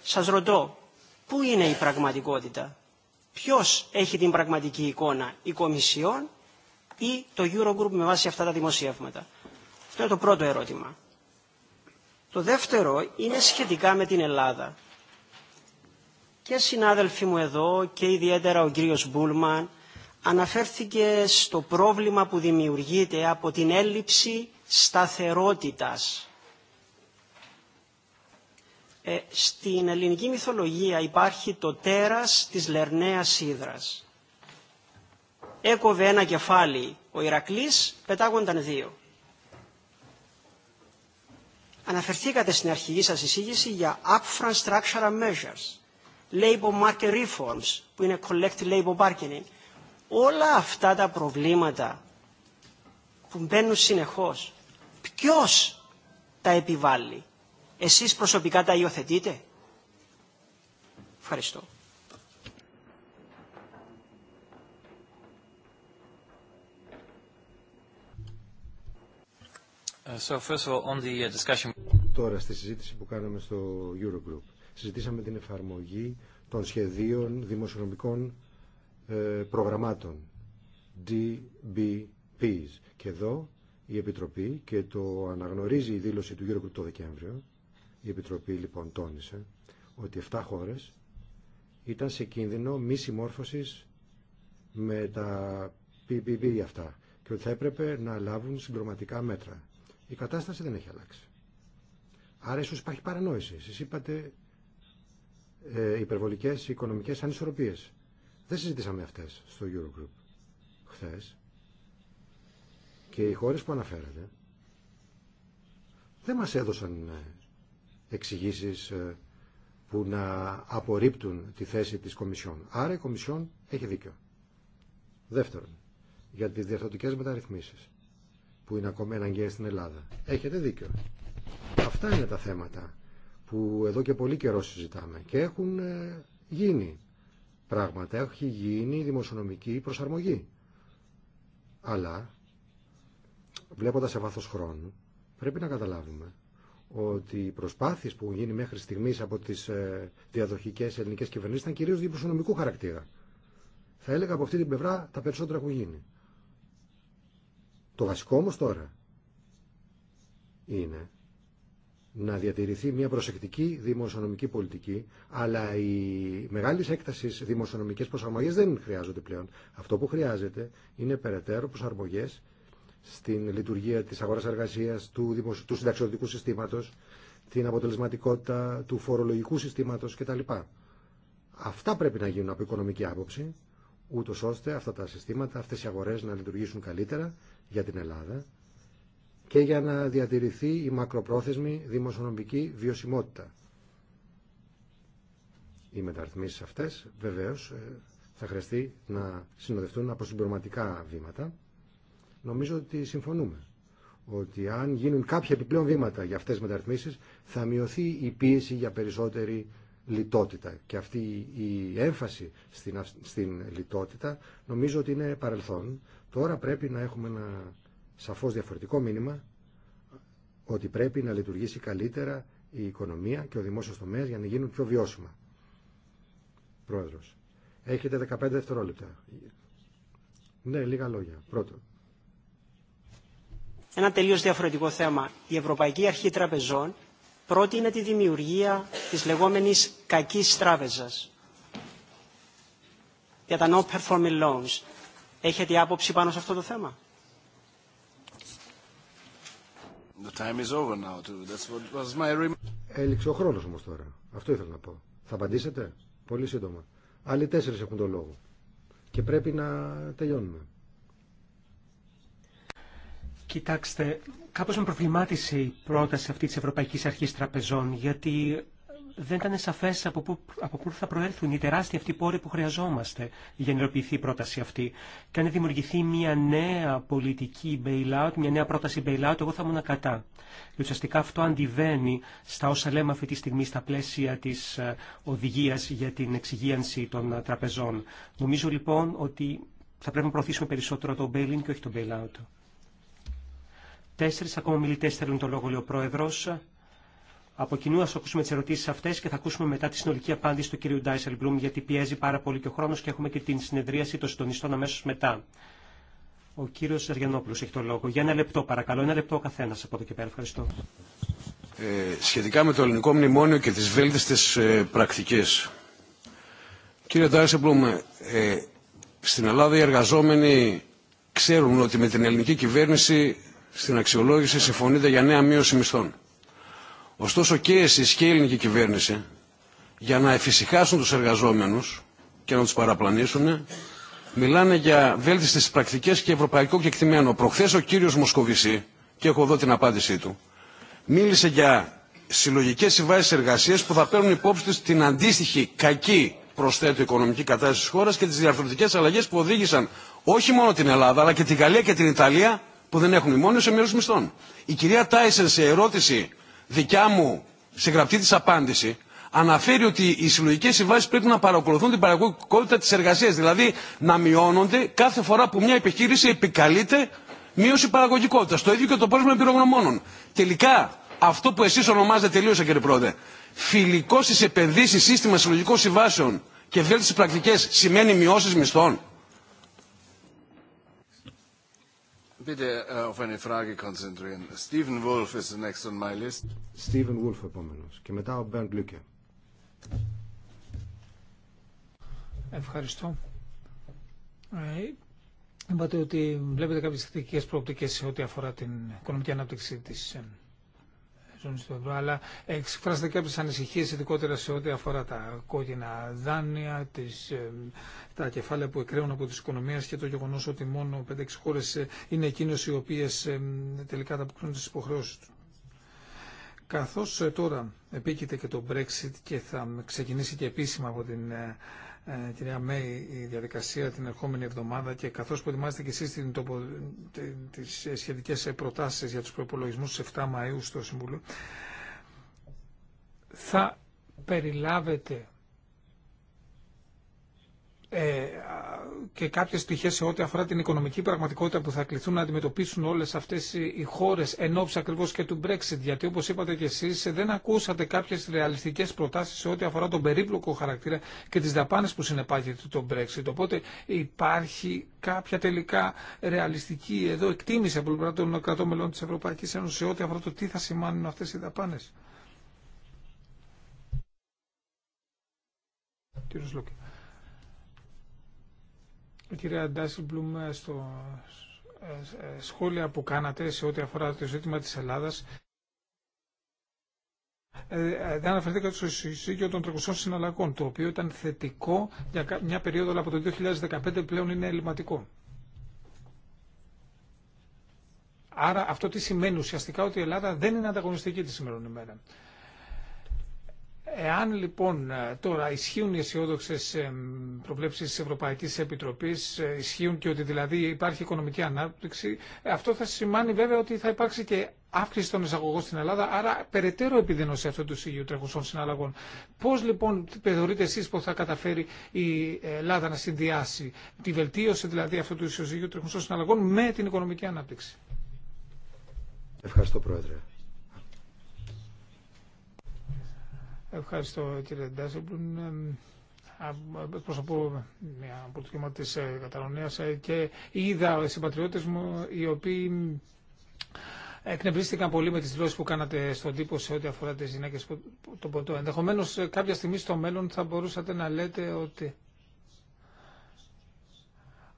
Σας ρωτώ, πού είναι η πραγματικότητα, ποιος έχει την πραγματική εικόνα, η Κομισιόν ή το Eurogroup με βάση αυτά τα δημοσιεύματα. Αυτό είναι το πρώτο ερώτημα. Το δεύτερο είναι σχετικά με την Ελλάδα. Και συνάδελφοί μου εδώ και ιδιαίτερα ο κύριος Μπούλμαν αναφέρθηκε στο πρόβλημα που δημιουργείται από την έλλειψη σταθερότητας. Ε, στην ελληνική μυθολογία υπάρχει το τέρας της Λερναίας Ήδρας. Έκοβε ένα κεφάλι ο Ηρακλής, πετάγονταν δύο. Αναφερθήκατε στην αρχική σας εισήγηση για upfront structural measures, labor market reforms, που είναι collective labor bargaining. Όλα αυτά τα προβλήματα που μπαίνουν συνεχώς, ποιος τα επιβάλλει. Εσείς προσωπικά τα υιοθετείτε. Ευχαριστώ. Uh, uh, Τώρα στη συζήτηση που κάναμε στο Eurogroup συζητήσαμε την εφαρμογή των σχεδίων δημοσιονομικών ε, προγραμμάτων DBPs και εδώ η Επιτροπή και το αναγνωρίζει η δήλωση του Eurogroup το Δεκέμβριο η Επιτροπή λοιπόν τόνισε ότι 7 χώρες ήταν σε κίνδυνο μη συμμόρφωσης με τα PPP αυτά και ότι θα έπρεπε να λάβουν συγκροματικά μέτρα. Η κατάσταση δεν έχει αλλάξει. Άρα ίσως υπάρχει παρανόηση. Εσείς είπατε ε, υπερβολικές οικονομικές ανισορροπίες. Δεν συζητήσαμε αυτές στο Eurogroup χθες. Και οι χώρες που αναφέρατε δεν μας έδωσαν ε, εξηγήσει ε, που να απορρίπτουν τη θέση της Κομισιόν. Άρα η Κομισιόν έχει δίκιο. Δεύτερον, για τις διαρθρωτικές μεταρρυθμίσεις που είναι ακόμα αναγκαία στην Ελλάδα. Έχετε δίκιο. Αυτά είναι τα θέματα που εδώ και πολύ καιρό συζητάμε και έχουν ε, γίνει πράγματα. Έχει γίνει δημοσιονομική προσαρμογή. Αλλά βλέποντας σε βάθος χρόνου πρέπει να καταλάβουμε ότι οι προσπάθειες που έχουν γίνει μέχρι στιγμής από τις ε, διαδοχικές ελληνικές κυβερνήσεις ήταν κυρίως δημοσιονομικού χαρακτήρα. Θα έλεγα από αυτή την πλευρά τα περισσότερα έχουν γίνει. Το βασικό όμως τώρα είναι να διατηρηθεί μια προσεκτική δημοσιονομική πολιτική, αλλά οι μεγάλη έκταση δημοσιονομικές προσαρμογές δεν χρειάζονται πλέον. Αυτό που χρειάζεται είναι περαιτέρω προσαρμογέ στην λειτουργία της αγορας εργασία, του, δημοσιο... του συνταξιωτικού συστήματο, την αποτελεσματικότητα του φορολογικού συστήματο κτλ. Αυτά πρέπει να γίνουν από οικονομική άποψη, ούτως ώστε αυτά τα συστήματα, αυτές οι αγορές να λειτουργήσουν καλύτερα για την Ελλάδα και για να διατηρηθεί η μακροπρόθεσμη δημοσιονομική βιωσιμότητα. Οι μεταρρυθμίσεις αυτές βεβαίως ε, θα χρειαστεί να συνοδευτούν από συμπληρωματικά βήματα. Νομίζω ότι συμφωνούμε ότι αν γίνουν κάποια επιπλέον βήματα για αυτές τις μεταρρυθμίσεις θα μειωθεί η πίεση για περισσότερη λιτότητα. Και αυτή η έμφαση στην, στην λιτότητα νομίζω ότι είναι παρελθόν. Τώρα πρέπει να έχουμε ένα σαφώς διαφορετικό μήνυμα ότι πρέπει να λειτουργήσει καλύτερα η οικονομία και ο δημόσιος τομέας για να γίνουν πιο βιώσιμα. Πρόεδρος, έχετε 15 δευτερόλεπτα. Ναι, λίγα λόγια. Πρώτον. Ένα τελείως διαφορετικό θέμα. Η Ευρωπαϊκή Αρχή Τραπεζών πρότεινε τη δημιουργία της λεγόμενης κακής τράπεζας για τα «no performing loans. Έχετε άποψη πάνω σε αυτό το θέμα. Έληξε ο χρόνος όμως τώρα. Αυτό ήθελα να πω. Θα απαντήσετε. Πολύ σύντομα. Άλλοι τέσσερις έχουν το λόγο. Και πρέπει να τελειώνουμε. Κοιτάξτε, κάπως με προβλημάτισε η πρόταση αυτή της Ευρωπαϊκής Αρχής Τραπεζών, γιατί δεν ήταν σαφέ από πού από θα προέλθουν οι τεράστιοι αυτοί πόροι που θα προελθουν οι τεραστιοι αυτοι ποροι που χρειαζομαστε για να υλοποιηθεί η πρόταση αυτή. Και αν δημιουργηθεί μια νέα πολιτική bailout, μια νέα πρόταση bailout, εγώ θα ήμουν κατά. Και ουσιαστικά αυτό αντιβαίνει στα όσα λέμε αυτή τη στιγμή στα πλαίσια τη ε, οδηγία για την εξυγίανση των ε, τραπεζών. Νομίζω λοιπόν ότι θα πρέπει να προωθήσουμε περισσότερο το bail-in και όχι το bail-out. Τέσσερι ακόμα μιλητέ θέλουν το λόγο, λέει ο Πρόεδρο. Από κοινού α ακούσουμε τι ερωτήσει αυτέ και θα ακούσουμε μετά τη συνολική απάντηση του κυρίου Ντάισελμπλουμ, γιατί πιέζει πάρα πολύ και ο χρόνο και έχουμε και την συνεδρίαση των συντονιστών αμέσω μετά. Ο κύριο Αργενόπλου έχει το λόγο. Για ένα λεπτό, παρακαλώ. Ένα λεπτό ο καθένα από εδώ και πέρα. Ευχαριστώ. Ε, σχετικά με το ελληνικό μνημόνιο και τι βέλτιστε ε, πρακτικέ. Κύριε Ντάισελμπλουμ, ε, στην Ελλάδα οι εργαζόμενοι ξέρουν ότι με την ελληνική κυβέρνηση στην αξιολόγηση συμφωνείται για νέα μείωση μισθών. Ωστόσο και εσεί και η ελληνική κυβέρνηση για να εφησυχάσουν του εργαζόμενου και να του παραπλανήσουν μιλάνε για βέλτιστε πρακτικέ και ευρωπαϊκό κεκτημένο. Προχθές ο κύριο Μοσκοβισή, και έχω εδώ την απάντησή του, μίλησε για συλλογικέ συμβάσει εργασία που θα παίρνουν υπόψη τους την αντίστοιχη κακή προσθέτω οικονομική κατάσταση τη χώρα και τι διαρθρωτικέ αλλαγέ που οδήγησαν όχι μόνο την Ελλάδα αλλά και την Γαλλία και την Ιταλία που δεν έχουν μόνοι σε μέρου μισθών. Η κυρία Τάισεν σε ερώτηση δικιά μου σε γραπτή της απάντηση αναφέρει ότι οι συλλογικές συμβάσεις πρέπει να παρακολουθούν την παραγωγικότητα της εργασίας, δηλαδή να μειώνονται κάθε φορά που μια επιχείρηση επικαλείται μείωση παραγωγικότητας. Το ίδιο και το πρόβλημα εμπειρογνωμόνων. Τελικά, αυτό που εσείς ονομάζετε τελείωσα κύριε Πρόεδρε, φιλικό στι επενδύσεις σύστημα συλλογικών συμβάσεων και ευέλτιστες πρακτικές σημαίνει μειώσεις μισθών. bitte äh, auf eine Frage konzentrieren. Stephen Wolf ist next on my list. Stephen Wolf επόμενος και μετά ο Bernd Lücke. Ευχαριστώ. Ε, είπατε ότι βλέπετε κάποιες θετικές προοπτικές σε ό,τι αφορά την οικονομική ανάπτυξη της ε, ζουν στο ευρώ, αλλά εξφράζονται κάποιε ανησυχίε, ειδικότερα σε ό,τι αφορά τα κόκκινα δάνεια, τις, ε, τα κεφάλαια που εκραίουν από τι οικονομίε και το γεγονό ότι μόνο 5-6 χώρε ε, είναι εκείνε οι οποίε ε, τελικά τα αποκρίνουν τι υποχρεώσει του. Καθώς τώρα επίκειται και το Brexit και θα ξεκινήσει και επίσημα από την κυρία ε, Μέη η διαδικασία την ερχόμενη εβδομάδα και καθώς προετοιμάζετε και εσεί τι σχετικέ τις για του προπολογισμού στις 7 Μαου στο Συμβουλίο θα περιλάβετε ε, και κάποιε πτυχέ σε ό,τι αφορά την οικονομική πραγματικότητα που θα κληθούν να αντιμετωπίσουν όλε αυτέ οι χώρε εν ώψη ακριβώς και του Brexit. Γιατί όπω είπατε και εσεί δεν ακούσατε κάποιε ρεαλιστικέ προτάσει σε ό,τι αφορά τον περίπλοκο χαρακτήρα και τι δαπάνε που συνεπάγεται το Brexit. Οπότε υπάρχει κάποια τελικά ρεαλιστική εδώ εκτίμηση από πλευρά των κρατών μελών τη Ευρωπαϊκή Ένωση, σε ό,τι αφορά το τι θα σημάνουν αυτέ οι δαπάνε κυρία Ντάσιμπλουμ, ε, στο ε, ε, σχόλια που κάνατε σε ό,τι αφορά το ζήτημα της Ελλάδας, δεν αναφερθήκατε στο συζύγιο των 300 συναλλαγών, το οποίο ήταν θετικό για μια περίοδο, αλλά από το 2015 πλέον είναι ελληματικό. Άρα αυτό τι σημαίνει ουσιαστικά ότι η Ελλάδα δεν είναι ανταγωνιστική τη σήμερα ημέρα. Εάν λοιπόν ε, τώρα ισχύουν οι αισιόδοξε ε, προβλέψει τη Ευρωπαϊκή Επιτροπή, ε, ισχύουν και ότι δηλαδή υπάρχει οικονομική ανάπτυξη, αυτό θα σημαίνει βέβαια ότι θα υπάρξει και αύξηση των εισαγωγών στην Ελλάδα, άρα περαιτέρω επιδείνωση αυτού του ίδιου τρέχουσων συναλλαγών. Πώ λοιπόν θεωρείτε εσεί πω θα καταφέρει η Ελλάδα να συνδυάσει τη βελτίωση δηλαδή αυτού του ισοζυγίου τρέχουσων συναλλαγών με την οικονομική ανάπτυξη. Ευχαριστώ Πρόεδρε. Ευχαριστώ κύριε Ντάσεμπλουν. Ε, ε, εκπροσωπώ μια από το Καταλωνία της ε, και είδα συμπατριώτε μου οι οποίοι εκνευρίστηκαν πολύ με τις δηλώσει που κάνατε στον τύπο σε ό,τι αφορά τις γυναίκες το ποτό. Ενδεχομένω, κάποια στιγμή στο μέλλον θα μπορούσατε να λέτε ότι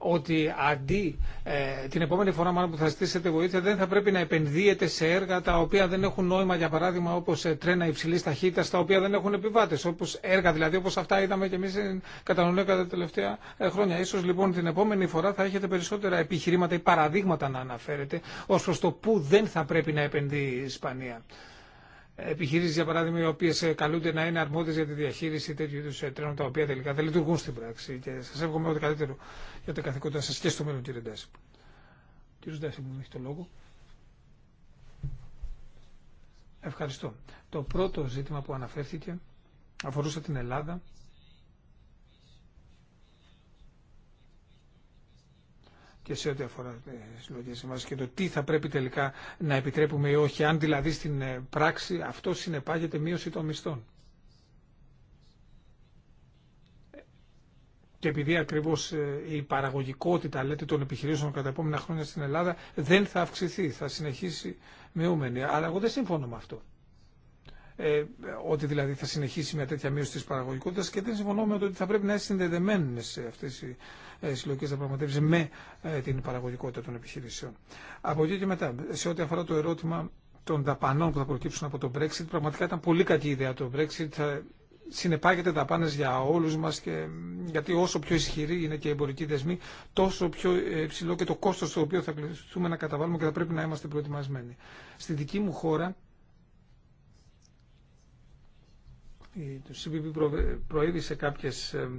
ότι αντί ε, την επόμενη φορά μάλλον που θα στήσετε βοήθεια δεν θα πρέπει να επενδύετε σε έργα τα οποία δεν έχουν νόημα για παράδειγμα όπως ε, τρένα υψηλή ταχύτητα, τα οποία δεν έχουν επιβάτες όπως έργα δηλαδή όπως αυτά είδαμε και εμείς κατανοούμε κατά τα τελευταία ε, χρόνια. Ίσως λοιπόν την επόμενη φορά θα έχετε περισσότερα επιχειρήματα ή παραδείγματα να αναφέρετε ως προς το που δεν θα πρέπει να επενδύει η Ισπανία επιχειρήσεις για παράδειγμα οι οποίε ε, καλούνται να είναι αρμόδιε για τη διαχείριση τέτοιου είδου ε, τρένων τα οποία τελικά δεν λειτουργούν στην πράξη και σας εύχομαι ό,τι καλύτερο για τα καθήκοντά σα και στο μέλλον κύριε Ντάση. Κύριος Ντάση μου έχει το λόγο. Ευχαριστώ. Το πρώτο ζήτημα που αναφέρθηκε αφορούσε την Ελλάδα και σε ό,τι αφορά τι συλλογέ μας και το τι θα πρέπει τελικά να επιτρέπουμε ή όχι, αν δηλαδή στην ε, πράξη αυτό συνεπάγεται μείωση των μισθών. Και επειδή ακριβώ ε, η παραγωγικότητα λέτε, των επιχειρήσεων κατά επόμενα χρόνια στην Ελλάδα δεν θα αυξηθεί, θα συνεχίσει μειούμενη. Αλλά εγώ δεν συμφωνώ με αυτό ε, ότι δηλαδή θα συνεχίσει μια τέτοια μείωση τη παραγωγικότητα και δεν συμφωνώ με το ότι θα πρέπει να είναι συνδεδεμένε αυτέ οι ε, συλλογικέ διαπραγματεύσει με ε, την παραγωγικότητα των επιχειρήσεων. Από εκεί και μετά, σε ό,τι αφορά το ερώτημα των δαπανών που θα προκύψουν από το Brexit, πραγματικά ήταν πολύ κακή ιδέα το Brexit. Θα συνεπάγεται δαπάνε για όλου μα γιατί όσο πιο ισχυροί είναι και οι εμπορικοί δεσμοί τόσο πιο ε, υψηλό και το κόστο το οποίο θα κληθούμε να καταβάλουμε και θα πρέπει να είμαστε προετοιμασμένοι. Στη δική μου χώρα, το CPP προείδησε σε κάποιες ε,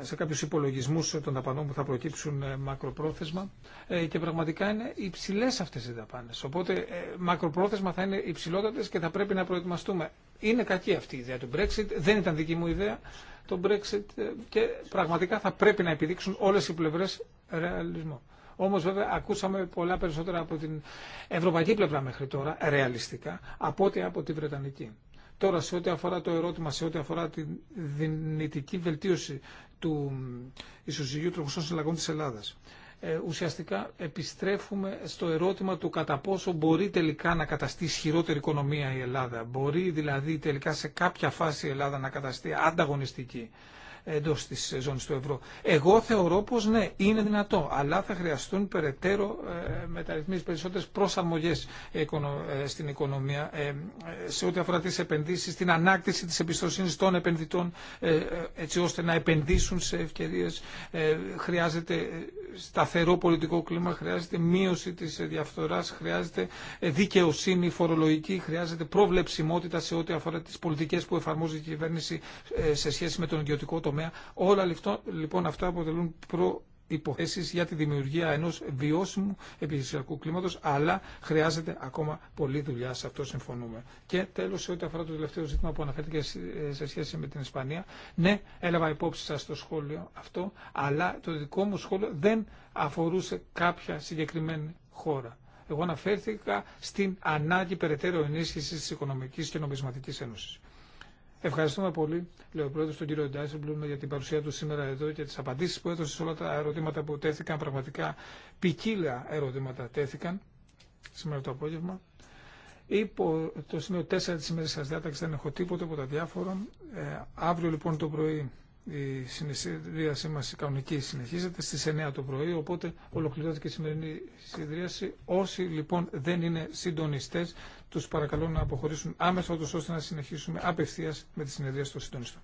σε κάποιους υπολογισμούς των δαπανών που θα προκύψουν ε, μακροπρόθεσμα ε, και πραγματικά είναι υψηλές αυτές οι δαπάνες. Οπότε μακροπρόθεσμα θα είναι υψηλότατες και θα πρέπει να προετοιμαστούμε. Είναι κακή αυτή η ιδέα του Brexit, δεν ήταν δική μου ιδέα το Brexit και πραγματικά θα πρέπει να επιδείξουν όλες οι πλευρές ρεαλισμό. Όμω, βέβαια, ακούσαμε πολλά περισσότερα από την ευρωπαϊκή πλευρά μέχρι τώρα, ρεαλιστικά, από ό,τι από τη βρετανική. Τώρα, σε ό,τι αφορά το ερώτημα, σε ό,τι αφορά τη δυνητική βελτίωση του ισοζυγίου τροχουσών συλλαγών της Ελλάδας. Ε, ουσιαστικά επιστρέφουμε στο ερώτημα του κατά πόσο μπορεί τελικά να καταστεί ισχυρότερη οικονομία η Ελλάδα. Μπορεί δηλαδή τελικά σε κάποια φάση η Ελλάδα να καταστεί ανταγωνιστική εντό τη ζώνη του ευρώ. Εγώ θεωρώ πω ναι, είναι δυνατό, αλλά θα χρειαστούν περαιτέρω ε, μεταρρυθμίσει, περισσότερε προσαρμογέ ε, στην οικονομία ε, σε ό,τι αφορά τι επενδύσει, την ανάκτηση τη εμπιστοσύνη των επενδυτών έτσι ώστε να επενδύσουν σε ευκαιρίε. Χρειάζεται σταθερό πολιτικό κλίμα, χρειάζεται μείωση της διαφθοράς, χρειάζεται δικαιοσύνη φορολογική, χρειάζεται προβλεψιμότητα σε ό,τι αφορά τις πολιτικές που εφαρμόζει η κυβέρνηση ε, σε σχέση με τον ιδιωτικό τομέα. Όλα λοιπόν αυτά αποτελούν προ υποθέσεις για τη δημιουργία ενός βιώσιμου επιχειρησιακού κλίματος, αλλά χρειάζεται ακόμα πολλή δουλειά, σε αυτό συμφωνούμε. Και τέλος, σε ό,τι αφορά το τελευταίο ζήτημα που αναφέρθηκε σε σχέση με την Ισπανία, ναι, έλαβα υπόψη σας το σχόλιο αυτό, αλλά το δικό μου σχόλιο δεν αφορούσε κάποια συγκεκριμένη χώρα. Εγώ αναφέρθηκα στην ανάγκη περαιτέρω ενίσχυση τη Οικονομικής και Νομισματικής Ένωσης. Ευχαριστούμε πολύ, λέει ο πρόεδρο, τον κύριο Ντάισεμπλουμ για την παρουσία του σήμερα εδώ και τις απαντήσεις που έδωσε σε όλα τα ερωτήματα που τέθηκαν. Πραγματικά ποικίλα ερωτήματα τέθηκαν σήμερα το απόγευμα. Υπό το σημείο 4 της ημέρας σας διάταξης δεν έχω τίποτα από τα διάφορα. Ε, αύριο λοιπόν το πρωί η συνεδρίασή μας η κανονική συνεχίζεται στις 9 το πρωί, οπότε ολοκληρώθηκε η σημερινή συνεδρίαση. Όσοι λοιπόν δεν είναι συντονιστές, τους παρακαλώ να αποχωρήσουν άμεσα, ώστε να συνεχίσουμε απευθείας με τη συνεδρίαση των συντονιστών.